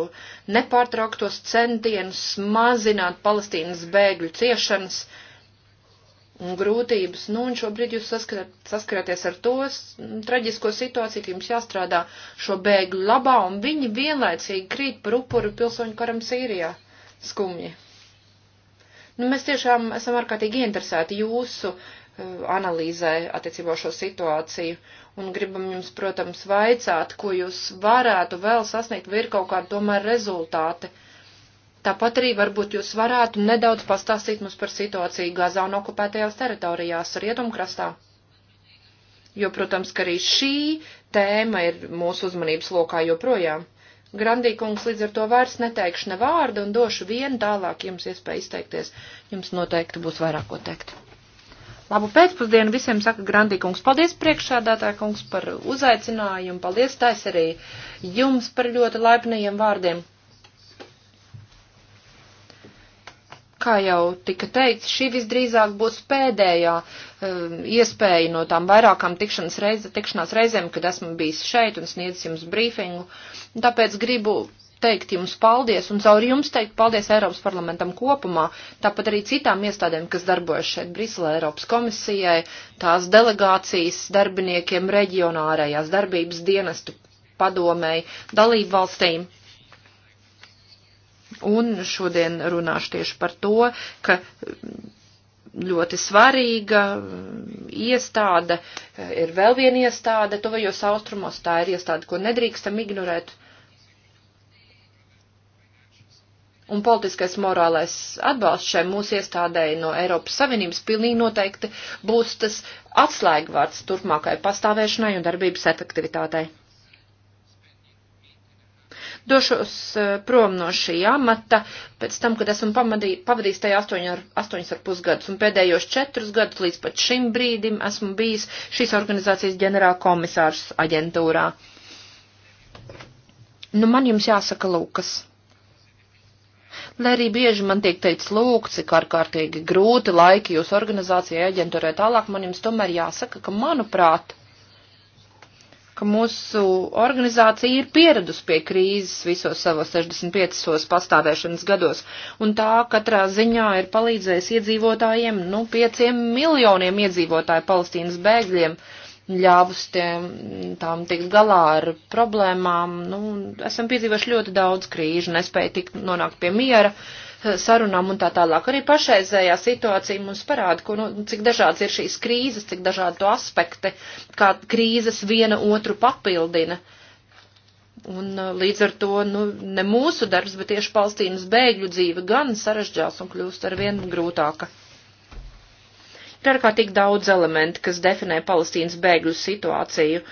nepārtrauktos centienus mazināt Palestīnas bēgļu ciešanas un grūtības. Nu, un šobrīd jūs saskarāt, saskaraties ar to traģisko situāciju, ka jums jāstrādā šo bēgļu labā, un viņi vienlaicīgi krīt par upuru pilsoņu karam Sīrijā. Skumji. Nu, mēs tiešām esam ārkārtīgi interesēti jūsu eh, analīzē attiecībā šo situāciju un gribam jums, protams, vaicāt, ko jūs varētu vēl sasniegt, vai ir kaut kādi tomēr rezultāti. Tāpat arī varbūt jūs varētu nedaudz pastāstīt mums par situāciju Gazā un okupētajās teritorijās rietumkrastā. Jo, protams, ka arī šī tēma ir mūsu uzmanības lokā joprojām. Grandīkungs līdz ar to vairs neteikšu ne vārdu un došu vienu tālāk jums iespēju izteikties. Jums noteikti būs vairāk ko teikt. Labu pēcpusdienu visiem saka Grandīkungs. Paldies priekšādātā kungs par uzaicinājumu. Paldies tais arī jums par ļoti laipnajiem vārdiem. kā jau tika teikts, šī visdrīzāk būs pēdējā um, iespēja no tām vairākām tikšanās, reize, tikšanās reizēm, kad esmu bijis šeit un sniedzis jums brīfingu. Tāpēc gribu teikt jums paldies un caur jums teikt paldies Eiropas parlamentam kopumā, tāpat arī citām iestādēm, kas darbojas šeit Briselē, Eiropas komisijai, tās delegācijas darbiniekiem, reģionārējās darbības dienestu padomēji, dalību valstīm. Un šodien runāšu tieši par to, ka ļoti svarīga iestāde, e, ir vēl viena iestāde tuvajos austrumos, tā ir iestāde, ko nedrīkstam ignorēt. Un politiskais morālais atbalsts šai mūsu iestādēji no Eiropas Savienības pilnīgi noteikti būs tas atslēgvārds turpmākai pastāvēšanai un darbības efektivitātei došos eh, prom no šī amata pēc tam, kad esmu pavadījis tajā astoņus ar pusgadus, un pēdējos četrus gadus līdz pat šim brīdim esmu bijis šīs organizācijas ģenerālkomisārs aģentūrā. Nu, man jums jāsaka, Lūkas. Lai arī bieži man tiek teikts, lūk, cik ārkārtīgi grūti laiki jūs organizācijai aģentūrai tālāk, man jums tomēr jāsaka, ka, manuprāt, ka mūsu organizācija ir pieradusi pie krīzes visos savos 65. pastāvēšanas gados, un tā katrā ziņā ir palīdzējusi iedzīvotājiem, nu, pieciem miljoniem iedzīvotāju palestīnas bēgļiem, ļāvus tiem, tām tikt galā ar problēmām, nu, esam piedzīvojuši ļoti daudz krīžu, nespēja tikt nonākt pie miera. Uh, sarunām un tā tālāk. Arī pašreizējā situācija mums parāda, ko, nu, cik dažādas ir šīs krīzes, cik dažādu aspekti, kā krīzes viena otru papildina. Un uh, līdz ar to, nu, ne mūsu darbs, bet tieši Palestīnas bēgļu dzīve gan sarežģās un kļūst ar vien grūtāka. Ir ārkārtīgi daudz elementi, kas definē Palestīnas bēgļu situāciju. Uh,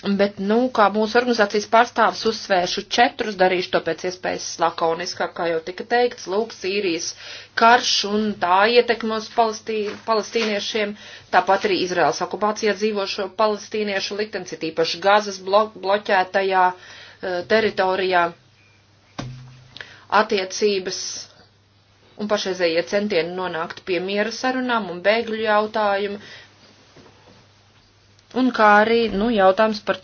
Bet, nu, kā mūsu organizācijas pārstāvis uzsvēršu četrus, darīšu to pēc iespējas lakoniskāk, kā jau tika teikts, lūk, Sīrijas karš un tā ietekme uz palestī, palestīniešiem, tāpat arī Izraels okupācijā dzīvošo palestīniešu liktenis, ir īpaši gazas blo bloķētajā eh, teritorijā attiecības un pašreizējie centieni nonākt pie miera sarunām un bēgļu jautājumu, un kā arī, nu, jautājums par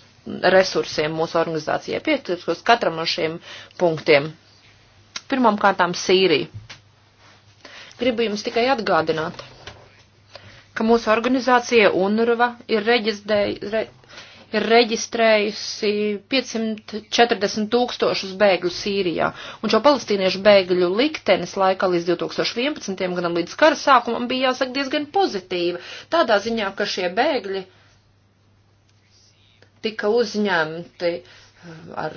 resursiem mūsu organizācijai. Pieturos katram no šiem punktiem. Pirmām kārtām Sīrija. Gribu jums tikai atgādināt, ka mūsu organizācija UNRVA ir, reģistrē, re, ir reģistrējusi 540 tūkstošus bēgļu Sīrijā, un šo palestīniešu bēgļu liktenis laikā līdz 2011. gadam līdz kara sākumam bija jāsaka diezgan pozitīva, tādā ziņā, ka šie bēgļi tika uzņemti eh, ar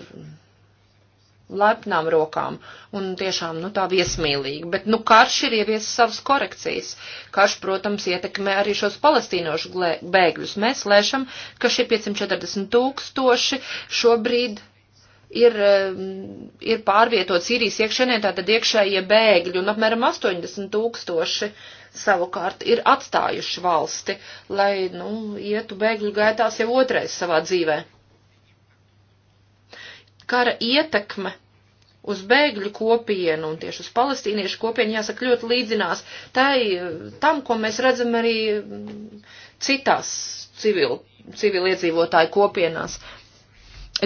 lepnām rokām un tiešām, nu, tā viesmīlīgi. Bet, nu, karš ir ievies savas korekcijas. Karš, protams, ietekmē arī šos palestīnošu bēgļus. Mēs lēšam, ka šie 540 tūkstoši šobrīd ir, eh, ir pārvietot Sīrijas iekšēnē, tātad iekšējie bēgļi, un apmēram 80 tūkstoši savukārt ir atstājuši valsti, lai, nu, ietu bēgļu gaitās jau otrais savā dzīvē. Kara ietekme uz bēgļu kopienu un tieši uz palestīniešu kopienu, jāsaka, ļoti līdzinās tai, tam, ko mēs redzam arī citās civil, civiliedzīvotāju kopienās.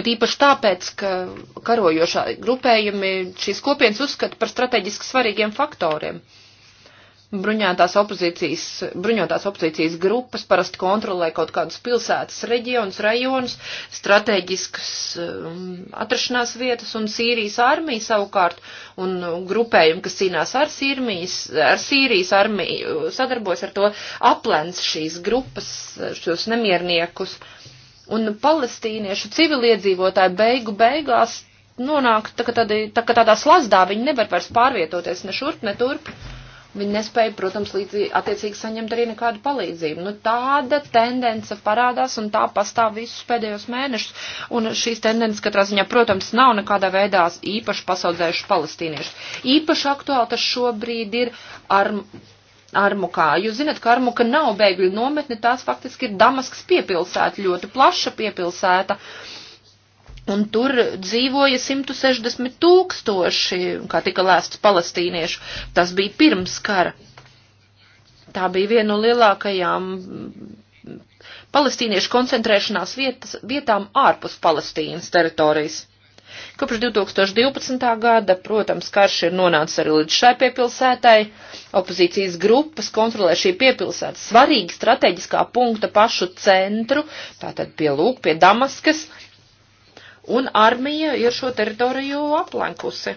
Ir īpaši tāpēc, ka karojošā grupējumi šīs kopienas uzskata par strateģiski svarīgiem faktoriem. Uh, bruņotās opozīcijas, bruņotās opozīcijas grupas parasti kontrolē kaut kādus pilsētas, reģionus, rajonus, strateģiskas um, atrašanās vietas un Sīrijas armija savukārt un grupējumi, kas cīnās ar, Sīrmijas, ar Sīrijas armiju, sadarbojas ar to aplens šīs grupas, šos nemierniekus. Un palestīniešu civiliedzīvotāji beigu beigās nonāk tā, tādā, tā, tādā slazdā, viņi nevar vairs pārvietoties ne šurp, ne turp. Uh, Viņi nespēja, protams, līdzi attiecīgi saņemt arī nekādu palīdzību. Nu, tāda tendence parādās un tā pastāv visus pēdējos mēnešus. Un šīs tendences katrā ziņā, protams, nav nekādā veidā īpaši pasaudzējuši palestīniešus. Īpaši aktuāli tas šobrīd ir ar. Armukā. Jūs zināt, ka Armuka nav bēgļu nometne, tās faktiski ir Damaskas piepilsēta, ļoti plaša piepilsēta. Uh, Un tur dzīvoja 160 tūkstoši, kā tika lēsts, palestīniešu. Tas bija pirms kara. Tā bija viena no lielākajām palestīniešu koncentrēšanās vietas, vietām ārpus Palestīnas teritorijas. Kopš 2012. gada, protams, karš ir nonācis arī līdz šai piepilsētai. Opozīcijas grupas kontrolē šī piepilsēta svarīga strateģiskā punkta pašu centru, tātad pie Lūk, pie Damaskas. Uh, un armija ir šo teritoriju aplenkusi.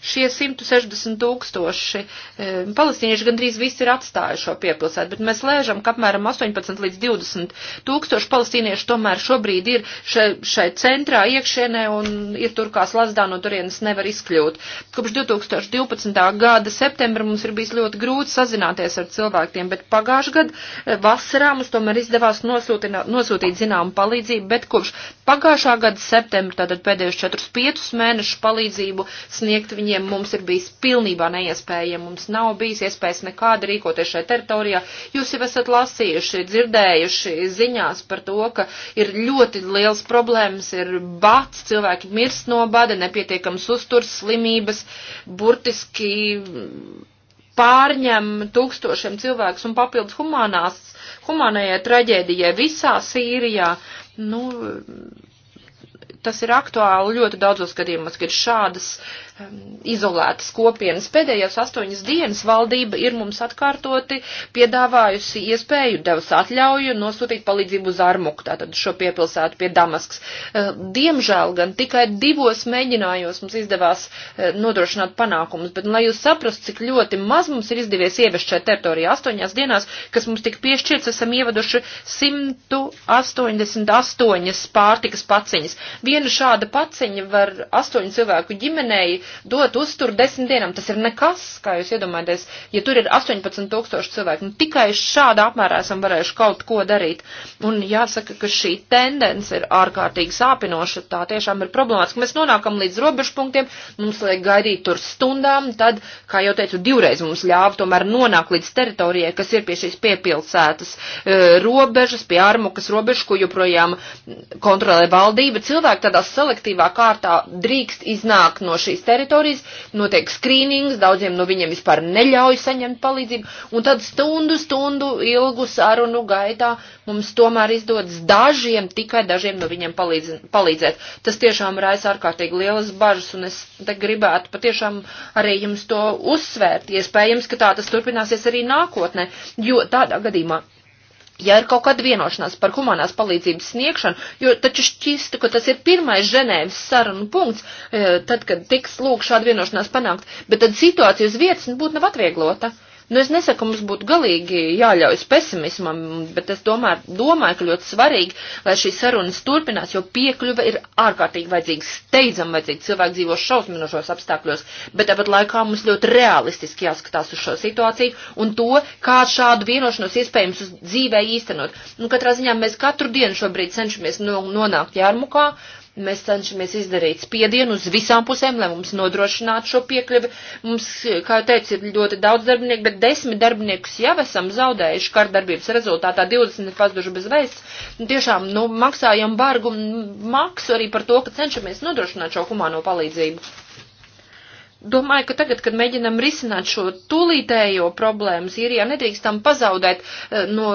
Šie 160 tūkstoši e, palestīnieši gandrīz visi ir atstājuši šo piepilsētu, bet mēs lēžam, ka apmēram 18 līdz 20 tūkstoši palestīnieši tomēr šobrīd ir še, šai centrā iekšienē un ir tur kā slazdā no turienes nevar izkļūt. Kopš 2012. gada septembra mums ir bijis ļoti grūti sazināties ar cilvēkiem, bet pagājušajā gadā e, vasarā mums tomēr izdevās nosūtīt zināmu palīdzību, bet kopš pagājušā gada septembra, tātad pēdējos 4-5 mēnešus palīdzību sniegt viņiem viņiem mums ir bijis pilnībā neiespējami, mums nav bijis iespējas nekāda rīkoties šajā teritorijā. Jūs jau esat lasījuši, dzirdējuši ziņās par to, ka ir ļoti liels problēmas, ir bats, cilvēki mirst no bada, nepietiekams uzturs, slimības, burtiski pārņem tūkstošiem cilvēkus un papildus humanās, humanajai traģēdijai visā Sīrijā. Nu, tas ir aktuāli ļoti daudzos gadījumos, kad šādas Um, izolētas kopienas. Pēdējās astoņas dienas valdība ir mums atkārtoti piedāvājusi iespēju, devas atļauju nosūtīt palīdzību uz Armuku, tātad šo piepilsētu pie Damaskas. Uh, diemžēl gan tikai divos mēģinājos mums izdevās uh, nodrošināt panākumus, bet nu, lai jūs saprastu, cik ļoti maz mums ir izdevies ievest šajā teritorijā astoņās dienās, kas mums tika piešķirts, esam ievaduši 188 pārtikas paciņas. Viena šāda paciņa var astoņu cilvēku ģimenei dot uzturu desmit dienām. Tas ir nekas, kā jūs iedomājaties, ja tur ir 18 tūkstoši cilvēku. Nu, tikai šādā apmērā esam varējuši kaut ko darīt. Un jāsaka, ka šī tendence ir ārkārtīgi sāpinoša. Tā tiešām ir problemātiska. Mēs nonākam līdz robežpunktiem, mums liek gaidīt tur stundām, tad, kā jau teicu, divreiz mums ļāva tomēr nonākt līdz teritorijai, kas ir pie šīs piepilsētas e, robežas, pie ārmukas robežas, ko joprojām kontrolē valdība. Cilvēki tādā selektīvā kārtā drīkst iznākt no šīs teritorijas teritorijas, notiek skrīnings, daudziem no viņiem vispār neļauj saņemt palīdzību, un tad stundu, stundu ilgu sarunu gaitā mums tomēr izdodas dažiem, tikai dažiem no viņiem palīdz, palīdzēt. Tas tiešām raisa ārkārtīgi lielas bažas, un es te gribētu patiešām arī jums to uzsvērt. Iespējams, ka tā tas turpināsies arī nākotnē, jo tādā gadījumā ja ir kaut kāda vienošanās par humanās palīdzības sniegšanu, jo taču šķistu, ka tas ir pirmais Ženēvas sarunu punkts, eh, tad, kad tiks lūk šāda vienošanās panākt, bet tad situācija uz vietas būtu nav atvieglota. Uh, Nu, es nesaku, mums būtu galīgi jāļaujas pesimismam, bet es domāju, domāju, ka ļoti svarīgi, lai šīs sarunas turpinās, jo piekļuve ir ārkārtīgi vajadzīga, steidzam vajadzīga, cilvēki dzīvo šausminošos apstākļos, bet tāpat laikā mums ļoti realistiski jāskatās uz šo situāciju un to, kā šādu vienošanos iespējams uz dzīvē īstenot. Nu, katrā ziņā mēs katru dienu šobrīd cenšamies nonākt jārmukā Mēs cenšamies izdarīt spiedienu uz visām pusēm, lai mums nodrošinātu šo piekļuvi. Mums, kā jau teicu, ir ļoti daudz darbinieku, bet desmit darbiniekus jau esam zaudējuši kārdarbības rezultātā, 20 ir pazuduši bez vēsts. Nu, tiešām, nu, maksājam bargu maksu arī par to, ka cenšamies nodrošināt šo humāno palīdzību domāju, ka tagad, kad mēģinam risināt šo tūlītējo problēmu Sīrijā, nedrīkstam pazaudēt eh, no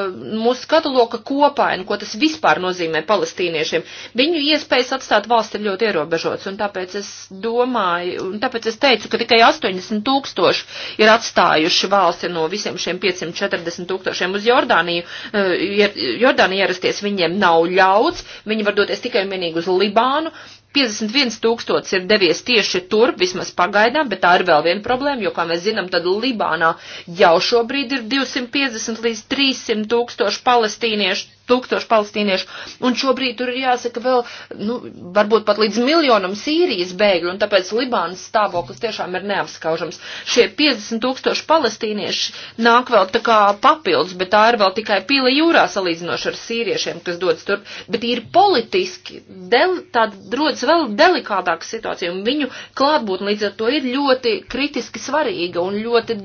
mūsu skatu loka kopainu, ko tas vispār nozīmē palestīniešiem. Viņu iespējas atstāt valsts ir ļoti ierobežots, un tāpēc es domāju, un tāpēc es teicu, ka tikai 80 tūkstoši ir atstājuši valsti no visiem šiem 540 tūkstošiem uz Jordāniju. Eh, Jordānija ierasties viņiem nav ļauts, viņi var doties tikai un vienīgi uz Libānu, 51 tūkstots ir devies tieši tur, vismaz pagaidām, bet tā ir vēl viena problēma, jo, kā mēs zinām, tad Libānā jau šobrīd ir 250 līdz 300 tūkstoši palestīniešu tūkstoši palestīniešu, un šobrīd tur ir jāsaka vēl, nu, varbūt pat līdz miljonam Sīrijas bēgļu, un tāpēc Libānas stāvoklis tiešām ir neapskaužams. Šie 50 tūkstoši palestīnieši nāk vēl tā kā papildus, bet tā ir vēl tikai pila jūrā salīdzinoši ar sīriešiem, kas dodas tur, bet ir politiski, del, tāda rodas vēl delikātāka situācija, un viņu klātbūtne līdz ar to ir ļoti kritiski svarīga un ļoti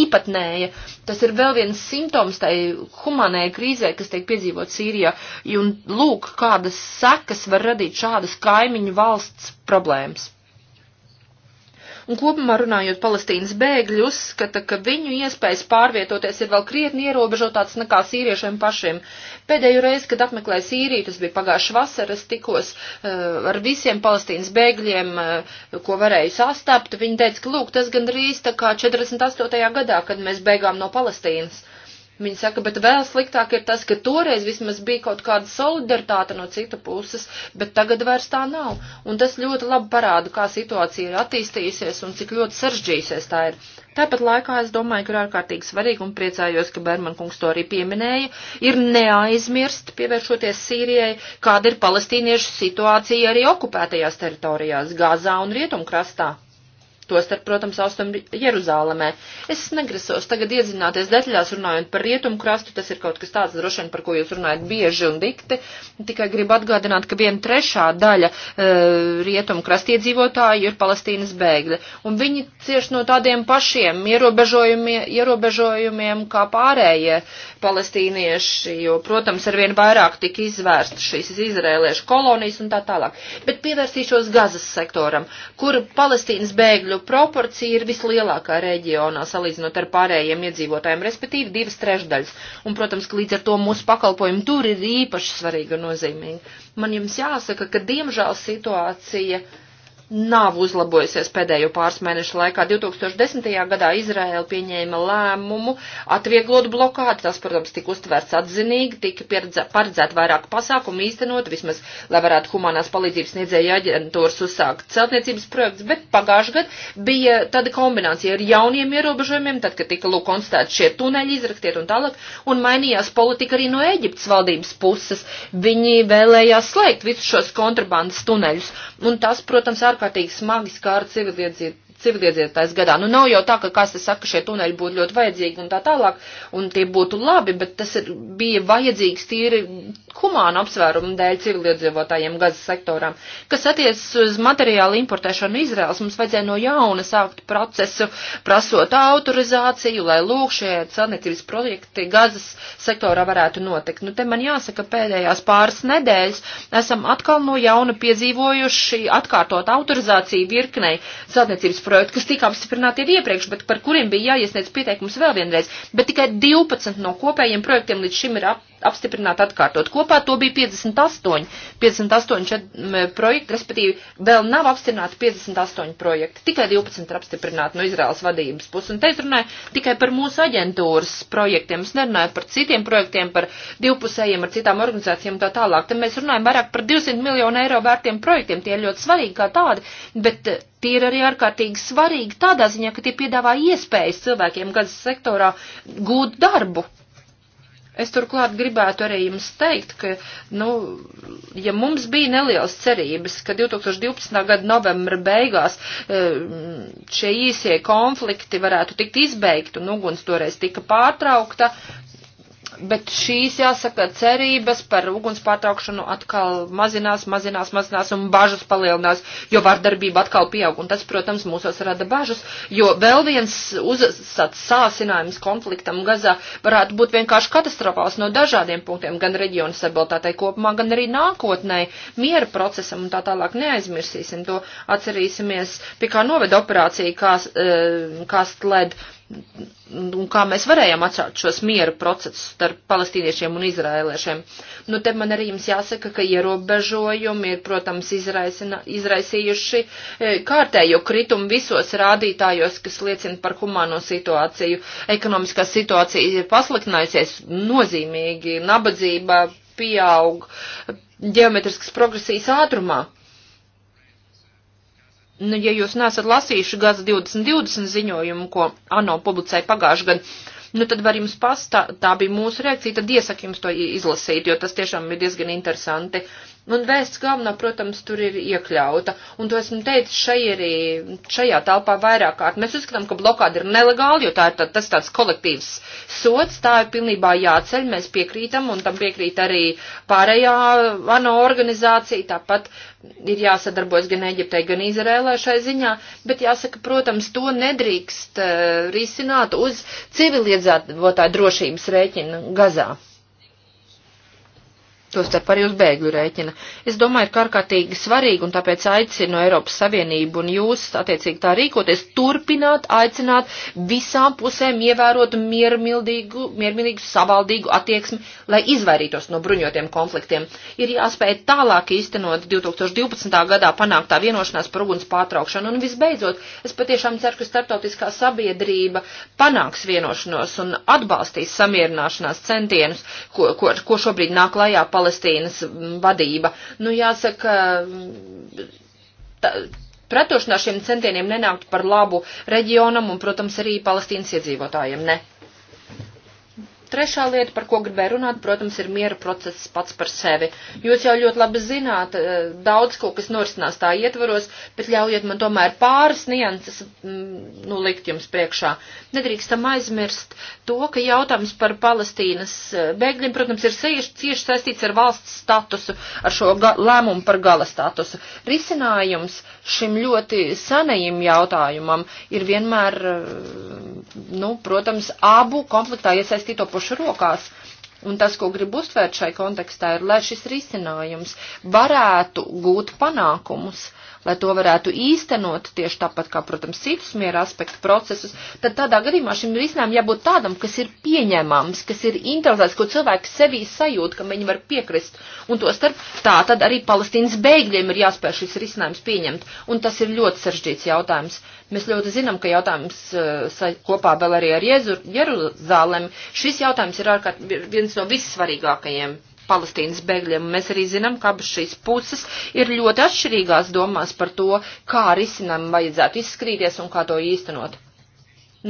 īpatnēja. Tas ir vēl viens simptoms tai humanai krīzē, kas tiek piedzīvot iedzīvot Sīrijā. Un lūk, kādas sekas var radīt šādas kaimiņu valsts problēmas. Un kopumā runājot, Palestīnas bēgļi uzskata, ka viņu iespējas pārvietoties ir vēl krietni ierobežotāts nekā sīriešiem pašiem. Pēdējo reizi, kad apmeklēju Sīriju, tas bija pagājuši vasaras, tikos uh, ar visiem Palestīnas bēgļiem, uh, ko varēju sastapt. Viņi teica, ka lūk, tas gandrīz tā kā 48. gadā, kad mēs bēgām no Palestīnas. Viņi saka, bet vēl sliktāk ir tas, ka toreiz vismaz bija kaut kāda solidaritāte no cita puses, bet tagad vairs tā nav. Un tas ļoti labi parāda, kā situācija ir attīstījusies un cik ļoti saržģīsies tā ir. Tāpat laikā es domāju, ka ir ārkārtīgi svarīgi un priecājos, ka Berman kungs to arī pieminēja, ir neaizmirst, pievēršoties Sīrijai, kāda ir palestīniešu situācija arī okupētajās teritorijās, Gazā un Rietumkrastā tostarp, protams, Austrum Jeruzālamē. Es negrasos tagad iedzināties detaļās runājot par rietumu krastu, tas ir kaut kas tāds droši vien, par ko jūs runājat bieži un dikti, tikai gribu atgādināt, ka viena trešā daļa e, rietumu krasta iedzīvotāji ir Palestīnas bēgļi, un viņi cieš no tādiem pašiem ierobežojumiem, ierobežojumiem kā pārējie palestīnieši, jo, protams, arvien vairāk tika izvērsta šīs izrēliešu kolonijas un tā tālāk. Bet pievērsīšos Gazas sektoram, kur Palestīnas bēgļu proporcija ir vislielākā reģionā salīdzinot ar pārējiem iedzīvotājiem, respektīvi divas trešdaļas. Un, protams, ka līdz ar to mūsu pakalpojumi tur ir īpaši svarīga un nozīmīga. Man jums jāsaka, ka diemžēl situācija. Uh, nav uzlabojusies pēdējo pāris mēnešu laikā. 2010. gadā Izraēla pieņēma lēmumu atvieglot blokādi. Tas, protams, tika uztvērts atzinīgi, tika paredzēt vairāk pasākumu īstenot, vismaz, lai varētu humanās palīdzības sniedzēja aģentūras uzsākt celtniecības projekts, bet pagājušajā gadā bija tāda kombinācija ar jauniem ierobežojumiem, tad, kad tika lūk konstatēti šie tuneļi izraktiet un tālāk, un mainījās politika arī no Eģiptes valdības puses. Viņi vēlējās slēgt visus šos kontrabandas tuneļus, un tas, protams, ar ārkārtīgi smagi skāra civiliedzību civiliedzītājs gadā. Nu, nav jau tā, ka kāds te saka, ka šie tuneļi būtu ļoti vajadzīgi un tā tālāk, un tie būtu labi, bet tas ir, bija vajadzīgs tīri humāna apsvērumu dēļ civiliedzīvotājiem gazas sektoram. Kas attiecas uz materiālu importēšanu Izraels, mums vajadzēja no jauna sākt procesu, prasot autorizāciju, lai lūk šie celniecības projekti gazas sektorā varētu notikt. Nu, te man jāsaka, pēdējās pāris nedēļas esam atkal no jauna piedzīvojuši atkārtot autorizāciju virknei celniecības projektu projektu, kas tika apstiprināti jau iepriekš, bet par kuriem bija jāiesniedz pieteikums vēl vienreiz. Bet tikai 12 no kopējiem projektiem līdz šim ir ap, apstiprināt atkārtot. Kopā to bija 58, 58 projekti, respektīvi vēl nav apstiprināti 58 projekti, tikai 12 ir apstiprināti no Izraels vadības puses. Un te es runāju tikai par mūsu aģentūras projektiem, es nerunāju par citiem projektiem, par divpusējiem ar citām organizācijām un tā tālāk. Te mēs runājam vairāk par 200 miljonu eiro vērtiem projektiem, tie ir ļoti svarīgi kā tādi, bet eh, Tie ir arī ārkārtīgi svarīgi tādā ziņā, ka tie piedāvā iespējas cilvēkiem gadas sektorā gūt darbu Es turklāt gribētu arī jums teikt, ka, nu, ja mums bija nelielas cerības, ka 2012. gada novembra beigās eh, šie īsie konflikti varētu tikt izbeigti un uguns toreiz tika pārtraukta, bet šīs, jāsaka, cerības par uguns pārtraukšanu atkal mazinās, mazinās, mazinās un bažas palielinās, jo vardarbība atkal pieaug. Un tas, protams, mūsos rada bažas, jo vēl viens uzsats sāsinājums konfliktam Gazā varētu būt vienkārši katastrofāls no dažādiem punktiem, gan reģiona stabilitātei kopumā, gan arī nākotnē, miera procesam un tā tālāk neaizmirsīsim to, atcerīsimies, pie kā noveda operācija, kā, eh, kā stled. Uh, un kā mēs varējām atšķirt šos miera procesus starp palestīniešiem un izrēliešiem. Nu, te man arī jums jāsaka, ka ierobežojumi ir, protams, izraisina, izraisījuši e, kārtējo kritumu visos rādītājos, kas liecina par humāno situāciju. Ekonomiskā situācija ir pasliktinājusies nozīmīgi, nabadzība pieaug ģeometriskas progresijas ātrumā nu, ja jūs nesat lasījuši gads 2020 ziņojumu, ko ANO publicēja pagājuši gadu, nu, tad var jums pastā, tā bija mūsu reakcija, tad iesaku jums to izlasīt, jo tas tiešām ir diezgan interesanti. Un vēsts galvenā, protams, tur ir iekļauta. Un to esmu teicis šai arī, šajā telpā vairāk kārt. Mēs uzskatām, ka blokāda ir nelegāla, jo tā ir tā, tas tāds kolektīvs sots, tā ir pilnībā jāceļ, mēs piekrītam, un tam piekrīt arī pārējā ANO organizācija, tāpat ir jāsadarbojas gan Eģiptei, gan Izrēlē šai ziņā, bet jāsaka, protams, to nedrīkst uh, risināt uz civiliedzētāju drošības rēķina Gazā. Tostarp arī uz bēgļu rēķina. Es domāju, ka ārkārtīgi svarīgi, un tāpēc aicinu Eiropas Savienību un jūs, attiecīgi tā rīkoties, turpināt, aicināt visām pusēm ievērot miermildīgu, miermildīgu, savaldīgu attieksmi, lai izvairītos no bruņotiem konfliktiem. Ir jāspēj tālāk īstenot 2012. gadā panāktā vienošanās par uguns pārtraukšanu, un visbeidzot, es patiešām ceru, ka starptautiskā sabiedrība panāks vienošanos un atbalstīs samierināšanās centienus, ko, ko, ko šobrīd nāk lajā palīdzību Palestīnas vadība. Nu, jāsaka, ta, pretošanā šiem centieniem nenākt par labu reģionam un, protams, arī Palestīnas iedzīvotājiem. Ne. Trešā lieta, par ko gribēju runāt, protams, ir miera process pats par sevi. Jūs jau ļoti labi zināt, eh, daudz ko, kas norisinās tā ietvaros, bet ļaujiet man tomēr pāris nianses mm, nu, likt jums priekšā. Nedrīkstam aizmirst to, ka jautājums par Palestīnas eh, bēgļiem, protams, ir cieši, cieši saistīts ar valsts statusu, ar šo ga, lēmumu par gala statusu. Risinājums šim ļoti senajam jautājumam ir vienmēr, eh, nu, protams, abu konfliktā iesaistīto pušu ārpušu rokās. Un tas, ko gribu uztvērt šai kontekstā, ir, lai šis risinājums varētu gūt panākumus. Uh, lai to varētu īstenot tieši tāpat kā, protams, citus miera aspektu procesus, tad tādā gadījumā šim risinājumam jābūt tādam, kas ir pieņemams, kas ir internalizēts, ko cilvēki sevī sajūt, ka viņi var piekrist. Un to starp tā tad arī palestīnas bēgļiem ir jāspēj šis risinājums pieņemt. Un tas ir ļoti saržģīts jautājums. Mēs ļoti zinām, ka jautājums uh, kopā vēl arī ar Jeruzālēm, šis jautājums ir ārkārt viens no vissvarīgākajiem. Palestīnas bēgļiem. Mēs arī zinām, ka abas šīs puses ir ļoti atšķirīgās domās par to, kā risinājumu vajadzētu izskrīties un kā to īstenot.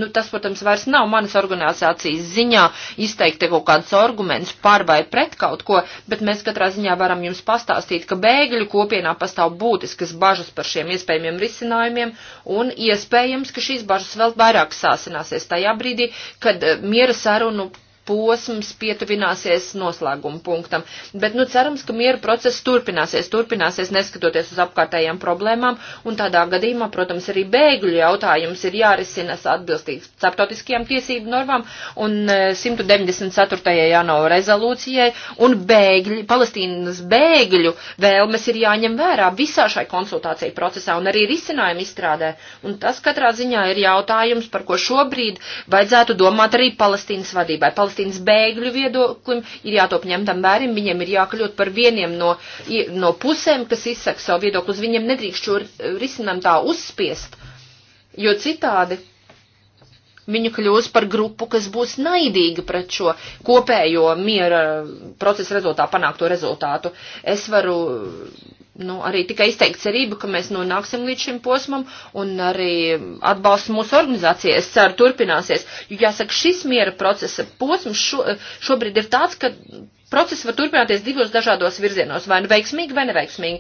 Nu, tas, protams, vairs nav manas organizācijas ziņā izteikt kaut kādus argumentus par vai pret kaut ko, bet mēs katrā ziņā varam jums pastāstīt, ka bēgļu kopienā pastāv būtiskas bažas par šiem iespējamiem risinājumiem, un iespējams, ka šīs bažas vēl vairāk sāsināsies tajā brīdī, kad eh, miera sarunu posms pietuvināsies noslēguma punktam. Bet, nu, cerams, ka miera process turpināsies, turpināsies neskatoties uz apkārtējām problēmām, un tādā gadījumā, protams, arī bēgļu jautājums ir jārisina atbilstīgs starptautiskajām tiesību normām un 194. E, janvāra rezolūcijai, un bēgļi, Palestīnas bēgļu vēlmes ir jāņem vērā visā šai konsultāciju procesā un arī risinājumu izstrādē. Un tas katrā ziņā ir jautājums, par ko šobrīd vajadzētu domāt arī Palestīnas vadībai. Palestīnas Palestīnas bēgļu viedoklim ir jātop ņemtam vērim, viņiem ir jākļūt par vieniem no, no pusēm, kas izsaka savu viedokli, uz viņiem nedrīkst šo risinājumu tā uzspiest, jo citādi viņu kļūs par grupu, kas būs naidīga pret šo kopējo miera procesa rezultātā panākto rezultātu. Es varu nu, arī tikai izteikt cerību, ka mēs nonāksim līdz šim posmam un arī atbalsts mūsu organizācijai, es ceru, turpināsies. Jo jāsaka, šis miera procesa posms šo, šobrīd ir tāds, ka Process var turpināties divos dažādos virzienos, vai nu veiksmīgi, vai neveiksmīgi.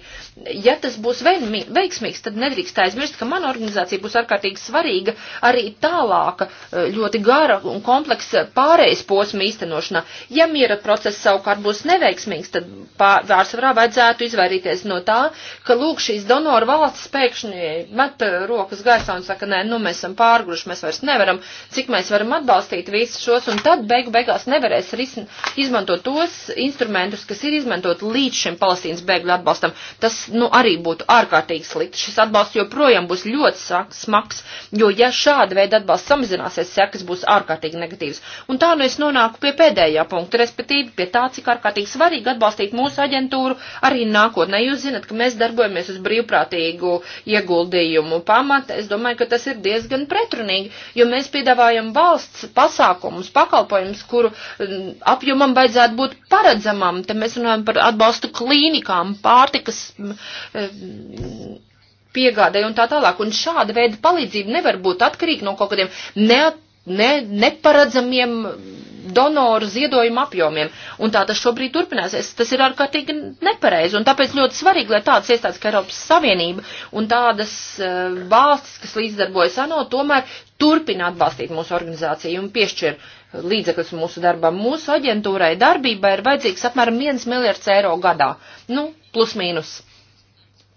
Ja tas būs veiksmīgs, tad nedrīkst aizmirst, ka mana organizācija būs ārkārtīgi svarīga arī tālāka, eh, ļoti gara un kompleksa pārējais posma īstenošanā. Ja miera process savukārt būs neveiksmīgs, tad pārsvarā vajadzētu izvairīties no tā, ka lūk šīs donoru valsts pēkšņi met eh, rokas gaisā un saka, nē, nu mēs esam pārgruši, mēs vairs nevaram, cik mēs varam atbalstīt visus šos, un tad beigu beigās nevarēs izmantot tos, instrumentus, kas ir izmantot līdz šim Palestīnas bēgļu atbalstam, tas, nu, arī būtu ārkārtīgi slikti. Šis atbalsts joprojām būs ļoti smags, jo, ja šāda veida atbalsts samazināsies, sekas būs ārkārtīgi negatīvas. Un tā nu es nonāku pie pēdējā punkta, respektīvi pie tā, cik ārkārtīgi svarīgi atbalstīt mūsu aģentūru arī nākotnē. Jūs zinat, ka mēs darbojamies uz brīvprātīgu ieguldījumu pamata. Es domāju, ka tas ir diezgan pretrunīgi, jo mēs piedāvājam valsts pasākumus, pakalpojumus, kuru mm, apjomam vajadzētu būt paredzamam. Te mēs runājam par atbalstu klīnikām, pārtikas e, piegādē un tā tālāk. Un šāda veida palīdzība nevar būt atkarīga no kaut kādiem neat ne, neparedzamiem donoru ziedojumu apjomiem. Un tā tas šobrīd turpināsies. Tas ir ārkārtīgi nepareizi. Un tāpēc ļoti svarīgi, lai tāds iestāds kā Eiropas Savienība un tādas uh, valstis, kas līdzdarbojas ANO, tomēr turpina atbalstīt mūsu organizāciju un piešķir līdzekļus mūsu darbam. Mūsu aģentūrai darbībai ir vajadzīgs apmēram 1 miljards eiro gadā. Nu, plus mīnus.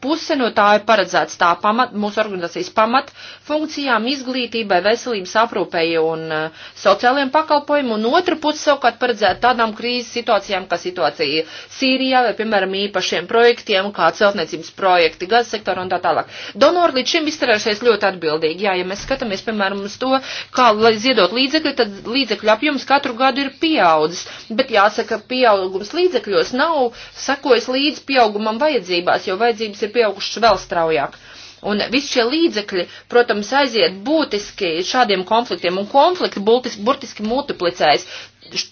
Puse no tā ir paredzēts tā pamat, mūsu organizācijas pamat funkcijām, izglītībai, veselības aprūpēji un uh, sociālajiem pakalpojumiem, un otra puse savukārt paredzēta tādām krīzes situācijām, kā situācija Sīrijā vai, piemēram, īpašiem projektiem, kā celtniecības projekti, gaz sektora un tā tālāk. Donori līdz šim izturējušies ļoti atbildīgi. Jā, ja mēs skatāmies, piemēram, uz to, kā ziedot līdzekļi, tad līdzekļu apjoms katru gadu ir pieaudzis, bet jāsaka, pieaugums līdzekļos nav sakojis līdz pieaugumam vajadzībās, jo vajadzības ir ir pieaugušas vēl straujāk. Un visi šie līdzekļi, protams, aiziet būtiski šādiem konfliktiem, un konflikti būtiski, burtiski multiplicējas.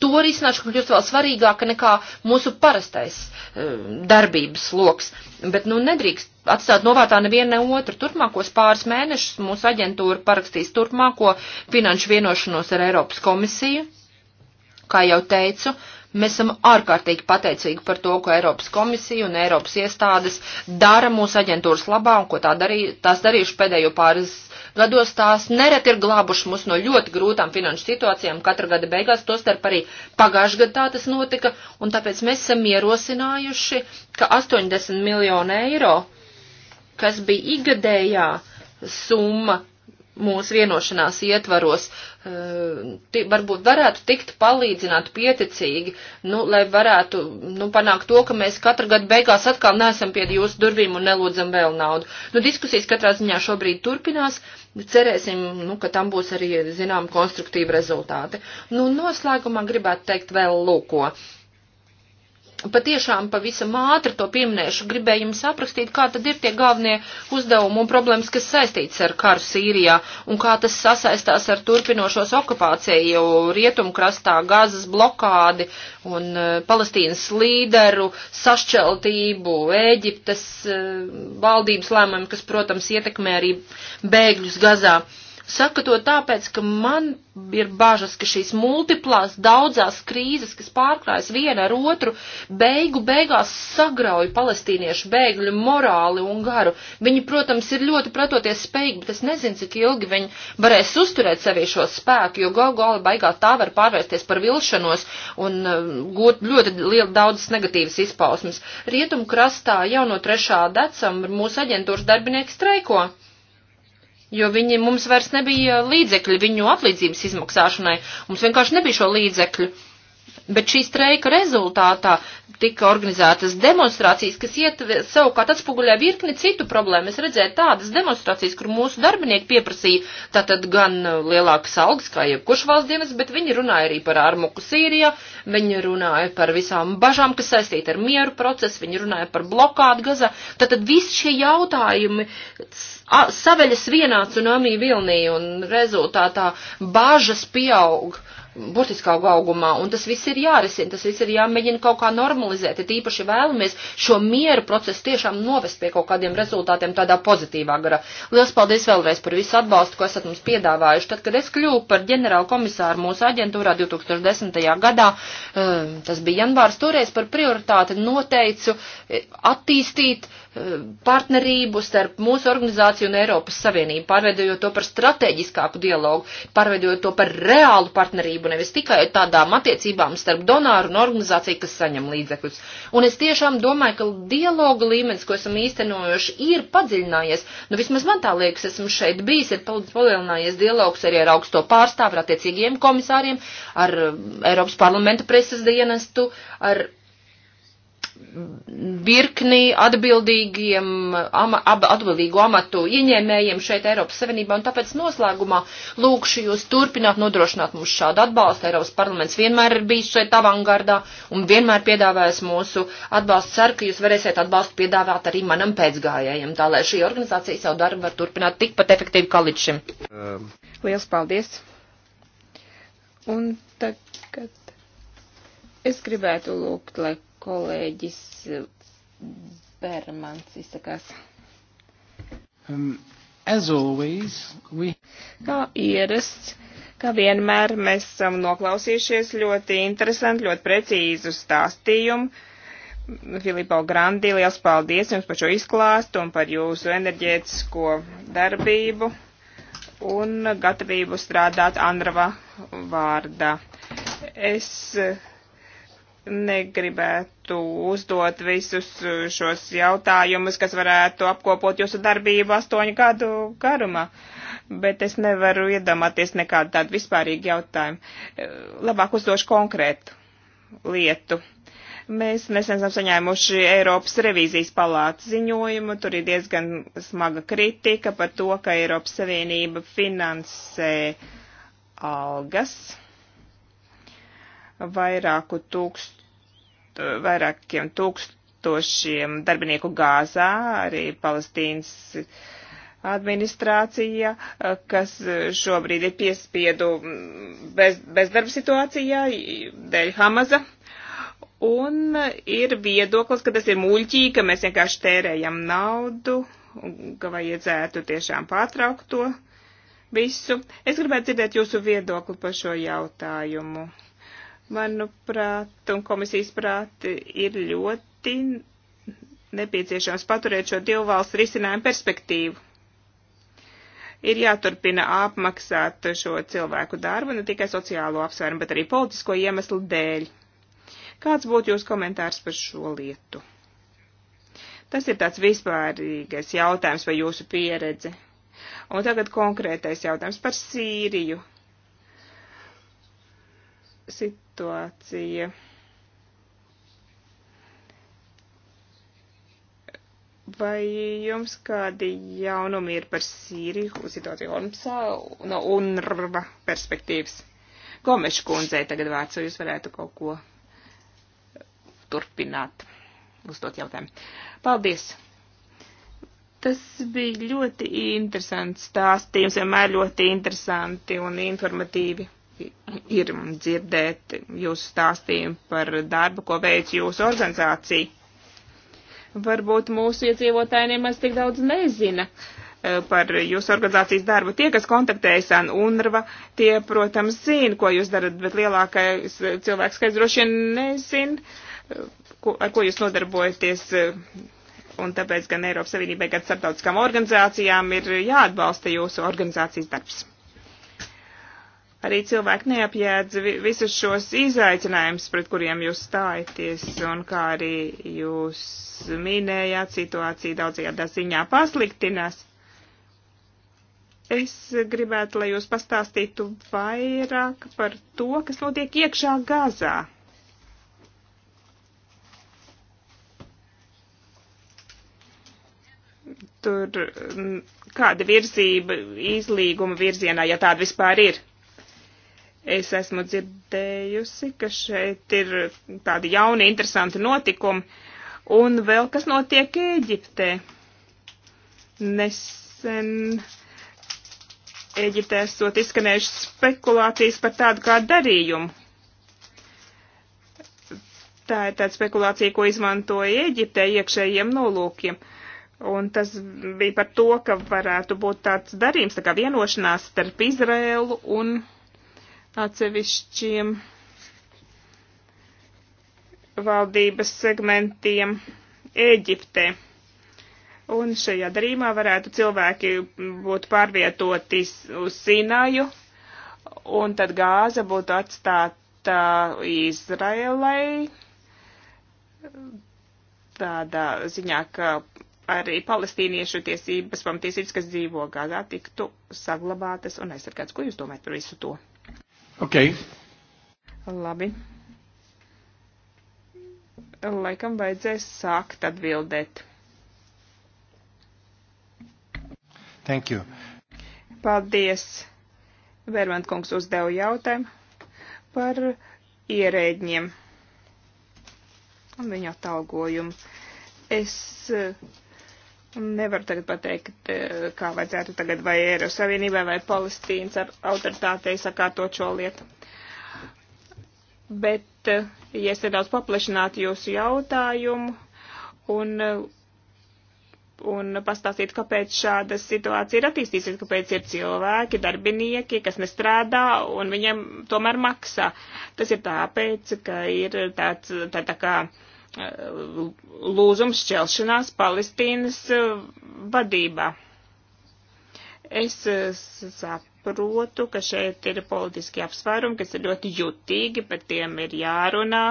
To risināšana kļūst vēl svarīgāka nekā mūsu parastais um, darbības loks. Bet, nu, nedrīkst atstāt novārtā nevienu ne otru. Turpmākos pāris mēnešus mūsu aģentūra parakstīs turpmāko finanšu vienošanos ar Eiropas komisiju. Kā jau teicu, uh, Mēs esam ārkārtīgi pateicīgi par to, ko Eiropas komisija un Eiropas iestādes dara mūsu aģentūras labā un ko tā darī, tās darījuši pēdējo pāris gados. Tās neret ir glābuši mūs no ļoti grūtām finanšu situācijām katra gada beigās, tostarp arī pagājušajā gadā tā tas notika, un tāpēc mēs esam ierosinājuši, ka 80 miljonu eiro, kas bija igadējā summa mūsu vienošanās ietvaros, eh, t, varbūt varētu tikt palīdzināt pieticīgi, nu, lai varētu nu, panākt to, ka mēs katru gadu beigās atkal neesam pie jūsu durvīm un nelūdzam vēl naudu. Nu, diskusijas katrā ziņā šobrīd turpinās, cerēsim, nu, ka tam būs arī, zinām, konstruktīvi rezultāti. Nu, noslēgumā gribētu teikt vēl lūko. Uh, patiešām pavisam ātri to pieminēšu, gribēju jums aprakstīt, kā tad ir tie galvenie uzdevumi un problēmas, kas saistīts ar karu Sīrijā un kā tas sasaistās ar turpinošos okupāciju rietumkrastā, gazas blokādi un uh, Palestīnas līderu sašķeltību, Ēģiptes uh, valdības lēmumi, kas, protams, ietekmē arī bēgļus gazā. Uh, Saku to tāpēc, ka man ir bažas, ka šīs multiplās daudzās krīzes, kas pārklājas viena ar otru, beigu beigās sagrauj palestīniešu bēgļu morāli un garu. Viņi, protams, ir ļoti pretoties spējīgi, bet es nezinu, cik ilgi viņi varēs uzturēt sevi šo spēku, jo gal gal baigā tā var pārvērsties par vilšanos un uh, gūt ļoti liel, daudzas negatīvas izpausmes. Rietumkrastā jau no 3. decembra mūsu aģentūras darbinieki streiko jo viņi mums vairs nebija līdzekļi viņu atlīdzības izmaksāšanai. Mums vienkārši nebija šo līdzekļu. Bet šī streika rezultātā tika organizētas demonstrācijas, kas iet savukārt atspoguļē virkni citu problēmu. Es redzēju tādas demonstrācijas, kur mūsu darbinieki pieprasīja tātad gan uh, lielākas algas, kā jebkurš valsts dienas, bet viņi runāja arī par ārmuku Sīrijā, viņi runāja par visām bažām, kas saistīta ar mieru procesu, viņi runāja par blokādu gazā. Tātad visi šie jautājumi saveļas vienā cunami vilnī un rezultātā bažas pieaug. Uh, burtiskā augumā, un tas viss ir jārisina, tas viss ir jāmēģina kaut kā normalizēt, ja tīpaši vēlamies šo mieru procesu tiešām novest pie kaut kādiem rezultātiem tādā pozitīvā garā. Lielas paldies vēlreiz par visu atbalstu, ko esat mums piedāvājuši. Tad, kad es kļuvu par ģenerālu komisāru mūsu aģentūrā 2010. gadā, eh, tas bija janvārs, toreiz par prioritāti noteicu eh, attīstīt partnerību starp mūsu organizāciju un Eiropas Savienību, pārveidojot to par strateģiskāku dialogu, pārveidojot to par reālu partnerību, nevis tikai tādām attiecībām starp donāru un organizāciju, kas saņem līdzekļus. Un es tiešām domāju, ka dialogu līmenis, ko esam īstenojuši, ir padziļinājies. Nu, vismaz man tā liekas, esmu šeit bijis, ir palielinājies dialogs arī ar augsto pārstāvu, ar attiecīgiem komisāriem, ar um, Eiropas parlamenta preses dienestu, ar virknī atbildīgiem, ama, atbildīgu amatu ieņēmējiem šeit Eiropas Savienībā, un tāpēc noslēgumā lūkšu jūs turpināt nodrošināt mums šādu atbalstu. Eiropas parlaments vienmēr ir bijis šeit avangardā un vienmēr piedāvājis mūsu atbalstu. Ceru, ka jūs varēsiet atbalstu piedāvāt arī manam pēcgājējiem, tā lai šī organizācija savu darbu var turpināt tikpat efektīvi kā līdz šim. Um. Liels paldies! Un tagad es gribētu lūgt, lai Kolēģis eh, Bermans izsakās. Um, always, we... Kā ierasts, kā vienmēr mēs esam noklausījušies ļoti interesantu, ļoti precīzu stāstījumu. Filipo Grandi, liels paldies jums par šo izklāstu un par jūsu enerģētisko darbību un gatavību strādāt Andrava vārdā. Es eh, negribētu uzdot visus šos jautājumus, kas varētu apkopot jūsu darbību astoņu gadu garumā, bet es nevaru iedomāties nekādu tādu vispārīgu jautājumu. Labāk uzdošu konkrētu lietu. Mēs nesen esam saņēmuši Eiropas revīzijas palātas ziņojumu, tur ir diezgan smaga kritika par to, ka Eiropas Savienība finansē algas vairāku tūkst, vairākiem tūkstošiem darbinieku Gāzā, arī Palestīnas administrācija, kas šobrīd ir piespiedu bez, bezdarba situācijā dēļ Hamaza. Un ir viedoklis, ka tas ir muļķīgi, ka mēs vienkārši tērējam naudu, un ka vajadzētu tiešām pārtraukt to visu. Es gribētu dzirdēt jūsu viedokli par šo jautājumu manuprāt, un komisijas prāt, ir ļoti nepieciešams paturēt šo divu valstu risinājumu perspektīvu. Ir jāturpina apmaksāt šo cilvēku darbu ne tikai sociālo apsvērumu, bet arī politisko iemeslu dēļ. Kāds būtu jūs komentārs par šo lietu? Tas ir tāds vispārīgais jautājums vai jūsu pieredze. Un tagad konkrētais jautājums par Sīriju situācija. Vai jums kādi jaunumi ir par Sīriju, situāciju Hormsā no UNRVA perspektīvas? Gomeša kundzei tagad vārds, vai jūs varētu kaut ko turpināt, uzdot jautājumu. Paldies! Tas bija ļoti interesants stāstījums, vienmēr ļoti interesanti un informatīvi ir dzirdēt jūsu stāstījumu par darbu, ko veic jūsu organizācija. Varbūt mūsu iedzīvotāji nemaz tik daudz nezina eh, par jūsu organizācijas darbu. Tie, kas kontaktējas ar UNRVA, tie, protams, zina, ko jūs darat, bet lielākais cilvēks, kas droši vien nezina, eh, ko, ar ko jūs nodarbojaties. Eh, un tāpēc gan Eiropas Savienībai, gan starptautiskām organizācijām ir jāatbalsta jūsu organizācijas darbs arī cilvēki neapjēdz visus šos izaicinājumus, pret kuriem jūs stājaties, un kā arī jūs minējāt, situācija daudzajādā ziņā pasliktinās. Es gribētu, lai jūs pastāstītu vairāk par to, kas notiek iekšā Gazā. Tur mm, kāda virzība izlīguma virzienā, ja tāda vispār ir? Es esmu dzirdējusi, ka šeit ir tādi jauni, interesanti notikumi. Un vēl kas notiek Ēģiptē? Nesen Ēģiptē esot izskanējušas spekulācijas par tādu kā darījumu. Tā ir tāda spekulācija, ko izmantoja Ēģiptē iekšējiem nolūkiem. Un tas bija par to, ka varētu būt tāds darījums, tā kā vienošanās starp Izrēlu un atsevišķiem valdības segmentiem Ēģiptē. Un šajā darījumā varētu cilvēki būt pārvietoti uz Sinaju, un tad gāza būtu atstāta Izraēlai tādā ziņā, ka arī palestīniešu tiesības, pamatiesības, kas dzīvo gāzā, tiktu saglabātas un aizsargātas. Ko jūs domājat par visu to? Ok. Labi. Laikam vajadzēs sākt atbildēt. Thank you. Paldies. Vermantkungs uzdeva jautājumu par ierēģiem un viņu atalgojumu. Es Nevar tagad pateikt, kā vajadzētu tagad vai Eiropas Savienībai vai Palestīnas ar autoritātei sakārtot šo lietu. Bet, eh, ja es nedaudz paplašinātu jūsu jautājumu un, eh, un pastāstītu, kāpēc šāda situācija ir attīstīsies, kāpēc ir cilvēki, darbinieki, kas nestrādā un viņiem tomēr maksā. Tas ir tāpēc, ka ir tāds, tā, tā kā. Uh, Eh, lūzums šķelšanās Palestīnas eh, vadībā. Es eh, saprotu, ka šeit ir politiski apsvērumi, kas ir ļoti jutīgi, par tiem ir jārunā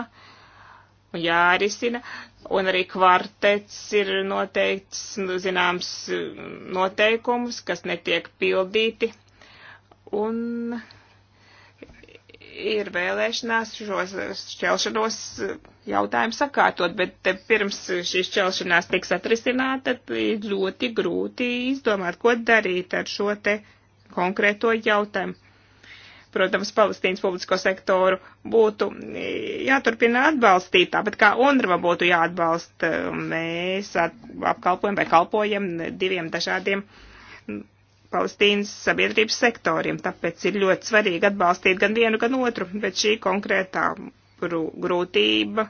un jārisina, un arī kvartets ir noteikts, zināms, noteikumus, kas netiek pildīti. Un ir vēlēšanās šos šķelšanos jautājumu sakārtot, bet pirms šī šķelšanās tiks atrisināta, ir ļoti grūti izdomāt, ko darīt ar šo te konkrēto jautājumu. Protams, Palestīnas publisko sektoru būtu jāturpina atbalstīt, tāpat kā UNRVA būtu jāatbalsta. Mēs apkalpojam vai kalpojam diviem dažādiem uh, Palestīnas sabiedrības sektoriem, tāpēc ir ļoti svarīgi atbalstīt gan vienu, gan otru, bet šī konkrētā grūtība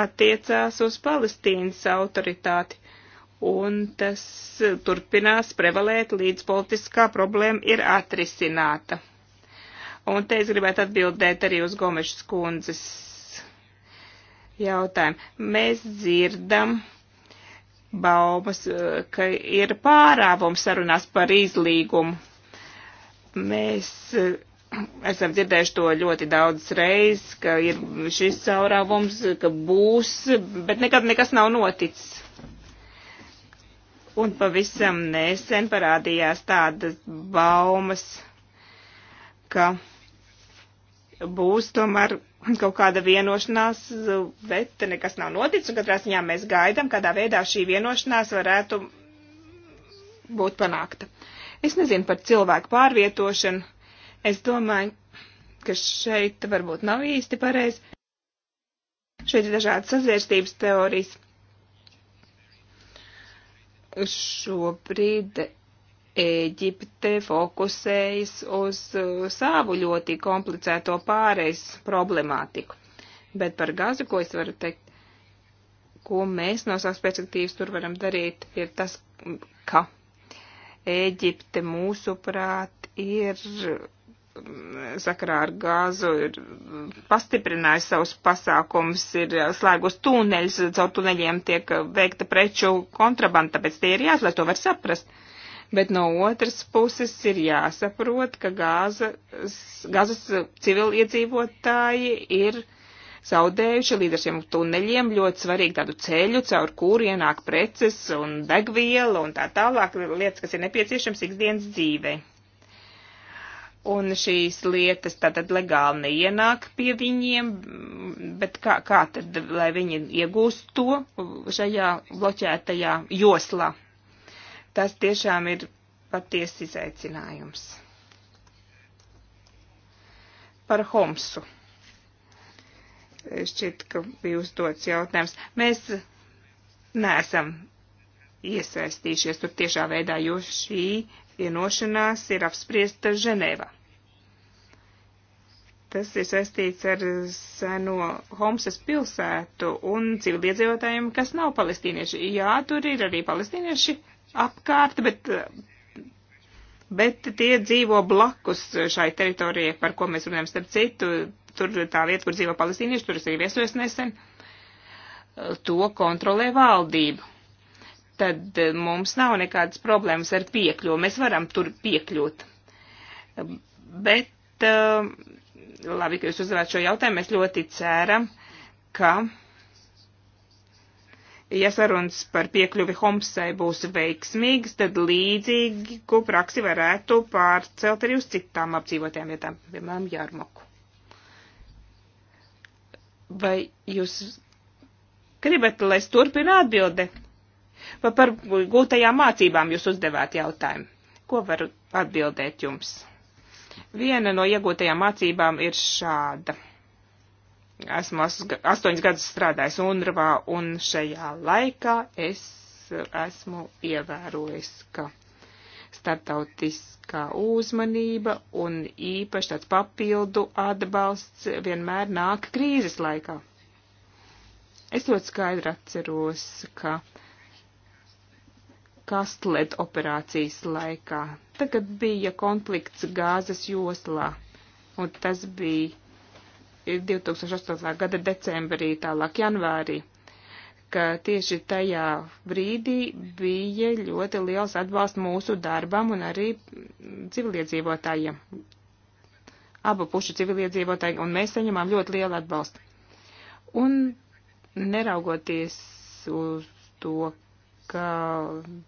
attiecās uz Palestīnas autoritāti, un tas turpinās prevalēt, līdz politiskā problēma ir atrisināta. Un te es gribētu atbildēt arī uz Gomešas kundzes jautājumu. Mēs dzirdam baumas, ka ir pārāvums sarunās par izlīgumu. Mēs eh, esam dzirdējuši to ļoti daudz reiz, ka ir šis caurāvums, ka būs, bet nekad nekas nav noticis. Un pavisam nesen parādījās tādas baumas, ka būs tomēr kaut kāda vienošanās, bet nekas nav noticis, un katrā ziņā mēs gaidām, kādā veidā šī vienošanās varētu būt panākta. Es nezinu par cilvēku pārvietošanu. Es domāju, ka šeit varbūt nav īsti pareizi. Šeit ir dažādas sazvērstības teorijas. Šobrīd Ēģipte fokusējas uz uh, savu ļoti komplicēto pārejas problemātiku. Bet par gāzi, ko es varu teikt, ko mēs no savas perspektīvas tur varam darīt, ir tas, ka Ēģipte mūsuprāt ir mm, sakarā ar gāzu ir pastiprinājusi savus pasākumus, ir slēgus tūneļus, caur tūneļiem tiek veikta preču kontrabanda, tāpēc tie ir jāizlai, to var saprast bet no otras puses ir jāsaprot, ka gāza, gāzes civiliedzīvotāji ir zaudējuši līdz ar šiem tuneļiem ļoti svarīgu tādu ceļu, caur kuru ienāk preces un degviela un tā tālāk lietas, kas ir nepieciešams ikdienas dzīvei un šīs lietas tātad legāli neienāk pie viņiem, bet kā, kā tad, lai viņi iegūst to šajā bloķētajā joslā? Tas tiešām ir patiesi izaicinājums. Par Homsu. Šķiet, ka bija uzdots jautājums. Mēs neesam iesaistījušies tur tiešā veidā, jo šī vienošanās ir apspriesta Ženēvā. Tas ir saistīts ar seno Homsas pilsētu un civiliedzīvotājiem, kas nav palestīnieši. Jā, tur ir arī palestīnieši. Uh, apkārt, bet, bet tie dzīvo blakus šai teritorijai, par ko mēs runājam starp citu. Tur tā vieta, kur dzīvo palestīnieši, tur es arī viesojos nesen, to kontrolē valdību. Tad eh, mums nav nekādas problēmas ar piekļuvu. Mēs varam tur piekļūt. Bet, eh, labi, ka jūs uzdevāt šo jautājumu, mēs ļoti ceram, ka ja sarunas par piekļuvi Homsai būs veiksmīgas, tad līdzīgu praksi varētu pārcelt arī uz citām apdzīvotām vietām, piemēram, Jārmaku. Vai jūs gribat, lai es turpinu atbildi? Vai par gūtajām mācībām jūs uzdevāt jautājumu? Ko varu atbildēt jums? Viena no iegūtajām mācībām ir šāda esmu astoņas gadus strādājis UNRVā, un šajā laikā es esmu ievērojis, ka startautiskā uzmanība un īpaši tāds papildu atbalsts vienmēr nāk krīzes laikā. Es ļoti skaidri atceros, ka Kastled operācijas laikā tagad bija konflikts gāzes joslā, un tas bija 2008. gada decembrī, tālāk janvārī, ka tieši tajā brīdī bija ļoti liels atbalsts mūsu darbam un arī civiliedzīvotājiem. Abu pušu civiliedzīvotāji, un mēs saņemām ļoti lielu atbalstu. Un neraugoties uz to, ka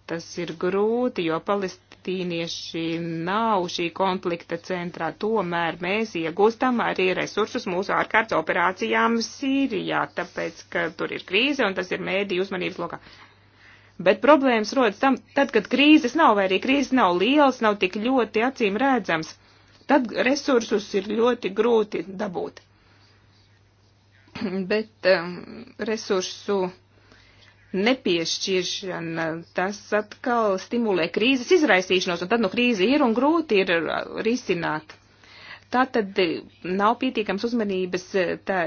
tas ir grūti, jo palestīnieši nav šī konflikta centrā. Tomēr mēs iegūstam arī resursus mūsu ārkārtas operācijām Sīrijā, tāpēc, ka tur ir krīze un tas ir mēdī uzmanības lokā. Bet problēmas rodas tam, tad, kad krīzes nav, vai arī krīzes nav liels, nav tik ļoti acīm redzams, tad resursus ir ļoti grūti dabūt. *clears throat* Bet um, resursu nepiešķiršana, tas atkal stimulē krīzes izraisīšanos, un tad nu krīze ir un grūti ir uh, risināt. Tā tad uh, nav pietiekams uzmanības uh, tā,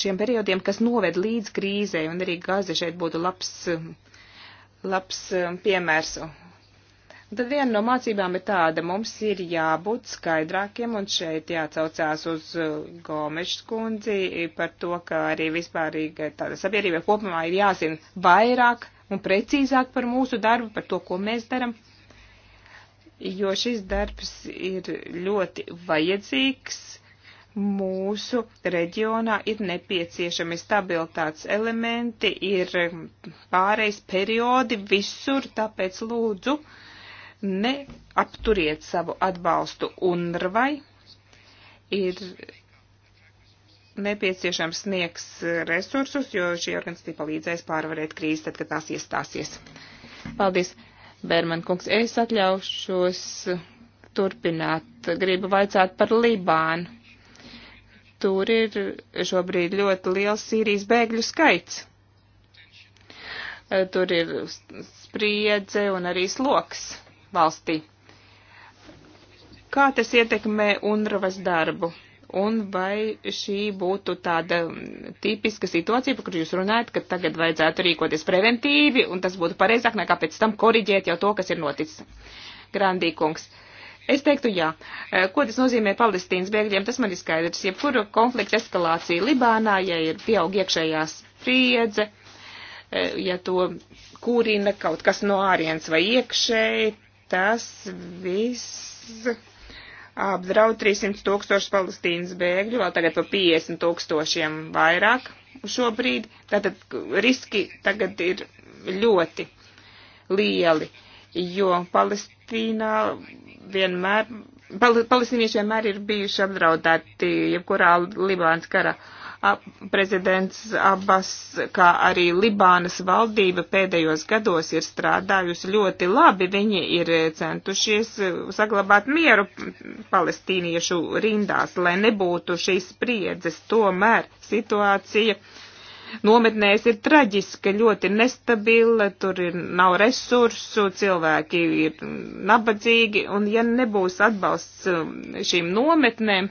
šiem periodiem, kas noved līdz krīzē, un arī gāze šeit būtu labs, labs piemērs Un tad viena no mācībām ir tāda, mums ir jābūt skaidrākiem, un šeit jācaucās uz uh, Gomešas kundzi par to, ka arī vispārīgi tāda sabiedrība kopumā ir jāzina vairāk un precīzāk par mūsu darbu, par to, ko mēs darām, jo šis darbs ir ļoti vajadzīgs. Mūsu reģionā ir nepieciešami stabilitātes elementi, ir um, pārejas periodi visur, tāpēc lūdzu, uh, neapturiet savu atbalstu UNRVAI. Ir nepieciešams sniegs resursus, jo šī organizācija palīdzēs pārvarēt krīzi, tad, kad tās iestāsies. Paldies, Berman kungs. Es atļaušos turpināt. Gribu vaicāt par Libānu. Tur ir šobrīd ļoti liels Sīrijas bēgļu skaits. Tur ir spriedze un arī sloks valstī. Kā tas ietekmē UNRVAS darbu? Un vai šī būtu tāda tipiska situācija, par kuru jūs runājat, ka tagad vajadzētu rīkoties preventīvi, un tas būtu pareizāk nekā pēc tam koriģēt jau to, kas ir noticis? Grandī kungs. Es teiktu jā. Ko tas nozīmē Palestīnas bēgļiem, tas man ir skaidrs. Jebkura konflikta eskalācija Libānā, ja ir pieaug iekšējā spriedze, eh, ja to kūrina kaut kas no ārienes vai iekšēji, Tas viss apdraud 300 tūkstošus palestīnas bēgļu, vēl tagad pa 50 tūkstošiem vairāk šobrīd. Tātad riski tagad ir ļoti lieli, jo Palestīnā vienmēr, pal, palestīnieši vienmēr ir bijuši apdraudēti jebkurā Libānas kara Prezidents Abbas, kā arī Libānas valdība pēdējos gados ir strādājusi ļoti labi. Viņi ir centušies saglabāt mieru palestīniešu rindās, lai nebūtu šīs spriedzes. Tomēr situācija nometnēs ir traģiska, ļoti nestabila, tur ir, nav resursu, cilvēki ir nabadzīgi, un ja nebūs atbalsts šīm nometnēm,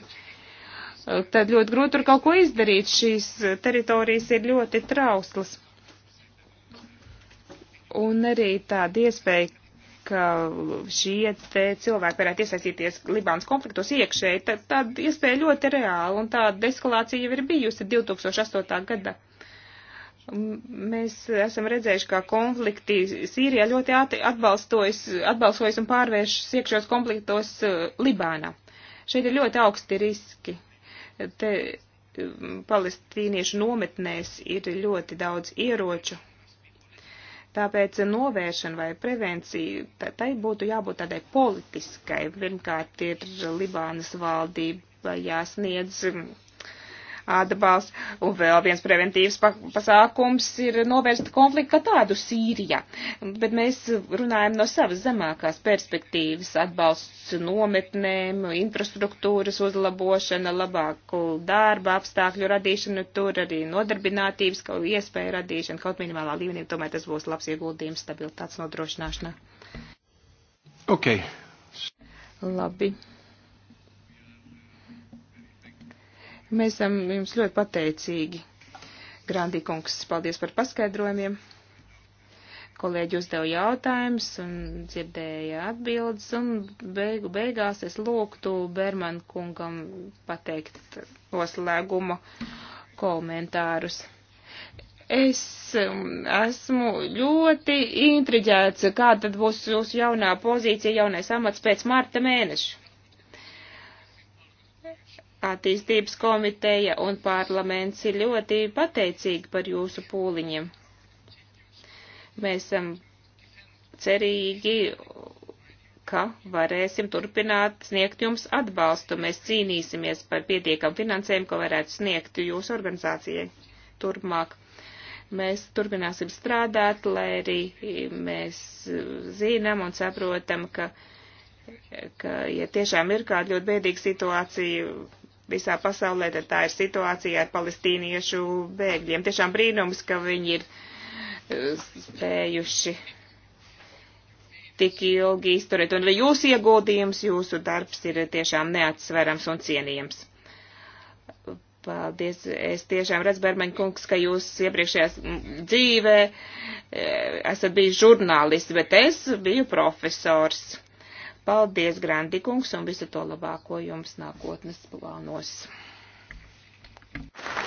tad ļoti grūti tur kaut ko izdarīt. Šīs teritorijas ir ļoti trauslas. Un arī tāda iespēja, ka šie cilvēki varētu iesaistīties Libānas konfliktos iekšēji, tad tāda iespēja ļoti reāla un tāda eskalācija jau ir bijusi 2008. gadā. Mēs esam redzējuši, kā konflikti Sīrijā ļoti ātri atbalstojas un pārvēršas iekšējos konfliktos eh, Libānā. Šeit ir ļoti augsti riski. Te um, palestīniešu nometnēs ir ļoti daudz ieroču. Tāpēc novēršana vai prevencija, tai būtu jābūt tādai politiskai. Pirmkārt ir Libānas valdība jāsniedz um, atbalsts. Un vēl viens preventīvs pasākums ir novērst konfliktu kā tādu Sīrijā. Bet mēs runājam no savas zemākās perspektīvas - atbalsts nometnēm, infrastruktūras uzlabošana, labāku darba apstākļu radīšanu, tur arī nodarbinātības, kaut iespēju radīšana, kaut minimālā līmenī, tomēr tas būs labs ieguldījums stabilitātes nodrošināšanā. Okay. Labi. Mēs esam jums ļoti pateicīgi. Grandī kungs, paldies par paskaidrojumiem. Kolēģi uzdeva jautājumus un dzirdēja atbildes, un beigu beigās es lūgtu Berman kungam pateikt noslēgumu komentārus. Es um, esmu ļoti intriģēts, kā tad būs jūsu jaunā pozīcija, jaunais amats pēc marta mēneša. Attīstības komiteja un parlaments ir ļoti pateicīgi par jūsu pūliņiem. Mēs esam cerīgi, ka varēsim turpināt sniegt jums atbalstu. Mēs cīnīsimies par pietiekam finansējumu, ko varētu sniegt jūsu organizācijai turpmāk. Mēs turpināsim strādāt, lai arī mēs zinām un saprotam, ka, ka ja tiešām ir kāda ļoti bēdīga situācija visā pasaulē, tad tā ir situācija ar palestīniešu bēgļiem. Tiešām brīnums, ka viņi ir eh, spējuši tik ilgi izturēt, un jūsu ieguldījums, jūsu darbs ir tiešām neatsverams un cienījams. Paldies. Es tiešām redzu, Bermaņa kungs, ka jūs iepriekšējā dzīvē eh, esat bijis žurnālists, bet es biju profesors. Paldies, Grandikungs, un visu to labāko jums nākotnes plānos. Thank you.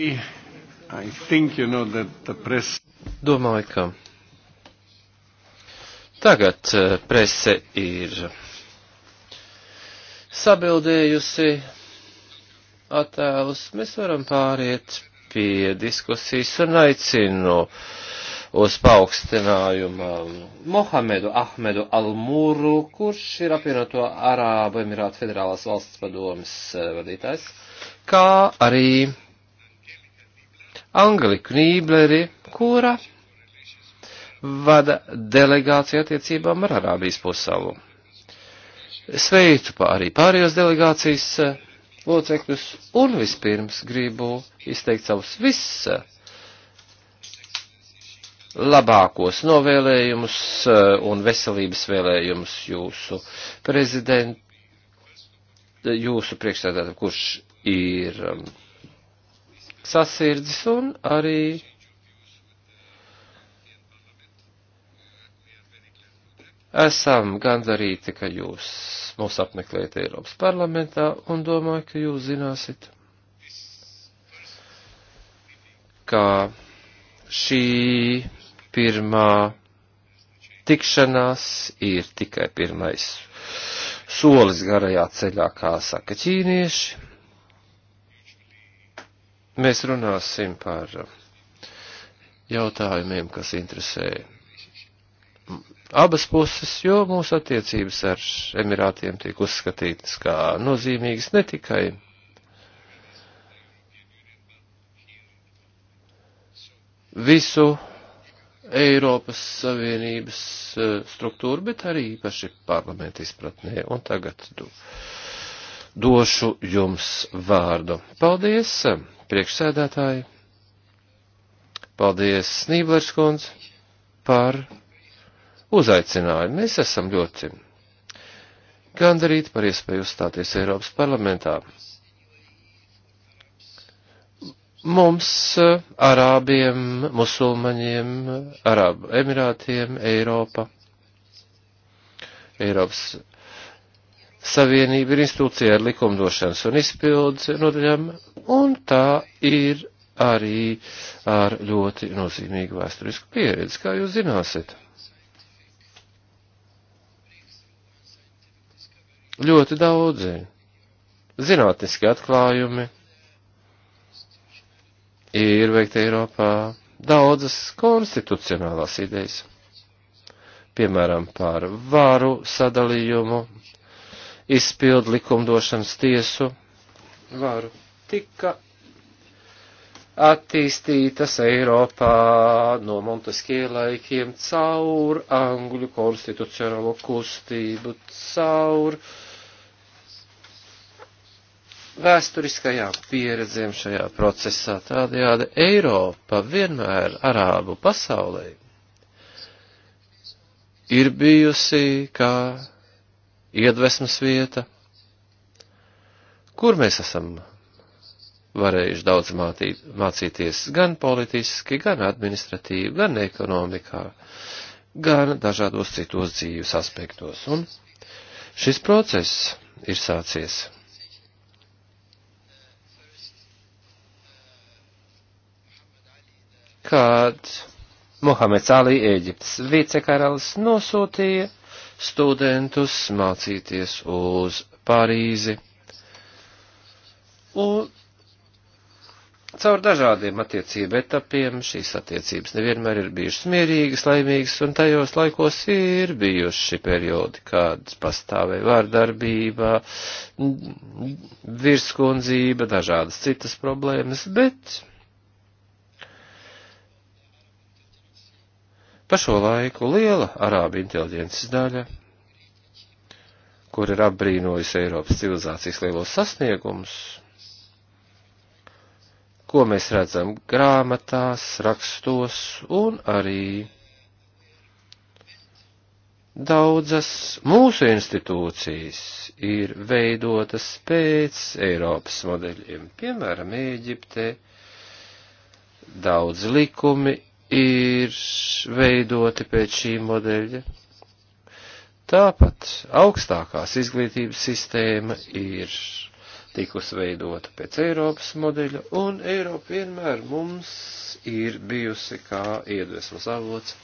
I think you know that the press. Domāju, ka tagad eh, prese ir sabildējusi attēlus. Mēs varam pāriet pie diskusijas un aicinu uz paaugstinājumam Mohamedu Ahmedu Almūru, kurš ir apvienoto Arābu Emirātu Federālās valsts padomas eh, vadītājs, kā arī Angliku Nībleri, kura vada delegāciju attiecībām ar Arābijas pusalu. Sveicu arī pārējos delegācijas eh, locekļus un vispirms gribu izteikt savus viss labākos novēlējumus eh, un veselības vēlējumus jūsu prezidentu, jūsu priekšsēdētāju, kurš ir um, sasirdzis un arī esam gandarīti, ka jūs mūs apmeklējat Eiropas parlamentā un domāju, ka jūs zināsit, ka šī pirmā tikšanās ir tikai pirmais solis garajā ceļā, kā saka ķīnieši. Mēs runāsim par jautājumiem, kas interesē abas puses, jo mūsu attiecības ar Emirātiem tiek uzskatītas kā nozīmīgas ne tikai visu Eiropas Savienības eh, struktūru, bet arī īpaši parlamentu izpratnē. Un tagad do, došu jums vārdu. Paldies! priekšsēdētāji. Paldies, Snīblers kundz, par uzaicinājumu. Mēs esam ļoti gandarīti par iespēju uzstāties Eiropas parlamentā. Mums, arābiem, musulmaņiem, arābu emirātiem, Eiropa, Eiropas Savienība ir institūcija ar likumdošanas un izpildes nodaļām, un tā ir arī ar ļoti nozīmīgu vēsturisku pieredzi, kā jūs zināsiet. Ļoti daudzi zinātniski atklājumi ir veikti Eiropā daudzas konstitucionālās idejas, piemēram, par varu sadalījumu, izpildu likumdošanas tiesu varu. Tika attīstītas Eiropā no Monteskie laikiem caur Angļu konstitucionālo kustību, caur vēsturiskajām pieredzēm šajā procesā. Tādējādi Eiropa vienmēr Arābu pasaulē ir bijusi kā iedvesmas vieta, kur mēs esam varējuši daudz mātī, mācīties gan politiski, gan administratīvi, gan ekonomikā, gan dažādos citos dzīves aspektos. Un šis process ir sācies. Kad Mohameds Ali Ēģiptes vicekaralis nosūtīja studentus mācīties uz Parīzi. Un caur dažādiem attiecību etapiem šīs attiecības nevienmēr ir bijušas mierīgas, laimīgas, un tajos laikos ir bijuši periodi, kad pastāvēja vārdarbība, virskundzība, dažādas citas problēmas, bet Pa šo laiku liela arābu inteliģences daļa, kur ir apbrīnojusi Eiropas civilizācijas lielos sasniegumus, ko mēs redzam grāmatās, rakstos un arī daudzas mūsu institūcijas ir veidotas pēc Eiropas modeļiem. Piemēram, Ēģipte daudz likumi ir veidoti pēc šī modeļa. Tāpat augstākās izglītības sistēma ir tikus veidota pēc Eiropas modeļa, un Eiropa vienmēr mums ir bijusi kā iedvesmas avots,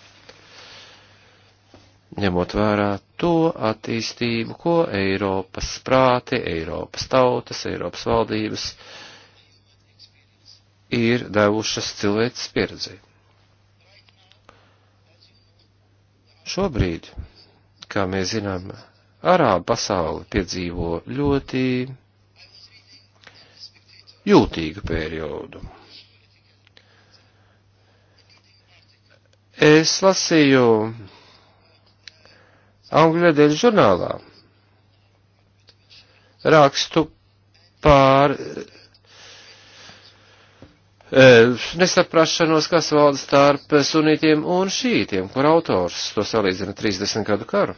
ņemot vērā to attīstību, ko Eiropas prāti, Eiropas tautas, Eiropas valdības ir devušas cilvēces pieredzēju. Šobrīd, kā mēs zinām, arābu pasauli piedzīvo ļoti jūtīgu periodu. Es lasīju Angļu nedēļu žurnālā rakstu pār E, nesaprašanos, kas valda starp sunītiem un šītiem, kur autors to salīdzina 30 gadu karu.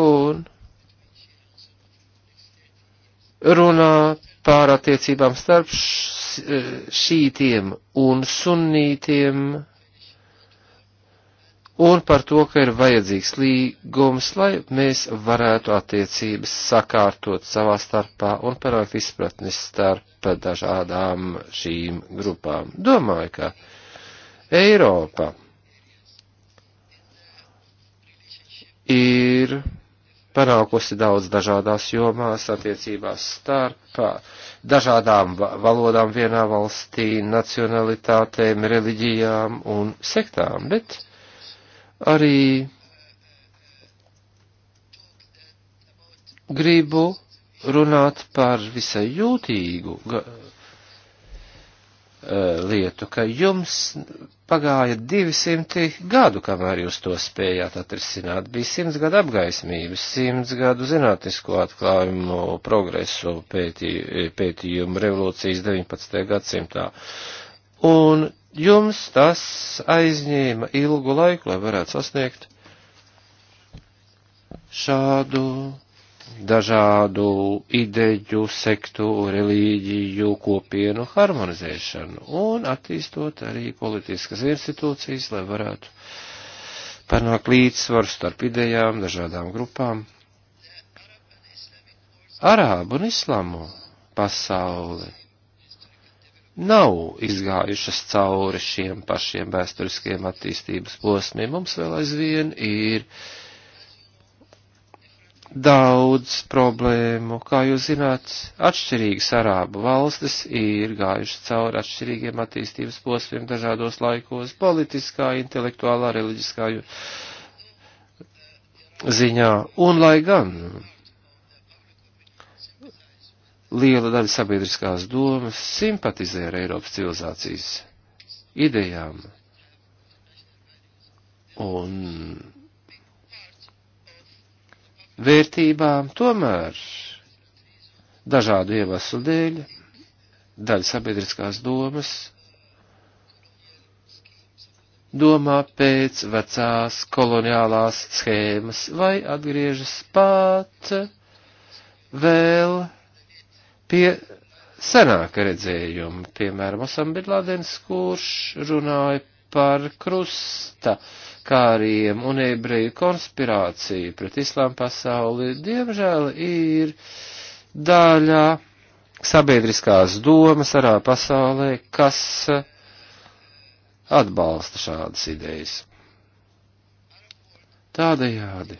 Un runā pār attiecībām starp e, šītiem un sunītiem un par to, ka ir vajadzīgs līgums, lai mēs varētu attiecības sakārtot savā starpā un panākt izpratni starp dažādām šīm grupām. Domāju, ka Eiropa ir panākusi daudz dažādās jomās, attiecībās starp dažādām valodām vienā valstī, nacionalitātēm, reliģijām un sektām, bet Arī gribu runāt par visai jūtīgu eh, lietu, ka jums pagāja 200 gadu, kamēr jūs to spējāt atrisināt. Bija 100 gadu apgaismības, 100 gadu zinātnisko atklājumu, progresu pētī, pētījumu revolūcijas 19. gadsimtā. Un jums tas aizņēma ilgu laiku, lai varētu sasniegt šādu dažādu ideju, sektu, reliģiju, kopienu harmonizēšanu un attīstot arī politiskas institūcijas, lai varētu panākt līdzsvaru starp idejām, dažādām grupām. Arābu un islamu pasauli nav izgājušas cauri šiem pašiem vēsturiskiem attīstības posmiem. Mums vēl aizvien ir daudz problēmu. Kā jūs zināt, atšķirīgas arābu valstis ir gājušas cauri atšķirīgiem attīstības posmiem dažādos laikos - politiskā, intelektuālā, reliģiskā ziņā. Un lai gan liela daļa sabiedriskās domas simpatizē ar Eiropas civilizācijas idejām. Un vērtībām tomēr dažādu iemeslu dēļ daļa sabiedriskās domas domā pēc vecās koloniālās schēmas vai atgriežas pat vēl pie senāka redzējuma, piemēram, Osam Bidlādens, kurš runāja par krusta kāriem un ebreju konspirāciju pret islām pasauli, diemžēl ir daļā sabiedriskās domas arā pasaulē, kas atbalsta šādas idejas. Tādējādi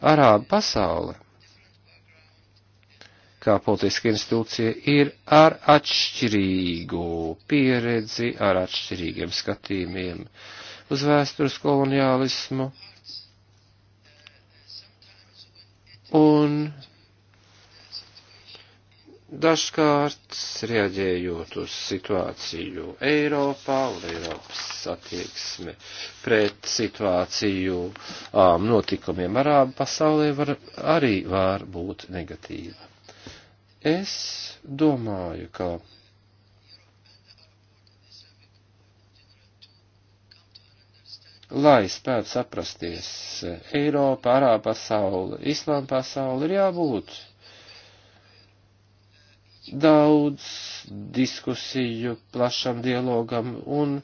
arāba pasaule kā politiska institūcija, ir ar atšķirīgu pieredzi, ar atšķirīgiem skatījumiem uz vēstures koloniālismu. Un dažkārt reaģējot uz situāciju Eiropā un Eiropas attieksme pret situāciju um, notikumiem arābu pasaulē var, arī var būt negatīva. Es domāju, ka lai spētu saprasties Eiropa, Arā pasauli, Islāma pasauli, ir jābūt daudz diskusiju, plašam dialogam un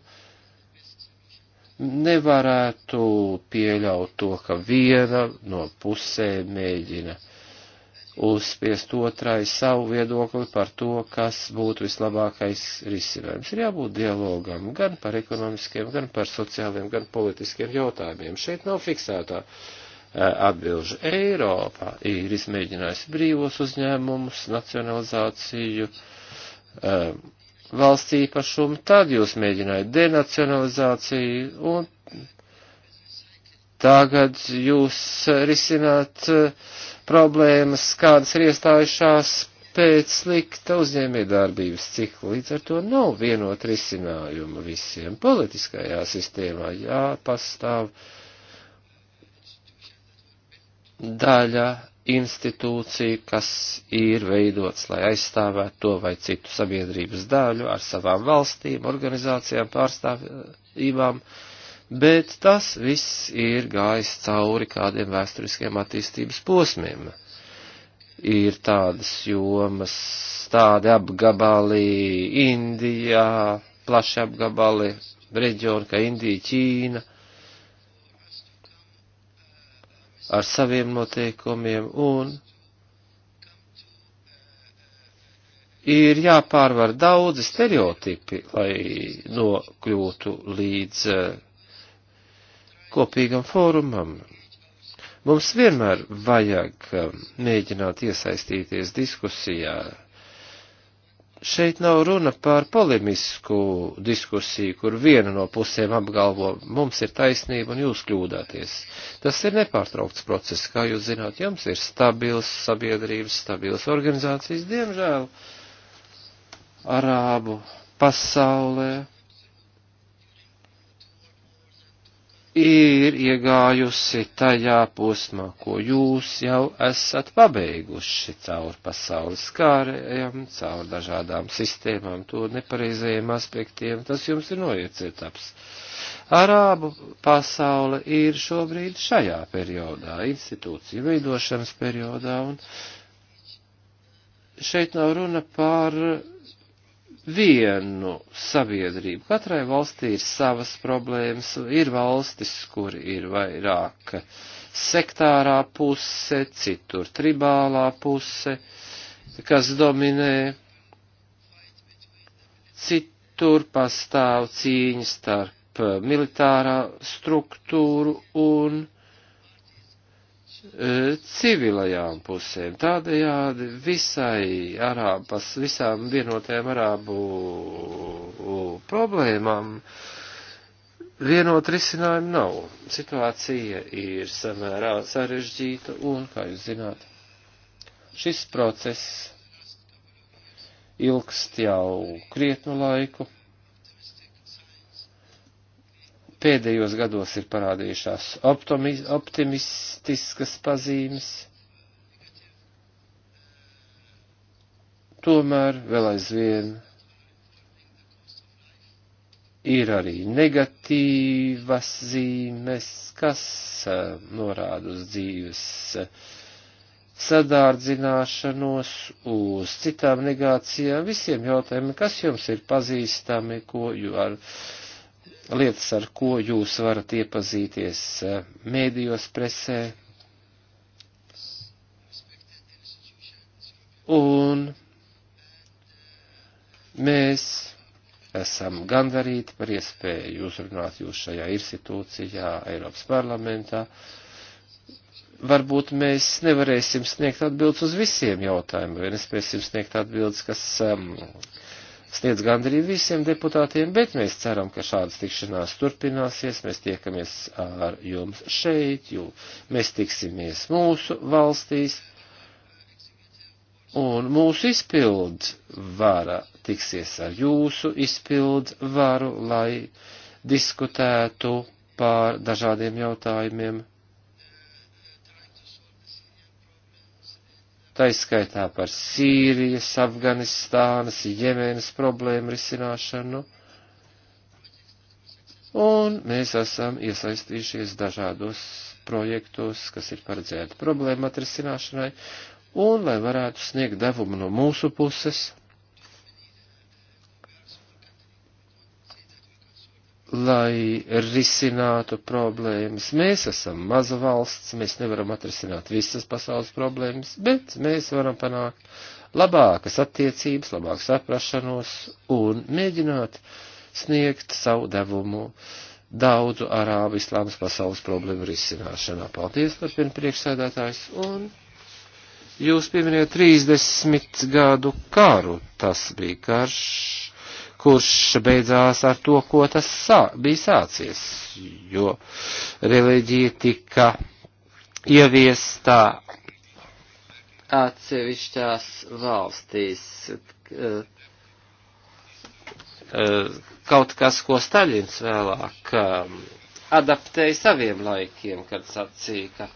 nevarētu pieļaut to, ka viena no pusēm mēģina uh, uzspiest otrai savu viedokli par to, kas būtu vislabākais risinājums. Ir jābūt dialogam gan par ekonomiskiem, gan par sociāliem, gan politiskiem jautājumiem. Šeit nav fiksētā eh, atbilžu. Eiropā ir izmēģinājusi brīvos uzņēmumus, nacionalizāciju, eh, valsts īpašumu, tad jūs mēģinājat denacionalizāciju un tagad jūs risināt uh, problēmas, kādas ir iestājušās pēc slikta uzņēmējdarbības cikla. Līdz ar to nav vienot risinājumu visiem politiskajā sistēmā. Jā, pastāv daļa institūcija, kas ir veidots, lai aizstāvētu to vai citu sabiedrības daļu ar savām valstīm, organizācijām, pārstāvībām. Uh, bet tas viss ir gājis cauri kādiem vēsturiskiem attīstības posmiem. Ir tādas jomas, tādi apgabali Indijā, plaši apgabali reģionu kā Indija, Ķīna, ar saviem noteikumiem un ir jāpārvar daudzi stereotipi, lai nokļūtu līdz uh, kopīgam fórumam. Mums vienmēr vajag um, mēģināt iesaistīties diskusijā. Šeit nav runa par polemisku diskusiju, kur viena no pusēm apgalvo, mums ir taisnība un jūs kļūdāties. Tas ir nepārtraukts process, kā jūs zināt, jums ir stabils sabiedrības, stabils organizācijas, diemžēl, arābu pasaulē ir iegājusi tajā posmā, ko jūs jau esat pabeiguši caur pasaules kārējiem, caur dažādām sistēmām, to nepareizajiem aspektiem, tas jums ir noiets etaps. Arābu pasaule ir šobrīd šajā periodā, institūciju veidošanas periodā, un šeit nav runa par vienu sabiedrību. Katrai valstī ir savas problēmas, ir valstis, kur ir vairāk sektārā puse, citur tribālā puse, kas dominē, citur pastāv cīņas starp militārā struktūru un E, civilajām pusēm. Tādējādi visai arābas, visām vienotajām arābu problēmām vienot risinājumu nav. Situācija ir samērā sarežģīta un, kā jūs zināt, šis process ilgst jau krietnu laiku. pēdējos gados ir parādījušās optimistiskas pazīmes. Tomēr vēl aizvien ir arī negatīvas zīmes, kas norāda uz dzīves sadārdzināšanos, uz citām negācijām, visiem jautājumiem, kas jums ir pazīstami, ko jūs ar. Jū lietas, ar ko jūs varat iepazīties eh, mēdījos, presē. Un mēs esam gandarīti par iespēju uzrunāt jūs šajā institūcijā, Eiropas parlamentā. Varbūt mēs nevarēsim sniegt atbildes uz visiem jautājumiem, vai nespēsim sniegt atbildes, kas um, sniedz gandrīz visiem deputātiem, bet mēs ceram, ka šādas tikšanās turpināsies, mēs tiekamies ar jums šeit, jo mēs tiksimies mūsu valstīs, un mūsu izpildu vara tiksies ar jūsu izpildu varu, lai diskutētu pār dažādiem jautājumiem taiskaitā par Sīrijas, Afganistānas, Jemenas problēmu risināšanu. Un mēs esam iesaistījušies dažādos projektos, kas ir paredzēti problēmu atrisināšanai, un lai varētu sniegt devumu no mūsu puses, lai risinātu problēmas. Mēs esam maza valsts, mēs nevaram atrisināt visas pasaules problēmas, bet mēs varam panākt labākas attiecības, labāku saprašanos un mēģināt sniegt savu devumu daudzu arābu islāmas pasaules problēmu risināšanā. Paldies, turpina priekšsēdētājs, un jūs pieminējat 30 gadu karu, tas bija karš kurš beidzās ar to, ko tas sā, bija sācies, jo reliģija tika ieviestā atsevišķās valstīs. Kaut kas, ko Staļins vēlāk um, adaptēja saviem laikiem, kad sacīja, ka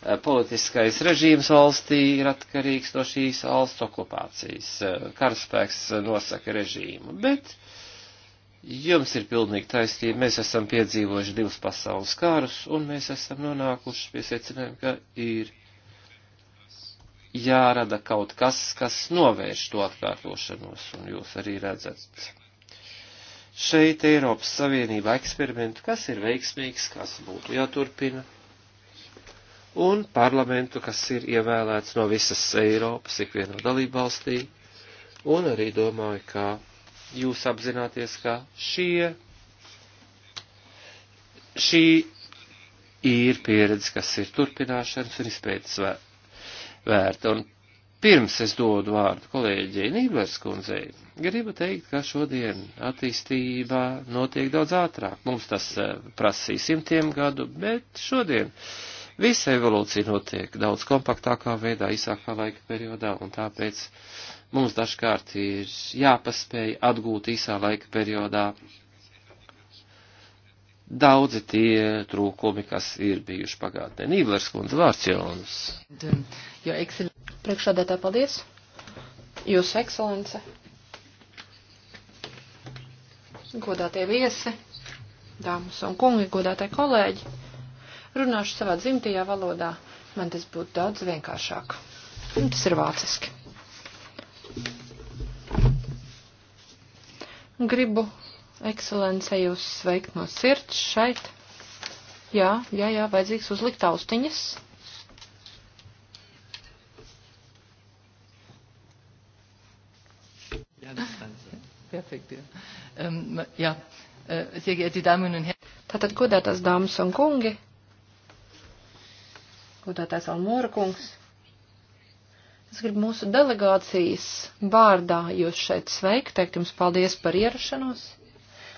Eh, politiskais režīms valstī ir atkarīgs no šīs valsts okupācijas. Eh, karaspēks nosaka režīmu, bet jums ir pilnīgi taisnība. Mēs esam piedzīvojuši divus pasaules kārus, un mēs esam nonākuši pie secinājuma, ka ir jārada kaut kas, kas novērš to atkārtošanos, un jūs arī redzat šeit Eiropas Savienībā eksperimentu, kas ir veiksmīgs, kas būtu jāturpina. Ja un parlamentu, kas ir ievēlēts no visas Eiropas, ikvienā dalībvalstī, un arī domāju, ka jūs apzināties, ka šie, šī ir pieredze, kas ir turpināšanas un izpētes vērta. Un pirms es dodu vārdu kolēģei Nībers kundzei, gribu teikt, ka šodien attīstība notiek daudz ātrāk. Mums tas eh, prasīja simtiem gadu, bet šodien. Uh, Visa evolūcija notiek daudz kompaktākā veidā, īsākā laika periodā, un tāpēc mums dažkārt ir jāpaspēj atgūt īsā laika periodā daudzi tie trūkumi, kas ir bijuši pagātnē. Nīblers kundze, vārds jums. Jo ekscel... Priekšādētā paldies. Jūsu ekscelence. Godātie viesi, dāmas un kungi, godātie kolēģi runāšu savā dzimtajā valodā, man tas būtu daudz vienkāršāk. Un tas ir vāciski. Gribu, ekscelence, jūs sveikt no sirds šeit. Jā, jā, jā, vajadzīgs uzlikt austiņas. Perfekt, jā. Um, jā, sehr geehrte Damen un Herren. Tātad, godētās dāmas un kungi, Deputātais Almora kungs. Es gribu mūsu delegācijas vārdā jūs šeit sveikt, teikt jums paldies par ierašanos.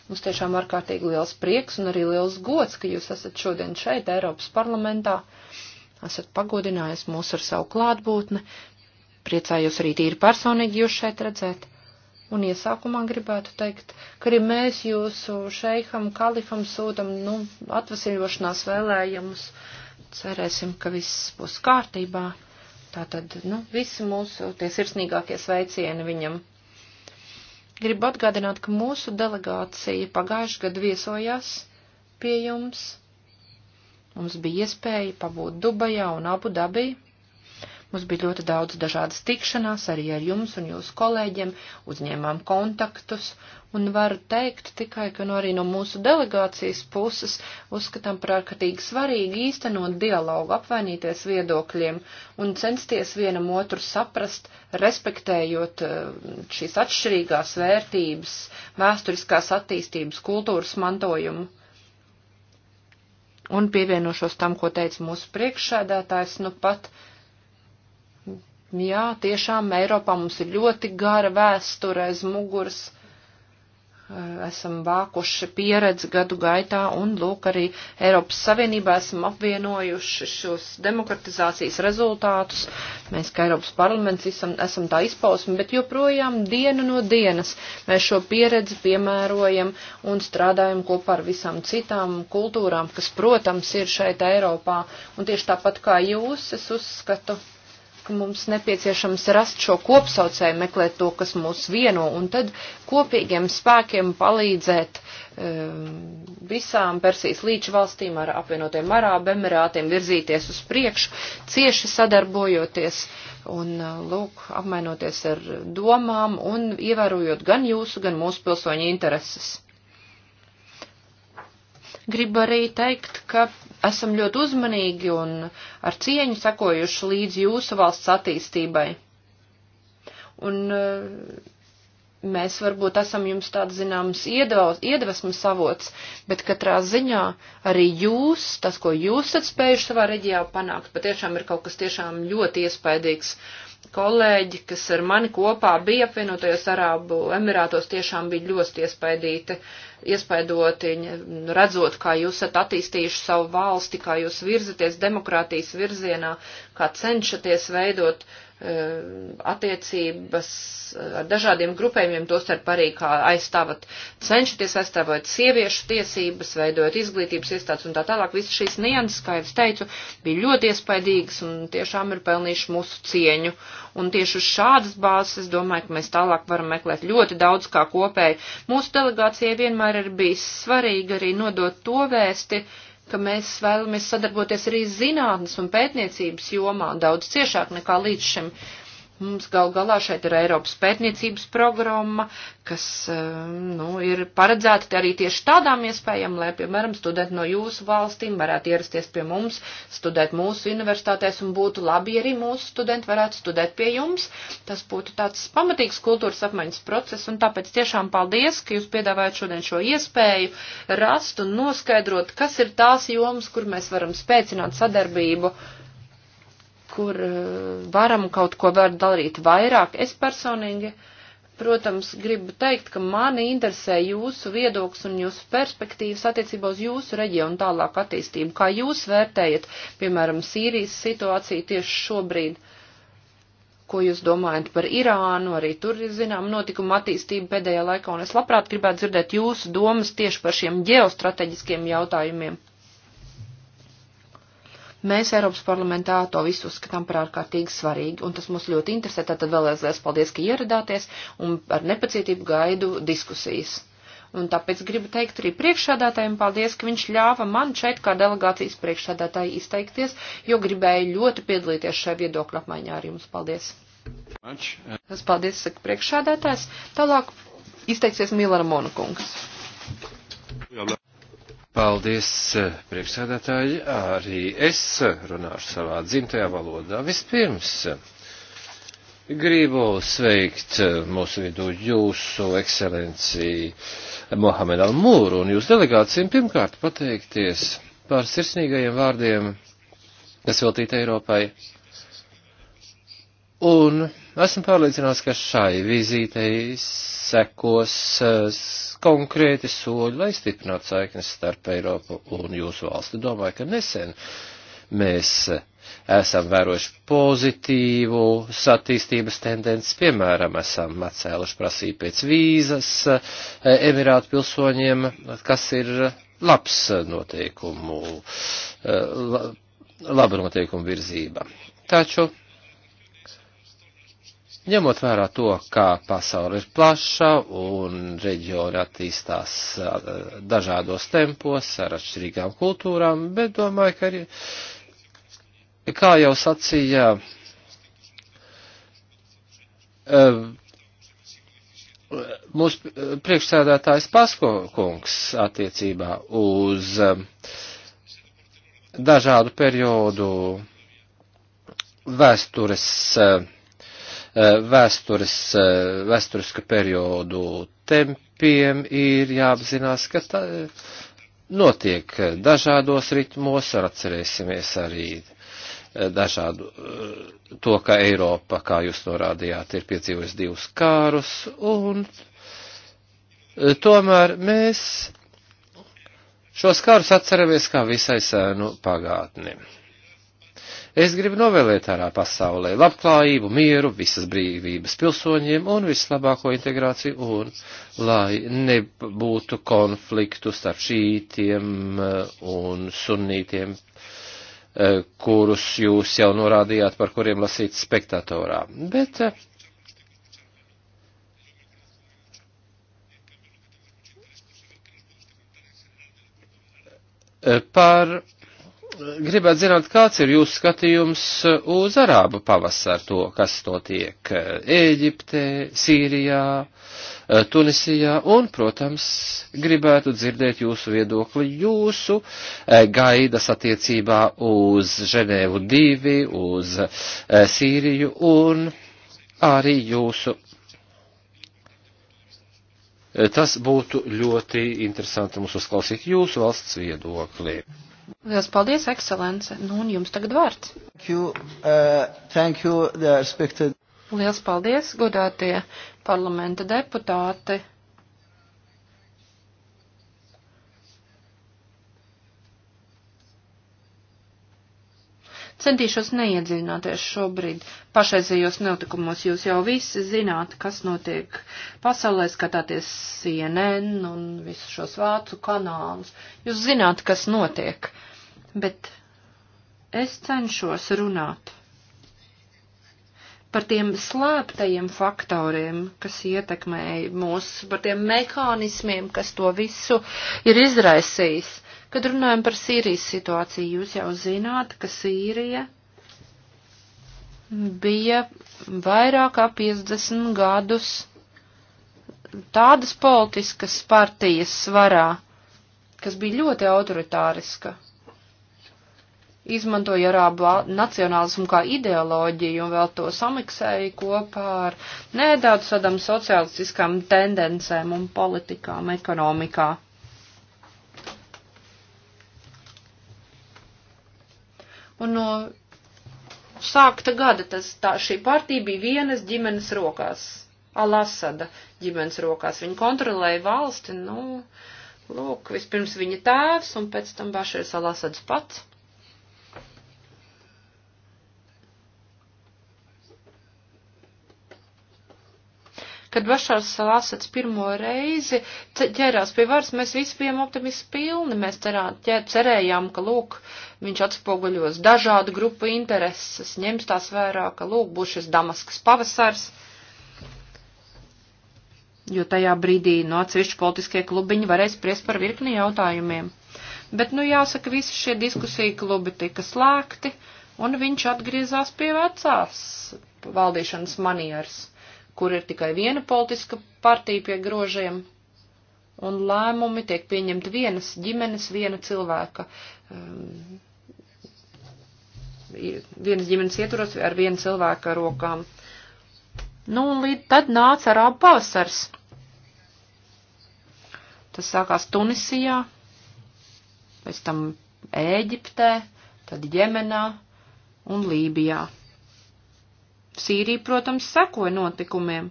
Mums tiešām ārkārtīgi liels prieks un arī liels gods, ka jūs esat šodien šeit, Eiropas parlamentā. Esat pagodinājis mūs ar savu klātbūtni. Priecājos arī tīri personīgi jūs šeit redzēt. Un iesākumā gribētu teikt, ka arī mēs jūsu šeiham, kalifam sūtam, nu, atvasaļošanās vēlējumus. Uh, Cerēsim, ka viss būs kārtībā. Tātad, nu, visi mūsu tie sirsnīgākie sveicieni viņam. Gribu atgādināt, ka mūsu delegācija pagājuši gadu viesojās pie jums. Mums bija iespēja pabūt Dubajā un Abu Dabī. Mums bija ļoti daudz dažādas tikšanās arī ar jums un jūsu kolēģiem, uzņēmām kontaktus un varu teikt tikai, ka no nu arī no mūsu delegācijas puses uzskatām par ārkārtīgi svarīgi īstenot dialogu, apvainīties viedokļiem un censties vienam otru saprast, respektējot eh, šīs atšķirīgās vērtības, vēsturiskās attīstības, kultūras mantojumu un pievienošos tam, ko teica mūsu priekšsēdētājs, nu pat jā, tiešām Eiropā mums ir ļoti gara vēsture aiz muguras esam vākuši pieredzi gadu gaitā un lūk arī Eiropas Savienībā esam apvienojuši šos demokratizācijas rezultātus. Mēs kā Eiropas parlaments esam, esam tā izpausmi, bet joprojām dienu no dienas mēs šo pieredzi piemērojam un strādājam kopā ar visām citām kultūrām, kas, protams, ir šeit Eiropā. Un tieši tāpat kā jūs, es uzskatu, ka mums nepieciešams rast šo kopsaucēju, meklēt to, kas mūs vieno, un tad kopīgiem spēkiem palīdzēt um, visām Persijas līča valstīm ar apvienotiem Arābu Emirātiem virzīties uz priekšu, cieši sadarbojoties un, uh, lūk, apmainoties ar domām un ievērojot gan jūsu, gan mūsu pilsoņu intereses gribu arī teikt, ka esam ļoti uzmanīgi un ar cieņu sekojuši līdz jūsu valsts attīstībai. Un eh, mēs varbūt esam jums tāds zināms iedvesmas savots, bet katrā ziņā arī jūs, tas, ko jūs esat spējuši savā reģijā panākt, patiešām ir kaut kas tiešām ļoti iespaidīgs. Uh, kolēģi, kas ar mani kopā bija apvienotajos Arābu Emirātos, tiešām bija ļoti iespaidīti, iespaidoti, nu, redzot, kā jūs esat attīstījuši savu valsti, kā jūs virzaties demokrātijas virzienā, kā cenšaties veidot uh, Eh, attiecības eh, ar dažādiem grupējumiem, tostarp arī kā aizstāvat, cenšaties aizstāvot sieviešu tiesības, veidojot izglītības iestādes un tā tālāk. Visas šīs nianses, kā jau es teicu, bija ļoti iespaidīgas un tiešām ir pelnījuši mūsu cieņu. Un tieši uz šādas bāzes es domāju, ka mēs tālāk varam meklēt ļoti daudz kā kopēji. Mūsu delegācijai vienmēr ir bijis svarīgi arī nodot to vēsti, uh, ka mēs vēlamies sadarboties arī zinātnes un pētniecības jomā daudz ciešāk nekā līdz šim. Uh, Mums gal galā šeit ir Eiropas pētniecības programma, kas, eh, nu, ir paredzēta arī tieši tādām iespējām, lai, piemēram, studenti no jūsu valstīm varētu ierasties pie mums, studēt mūsu universitātēs un būtu labi, ja arī mūsu studenti varētu studēt pie jums. Tas būtu tāds pamatīgs kultūras apmaiņas process un tāpēc tiešām paldies, ka jūs piedāvājat šodien šo iespēju rast un noskaidrot, kas ir tās jomas, kur mēs varam spēcināt sadarbību. Uh, kur eh, varam kaut ko var darīt vairāk. Es personīgi, protams, gribu teikt, ka mani interesē jūsu viedoklis un jūsu perspektīvas attiecībā uz jūsu reģionu tālāku attīstību. Kā jūs vērtējat, piemēram, Sīrijas situāciju tieši šobrīd? Ko jūs domājat par Irānu? Arī tur ir zinām notikuma attīstība pēdējā laikā, un es labprāt gribētu dzirdēt jūsu domas tieši par šiem ģeostrateģiskiem jautājumiem. Mēs Eiropas parlamentā to visu uzskatām par ārkārtīgi svarīgi, un tas mūs ļoti interesē. Tātad vēlreiz liels paldies, ka ieradāties, un ar nepacietību gaidu diskusijas. Un tāpēc gribu teikt arī priekšsādātājiem paldies, ka viņš ļāva man šeit kā delegācijas priekšsādātāji izteikties, jo gribēju ļoti piedalīties šajā viedokļa apmaiņā ar jums. Paldies! Tas paldies, saka priekšsādātājs. Tālāk izteiksies Milana Monakungs. Paldies, eh, priekšsēdētāji. Arī es runāšu savā dzimtajā valodā. Vispirms eh, gribu sveikt eh, mūsu vidū jūsu ekscelenciju Mohamedu Almūru un jūsu delegācijiem pirmkārt pateikties par sirsnīgajiem vārdiem, kas veltīti Eiropai. Un Esmu pārliecināts, ka šai vizītei sekos eh, konkrēti soļi, lai stiprinātu saiknes starp Eiropu un jūsu valsti. Domāju, ka nesen mēs eh, esam vērojuši pozitīvu satīstības tendenci, piemēram, esam atcēluši prasību pēc vīzas eh, Emirātu pilsoņiem, kas ir labs noteikumu, laba noteikumu virzība. Taču Ņemot vērā to, kā pasaule ir plaša un reģioni attīstās eh, dažādos tempos ar atšķirīgām kultūrām, bet domāju, ka arī, kā jau sacīja, eh, mūsu priekšsēdētājs Pasko kungs attiecībā uz eh, dažādu periodu vēstures Eh, vēstures, eh, vēsturiska periodu tempiem ir jāapzinās, ka tā notiek dažādos ritmos, ar atcerēsimies arī eh, dažādu to, ka Eiropa, kā jūs norādījāt, ir piedzīvojusi divus kārus, un tomēr mēs šos kārus atceramies kā visai sēnu pagātni. Es gribu novēlēt ārā pasaulē labklājību, mieru, visas brīvības pilsoņiem un vislabāko integrāciju, un lai nebūtu konfliktu starp šītiem eh, un sunnītiem, eh, kurus jūs jau norādījāt, par kuriem lasīt spektatorā. Bet eh, par gribētu zināt, kāds ir jūsu skatījums uh, uz arābu pavasaru, to, kas notiek uh, Ēģiptē, Sīrijā, uh, Tunisijā, un, protams, gribētu dzirdēt jūsu viedokli, jūsu gaidas attiecībā uz Ženēvu 2, uz Sīriju un arī jūsu Tas būtu ļoti interesanti mums uzklausīt jūsu valsts viedoklī. Lielas paldies, ekscelence. Nu, un jums tagad vārds. Thank you, uh, thank you, the respected. Lielas paldies, godātie parlamenta deputāti. Centīšos neiedziļināties šobrīd pašreizējos notikumos. Jūs jau visi zināt, kas notiek pasaulē, skatāties CNN un visus šos vācu kanālus. Jūs zināt, kas notiek, bet es cenšos runāt par tiem slēptajiem faktoriem, kas ietekmēja mūs, par tiem mehānismiem, kas to visu ir izraisījis. Kad runājam par Sīrijas situāciju, jūs jau zināt, ka Sīrija bija vairāk kā 50 gadus tādas politiskas partijas svarā, kas bija ļoti autoritāriska, izmantoja arābu nacionālismu kā ideoloģiju un vēl to samiksēja kopā ar nedaudz tādām sociālistiskām tendencēm un politikām ekonomikā. Un no sākta gada tas, tā, šī partija bija vienas ģimenes rokās, Alasada ģimenes rokās. Viņa kontrolēja valsti, nu, lūk, vispirms viņa tēvs un pēc tam Bašers Alasads pats. Kad Bašārs Salasats pirmo reizi ķērās pie varas, mēs visi bijām optimisti pilni. Mēs cerā, ķer, cerējām, ka, lūk, viņš atspoguļos dažādu grupu intereses, ņems tās vērā, ka, lūk, būs šis Damaskas pavasars. Jo tajā brīdī no nu, atsevišķu politiskie klubiņi varēs priest par virkni jautājumiem. Bet, nu, jāsaka, visi šie diskusiju klubi tika slēgti, un viņš atgriezās pie vecās valdīšanas manieras kur ir tikai viena politiska partija pie grožiem, un lēmumi tiek pieņemti vienas ģimenes, viena cilvēka, um, vienas ģimenes ieturos ar vienu cilvēku rokām. Nu, un līdz tad nāca arābu pavasars. Tas sākās Tunisijā, pēc tam Ēģiptē, tad Jemenā un Lībijā. Sīrija, protams, sekoja notikumiem.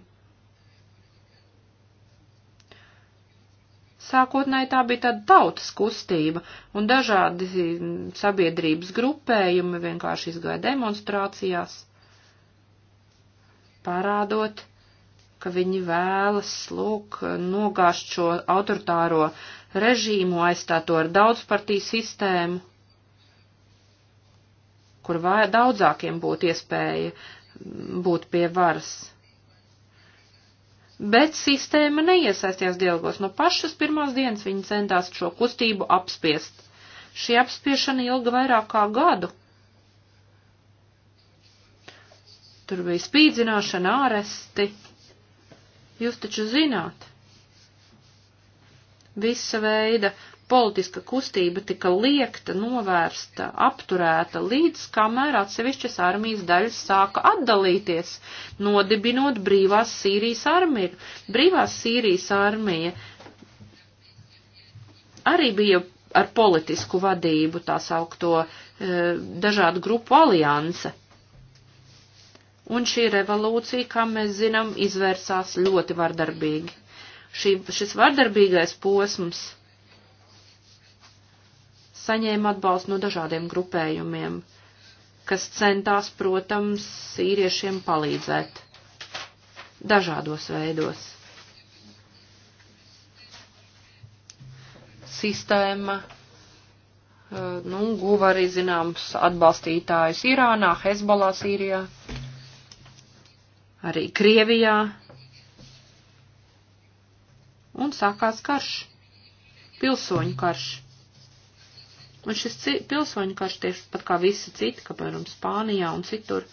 Sākotnēji tā bija tāda tautas kustība, un dažādi mm, sabiedrības grupējumi vienkārši izgāja demonstrācijās, parādot, ka viņi vēlas, lūk, nogāzt šo autoritāro režīmu, aizstāto ar daudzpartiju sistēmu, kur vajag daudzākiem būtu iespēja būt pie varas. Bet sistēma neiesaistījās dialogos. No pašas pirmās dienas viņi centās šo kustību apspiest. Šī apspiešana ilga vairāk kā gadu. Tur bija spīdzināšana, āresti. Jūs taču zināt. Visa veida politiska kustība tika liekta, novērsta, apturēta, līdz kamēr atsevišķas armijas daļas sāka atdalīties, nodibinot brīvās Sīrijas armiju. Brīvās Sīrijas armija arī bija ar politisku vadību, tā saukto e, dažādu grupu alianse. Un šī revolūcija, kā mēs zinām, izvērsās ļoti vardarbīgi. Šī, šis vardarbīgais posms saņēma atbalstu no dažādiem grupējumiem, kas centās, protams, sīriešiem palīdzēt dažādos veidos. Sistēma eh, nu, guva arī zināms atbalstītājus Irānā, Hezbollah, Sīrijā, arī Krievijā. Un sākās karš, pilsoņu karš. Un šis pilsoņu karš tieši pat kā visi citi, kā piemēram Spānijā un citur,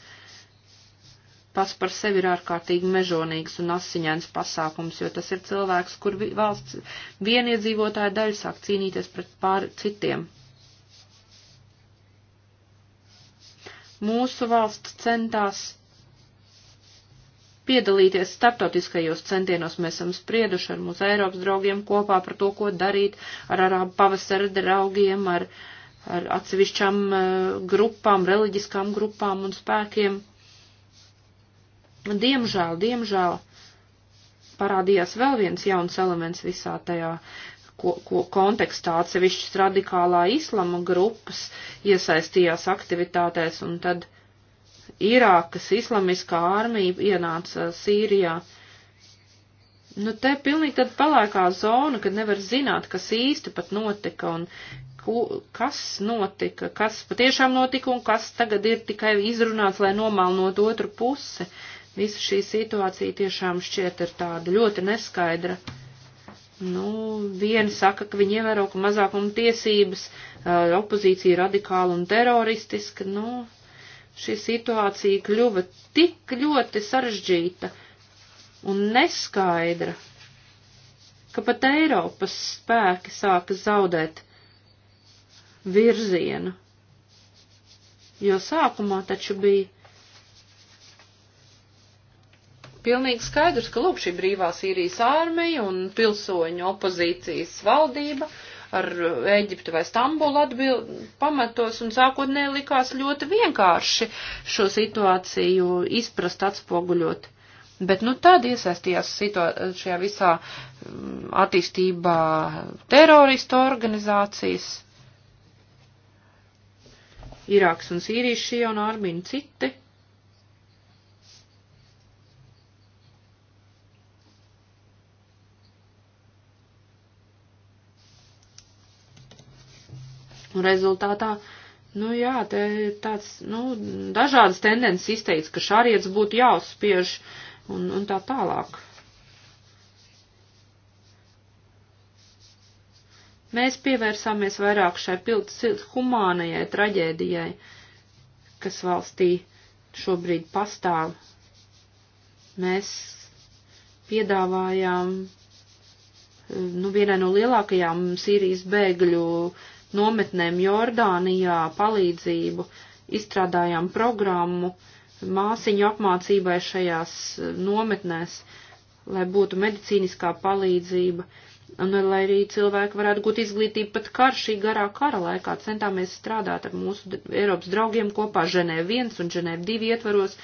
pats par sevi ir ārkārtīgi mežonīgs un asiņains pasākums, jo tas ir cilvēks, kur valsts vieniedzīvotāja daļa sāk cīnīties pret pār citiem. Mūsu valsts centās piedalīties starptautiskajos centienos. Mēs esam sprieduši ar mūsu Eiropas draugiem kopā par to, ko darīt ar arābu pavasara draugiem, ar, ar atsevišķām eh, grupām, reliģiskām grupām un spēkiem. Diemžēl, diemžēl parādījās vēl viens jauns elements visā tajā ko, ko kontekstā atsevišķas radikālā islama grupas iesaistījās aktivitātēs, un tad Irākas islamiskā armija ienāca Sīrijā. Nu, te pilnīgi tad palēkā zona, kad nevar zināt, kas īsti pat notika un ku, kas notika, kas patiešām notika un kas tagad ir tikai izrunāts, lai nomalnot otru pusi. Visa šī situācija tiešām šķiet ir tāda ļoti neskaidra. Nu, viena saka, ka viņi ievēro, ka mazākuma tiesības, opozīcija radikāla un teroristiska, nu, šī situācija kļuva tik ļoti sarežģīta un neskaidra, ka pat Eiropas spēki sāka zaudēt virzienu. Jo sākumā taču bija pilnīgi skaidrs, ka lūk šī brīvā Sīrijas armija un pilsoņu opozīcijas valdība ar Eģiptu vai Stambulu atbild, pamatos un sākotnē likās ļoti vienkārši šo situāciju izprast, atspoguļot. Bet nu tad iesaistījās šajā visā mm, attīstībā teroristu organizācijas. Irāks un Sīrijas šī un armija un citi. Un rezultātā, nu jā, te tāds, nu, dažādas tendences izteica, ka šārietis būtu jāuzspiež un, un tā tālāk. Mēs pievērsāmies vairāk šai pilds humānajai traģēdijai, kas valstī šobrīd pastāv. Mēs piedāvājām eh, nu, vienai no lielākajām Sīrijas bēgļu nometnēm Jordānijā palīdzību, izstrādājām programmu māsiņu apmācībai šajās eh, nometnēs, lai būtu medicīniskā palīdzība un lai arī cilvēki varētu gūt izglītību pat kar šī garā kara laikā. Centāmies strādāt ar mūsu Eiropas draugiem kopā Ženēv 1 un Ženēv 2 ietvaros.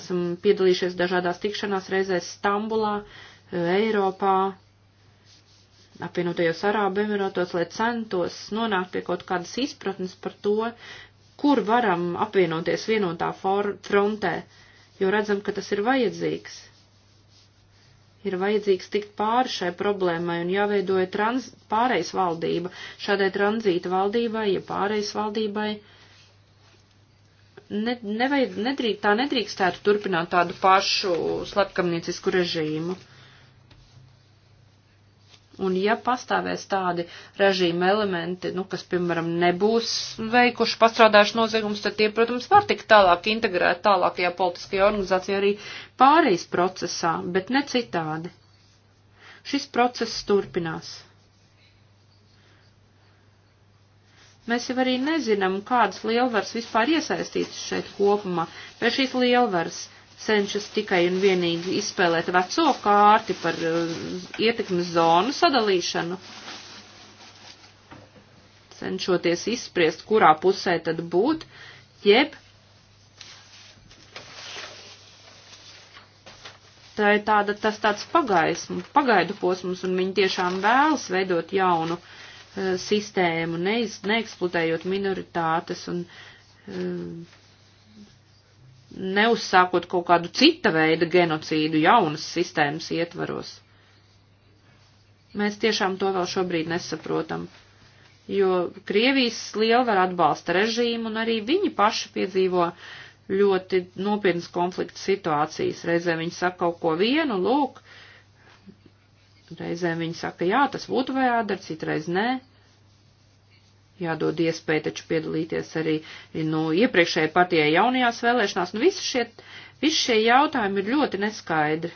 Esam piedalījušies dažādās tikšanās reizēs Stambulā, eh, Eiropā, apvienotajos Arābu Emirātos, lai centos nonākt pie kaut kādas izpratnes par to, kur varam apvienoties vienotā frontē, jo redzam, ka tas ir vajadzīgs. Ir vajadzīgs tikt pāri šai problēmai un jāveidoja trans, pārejas valdība šādai tranzīta valdībai, ja pārejas valdībai. Ne, nevajad, nedrīk, tā nedrīkstētu turpināt tādu pašu slepkamniecisku režīmu. Un ja pastāvēs tādi režīma elementi, nu, kas, piemēram, nebūs veikuši pastrādājuši noziegums, tad tie, protams, var tikt tālāk integrēt tālākajā politiskajā organizācijā arī pārējais procesā, bet ne citādi. Šis process turpinās. Mēs jau arī nezinām, kādas lielvaras vispār iesaistītas šeit kopumā, vai šīs lielvaras cenšas tikai un vienīgi izspēlēt veco kārti par eh, ietekmes zonu sadalīšanu, cenšoties izspriest, kurā pusē tad būt, jeb tā ir tāda, tas tāds pagaismu, pagaidu posms, un viņi tiešām vēlas veidot jaunu uh, sistēmu, neiz, neeksploatējot minoritātes un uh, neuzsākot kaut kādu cita veida genocīdu jaunas sistēmas ietvaros. Mēs tiešām to vēl šobrīd nesaprotam, jo Krievijas lielvara atbalsta režīmu un arī viņi paši piedzīvo ļoti nopietnas konflikta situācijas. Reizē viņi saka kaut ko vienu, lūk, reizē viņi saka, jā, tas būtu vajādara, citreiz nē jādod iespēja taču piedalīties arī nu, iepriekšējai partijai jaunajās vēlēšanās. Nu, visi šie, visi šie jautājumi ir ļoti neskaidri.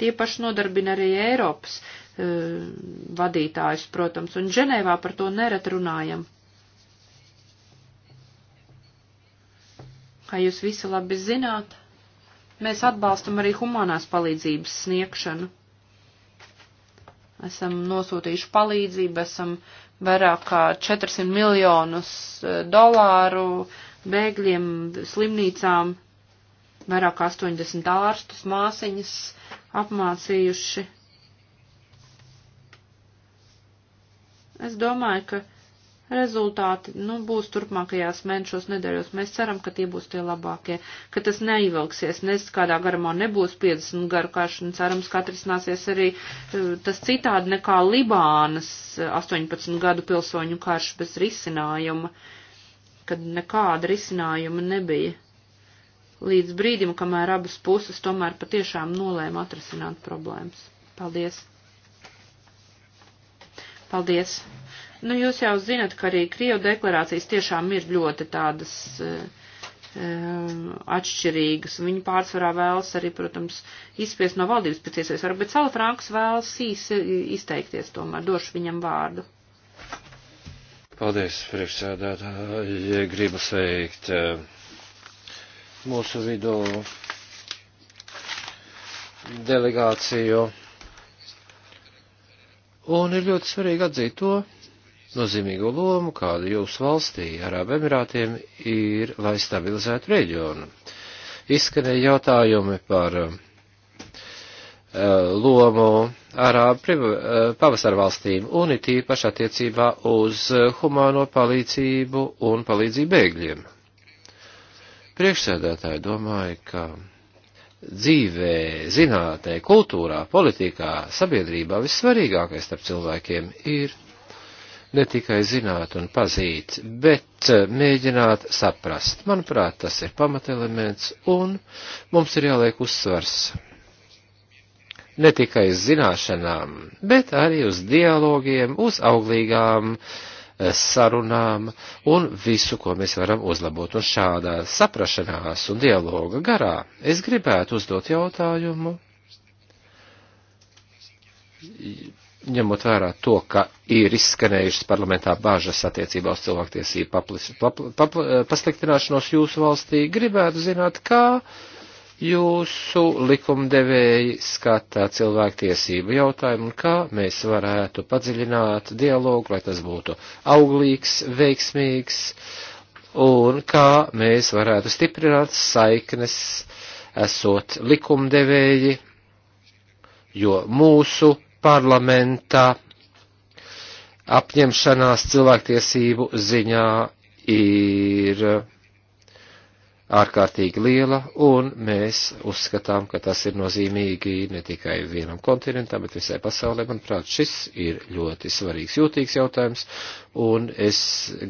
Tie paši nodarbina arī Eiropas uh, vadītājus, protams, un Ženēvā par to neret runājam. Kā jūs visi labi zināt, mēs atbalstam arī humanās palīdzības sniegšanu esam nosūtījuši palīdzību, esam vairāk kā 400 miljonus eh, dolāru bēgļiem, slimnīcām, vairāk kā 80 ārstus, māsiņas apmācījuši. Es domāju, ka rezultāti nu, būs turpmākajās mēnešos, nedēļos. Mēs ceram, ka tie būs tie labākie, ka tas neilgsies, nes kādā garumā nebūs 50 garu karš, un cerams, ka atrisināsies arī e, tas citādi nekā Libānas 18 e, gadu pilsoņu karš bez risinājuma, kad nekāda risinājuma nebija. Līdz brīdim, kamēr abas puses tomēr patiešām nolēma atrisināt problēmas. Paldies! Paldies! Nu, jūs jau zinat, ka arī Krievu deklarācijas tiešām ir ļoti tādas um, atšķirīgas, un viņi pārsvarā vēlas arī, protams, izspies no valdības pēc iespējas vairāk, bet Salafranks vēlas īsi e, izteikties tomēr, došu viņam vārdu. Paldies, priekšsēdētāji, gribu sveikt mūsu vidū delegāciju. Un ir ļoti svarīgi atzīt to, nozīmīgo lomu, kādu jūsu valstī Arābu Emirātiem ir, lai stabilizētu reģionu. Izskanēja jautājumi par uh, lomu Arābu uh, pavasara valstīm un it īpaši attiecībā uz eh, humāno palīdzību un palīdzību bēgļiem. Priekšsēdētāji domāja, ka dzīvē, zinātnē, kultūrā, politikā, sabiedrībā vissvarīgākais starp cilvēkiem ir ne tikai zināt un pazīt, bet eh, mēģināt saprast. Manuprāt, tas ir pamatelements un mums ir jāliek uzsvars ne tikai uz zināšanām, bet arī uz dialogiem, uz auglīgām eh, sarunām un visu, ko mēs varam uzlabot. Un šādā saprašanās un dialoga garā es gribētu uzdot jautājumu ņemot vērā to, ka ir izskanējušas parlamentā bāžas attiecībā uz cilvēktiesību paplis, pap, pap, pasliktināšanos jūsu valstī, gribētu zināt, kā jūsu likumdevēji skatā cilvēktiesību jautājumu un kā mēs varētu padziļināt dialogu, lai tas būtu auglīgs, veiksmīgs un kā mēs varētu stiprināt saiknes esot likumdevēji, jo mūsu parlamentā apņemšanās cilvēktiesību ziņā ir ārkārtīgi liela, un mēs uzskatām, ka tas ir nozīmīgi ne tikai vienam kontinentam, bet visai pasaulē. Manuprāt, šis ir ļoti svarīgs, jūtīgs jautājums, un es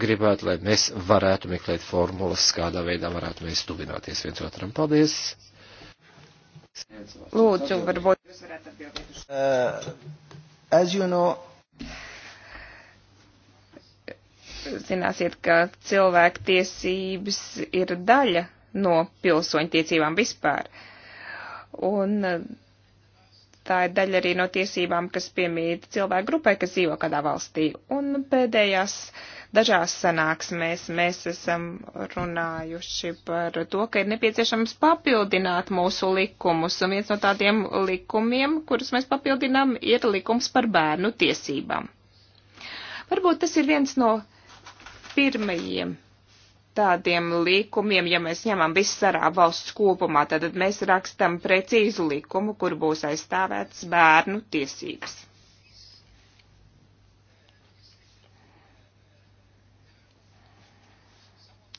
gribētu, lai mēs varētu meklēt formulas, kādā veidā varētu mēs tuvināties viens otram. Paldies! Lūdzu, varbūt jūs varētu atbildēt uz šo. Zināsiet, ka cilvēktiesības ir daļa no pilsoņtiesībām vispār. Un uh, tā ir daļa arī no tiesībām, kas piemīt cilvēku grupai, kas dzīvo kādā valstī. Un pēdējās uh, Dažās sanāksmēs mēs esam runājuši par to, ka ir nepieciešams papildināt mūsu likumus, un viens no tādiem likumiem, kurus mēs papildinām, ir likums par bērnu tiesībām. Varbūt tas ir viens no pirmajiem tādiem līkumiem, ja mēs ņemam visu sarā valsts kopumā, tad mēs rakstam precīzu likumu, kur būs aizstāvēts bērnu tiesības.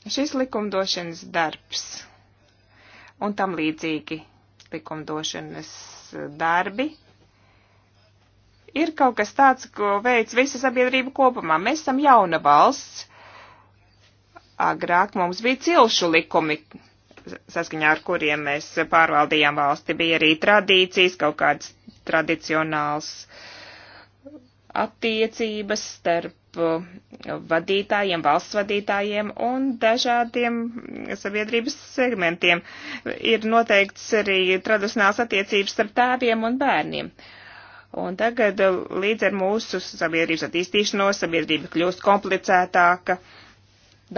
Šis likumdošanas darbs un tam līdzīgi likumdošanas darbi ir kaut kas tāds, ko veids visa sabiedrība kopumā. Mēs esam jauna valsts. Agrāk mums bija cilšu likumi, saskaņā ar kuriem mēs pārvaldījām valsti. Bija arī tradīcijas, kaut kāds tradicionāls attiecības starp Uh, vadītājiem, valsts vadītājiem un dažādiem sabiedrības segmentiem. Ir noteikts arī tradicionāls attiecības starp tēviem un bērniem. Un tagad uh, līdz ar mūsu sabiedrības attīstīšanos sabiedrība kļūst komplicētāka,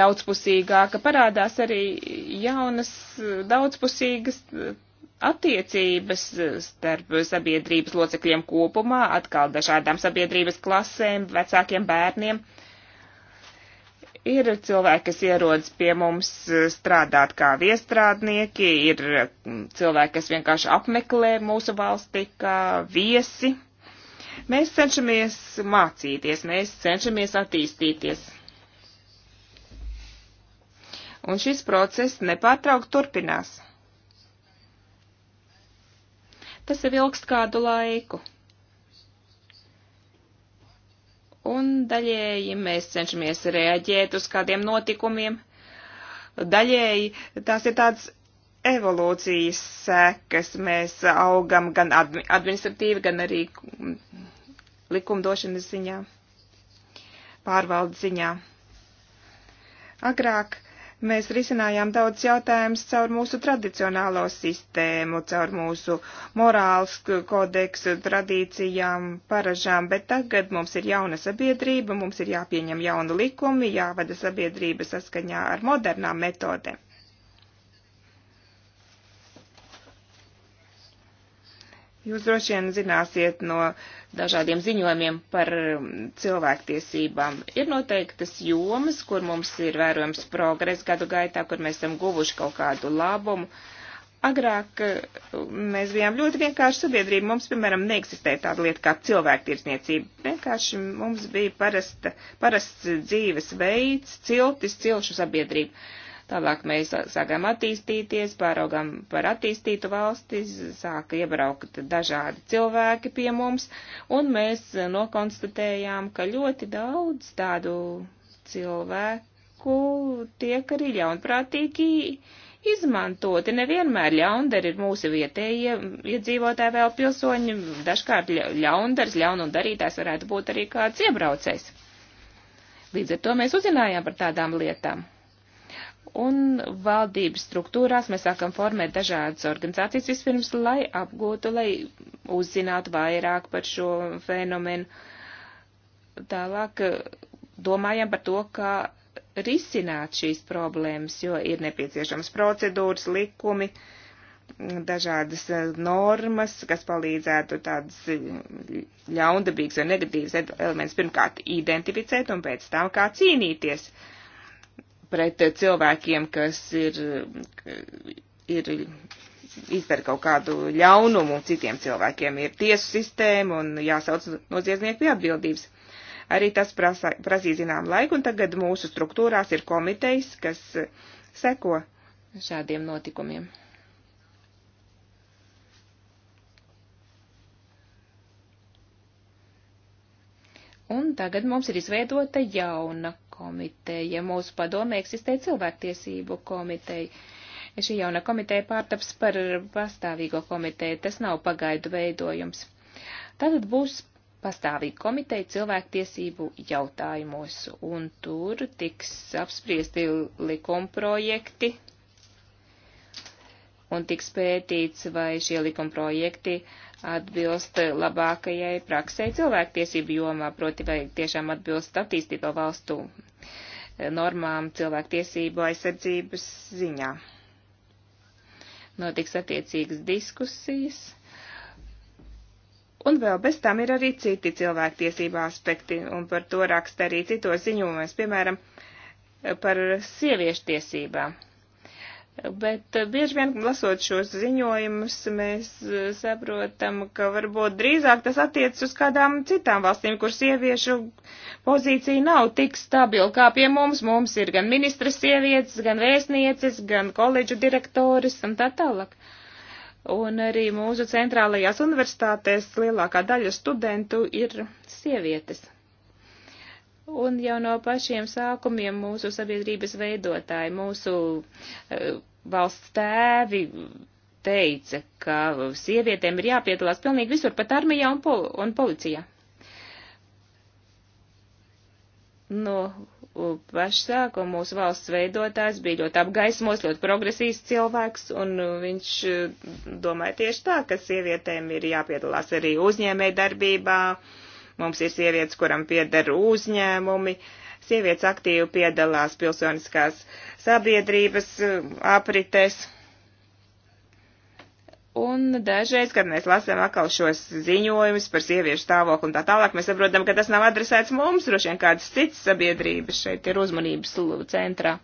daudzpusīgāka, parādās arī jaunas uh, daudzpusīgas attiecības starp sabiedrības locekļiem kopumā, atkal dažādām sabiedrības klasēm, vecākiem bērniem. Ir cilvēki, kas ierodas pie mums strādāt kā viestrādnieki, ir cilvēki, kas vienkārši apmeklē mūsu valsti kā viesi. Mēs cenšamies mācīties, mēs cenšamies attīstīties. Un šis process nepārtraukt turpinās. Tas jau ilgst kādu laiku. Un daļēji mēs cenšamies reaģēt uz kādiem notikumiem. Daļēji tās ir tādas evolūcijas sekas. Mēs augam gan administratīvi, gan arī likumdošanas ziņā, pārvaldes ziņā. Agrāk Mēs risinājām daudz jautājumus caur mūsu tradicionālo sistēmu, caur mūsu morāls kodeksu, tradīcijām, paražām, bet tagad mums ir jauna sabiedrība, mums ir jāpieņem jauni likumi, jāvada sabiedrība saskaņā ar modernām metodēm. Jūs droši vien zināsiet no dažādiem ziņojumiem par um, cilvēktiesībām. Ir noteiktas jomas, kur mums ir vērojams progress gadu gaitā, kur mēs esam guvuši kaut kādu labumu. Agrāk um, mēs bijām ļoti vienkārši sabiedrība. Mums, piemēram, neeksistēja tāda lieta kā cilvēktiesniecība. Vienkārši mums bija parasta, parasts dzīves veids, ciltis, cilšu sabiedrība. Tālāk mēs sākām attīstīties, pāraugām par attīstītu valsti, sāka iebraukt dažādi cilvēki pie mums, un mēs nokonstatējām, ka ļoti daudz tādu cilvēku tiek arī ļaunprātīgi izmantoti. Nevienmēr ļaundari ir mūsu vietējie iedzīvotāji vēl pilsoņi, dažkārt ļaundars, ļaunu darītājs varētu būt arī kāds iebraucējs. Līdz ar to mēs uzzinājām par tādām lietām un valdības struktūrās mēs sākam formēt dažādas organizācijas vispirms, lai apgūtu, lai uzzinātu vairāk par šo fenomenu. Tālāk eh, domājam par to, kā risināt šīs problēmas, jo ir nepieciešams procedūras, likumi, dažādas eh, normas, kas palīdzētu tādas eh, ļaundabīgas vai negatīvas e-, elements pirmkārt identificēt un pēc tam kā cīnīties pret eh, cilvēkiem, kas ir, ir izdara kaut kādu ļaunumu citiem cilvēkiem. Ir tiesu sistēma un jāsauc noziedznieki pie atbildības. Arī tas prasa, prasīja zinām laiku, un tagad mūsu struktūrās ir komitejas, kas eh, seko šādiem notikumiem. Un tagad mums ir izveidota jauna komiteja. Mūsu padomē eksistē cilvēktiesību komiteja. Šī jauna komiteja pārtaps par pastāvīgo komiteju. Tas nav pagaidu veidojums. Tātad būs pastāvīga komiteja cilvēktiesību jautājumos, un tur tiks apspriesti likuma projekti, un tiks pētīts, vai šie likumprojekti atbilst labākajai praksē cilvēktiesību jomā, proti vai tiešām atbilst attīstīto valstu normām cilvēktiesību aizsardzības ziņā. Notiks attiecīgas diskusijas. Un vēl bez tam ir arī citi cilvēktiesība aspekti, un par to raksta arī citos ziņojumos, piemēram, par sieviešu tiesībām Bet eh, bieži vien, lasot šos ziņojumus, mēs eh, saprotam, ka varbūt drīzāk tas attiec uz kādām citām valstīm, kur sieviešu pozīcija nav tik stabila kā pie mums. Mums ir gan ministras sievietes, gan vēstnieces, gan koledžu direktoris un tā tālāk. Un arī mūsu centrālajās universitātēs lielākā daļa studentu ir sievietes un jau no pašiem sākumiem mūsu sabiedrības veidotāji, mūsu eh, valsts tēvi teica, ka sievietēm ir jāpiedalās pilnīgi visur, pat armijā un, pol un policijā. No paša sākuma mūsu valsts veidotājs bija ļoti apgaismos, ļoti progresīvs cilvēks, un viņš eh, domāja tieši tā, ka sievietēm ir jāpiedalās arī uzņēmē darbībā, uh, Mums ir sievietes, kuram pieder uzņēmumi. Sievietes aktīvi piedalās pilsoniskās sabiedrības um, aprites. Un dažreiz, kad mēs lasām atkal šos ziņojumus par sieviešu stāvokli un tā tālāk, mēs saprotam, ka tas nav adresēts mums, droši vien kādas citas sabiedrības šeit ir uzmanības centrā.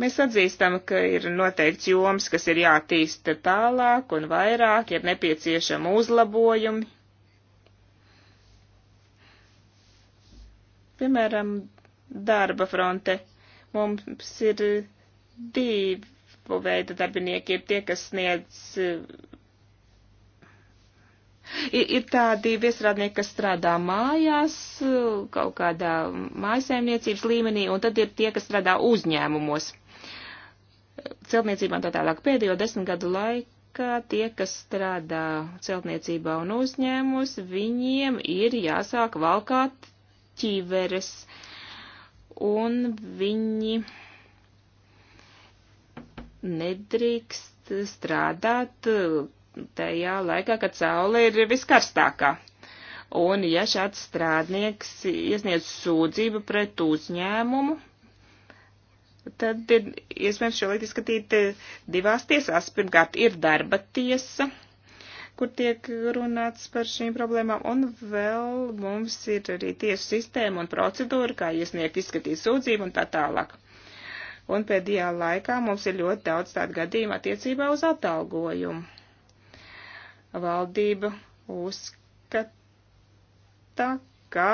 Mēs atzīstam, ka ir noteikts joms, kas ir jātīsta tālāk un vairāk, ir nepieciešama uzlabojumi. Piemēram, darba fronte. Mums ir divu veidu darbinieki, ir tie, kas sniedz. Ir, ir tādi viesrādnieki, kas strādā mājās, kaut kādā mājasēmniecības līmenī, un tad ir tie, kas strādā uzņēmumos celtniecībā un tā tālāk. Pēdējo desmit gadu laikā tie, kas strādā celtniecībā un uzņēmus, viņiem ir jāsāk valkāt ķīveres, un viņi nedrīkst strādāt tajā laikā, kad saule ir viskarstākā. Un ja šāds strādnieks iesniedz sūdzību pret uzņēmumu, tad ir iespējams šo lietu izskatīt eh, divās tiesās. Pirmkārt, ir darba tiesa, kur tiek runāts par šīm problēmām, un vēl mums ir arī tiesu sistēma un procedūra, kā iesniegt izskatīt sūdzību un tā tālāk. Un pēdējā laikā mums ir ļoti daudz tādu gadījumu attiecībā uz atalgojumu. Valdība uzskata, ka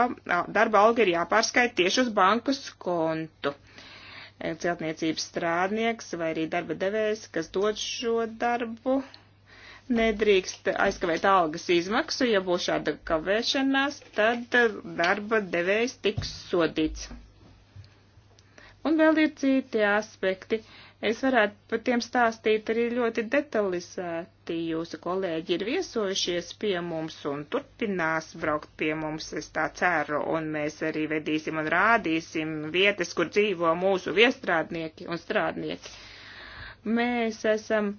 darba alga ir jāpārskait tieši uz bankas kontu E, celtniecības strādnieks vai arī darba devējs, kas dod šo darbu, nedrīkst aizkavēt algas izmaksu, ja būs šāda kavēšanās, tad e, darba devējs tiks sodīts. Un vēl ir citi aspekti. Uh, Es varētu par tiem stāstīt arī ļoti detalizēti. Jūsu kolēģi ir viesojušies pie mums un turpinās braukt pie mums, es tā ceru, un mēs arī vedīsim un rādīsim vietas, kur dzīvo mūsu viestrādnieki un strādnieki. Mēs esam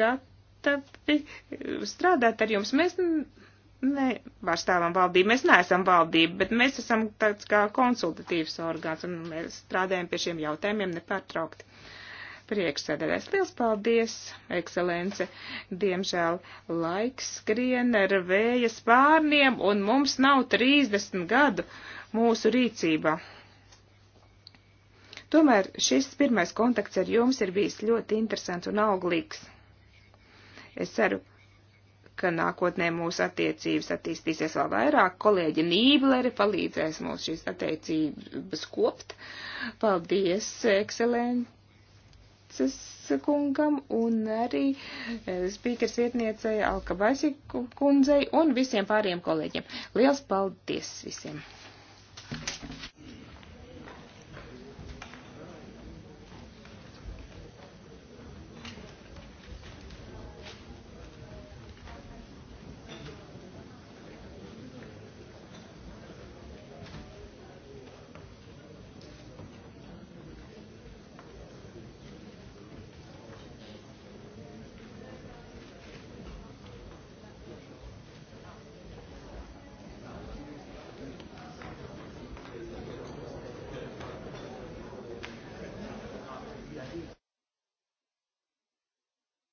gatavi strādāt ar jums. Mēs ne pārstāvam valdību, mēs neesam valdība, bet mēs esam tāds kā konsultatīvs orgāns un mēs strādājam pie šiem jautājumiem nepārtraukti priekšsēdētājs. Liels paldies, ekscelence. Diemžēl laiks skrien ar vēja spārniem, un mums nav 30 gadu mūsu rīcībā. Tomēr šis pirmais kontakts ar jums ir bijis ļoti interesants un auglīgs. Es ceru, ka nākotnē mūsu attiecības attīstīsies vēl vairāk. Kolēģi Nībleri palīdzēs mums šīs attiecības kopt. Paldies, ekscelent! Šulces kungam un arī eh, spīkers vietniecei Alka Baisi kundzei un visiem pāriem kolēģiem. Liels paldies visiem!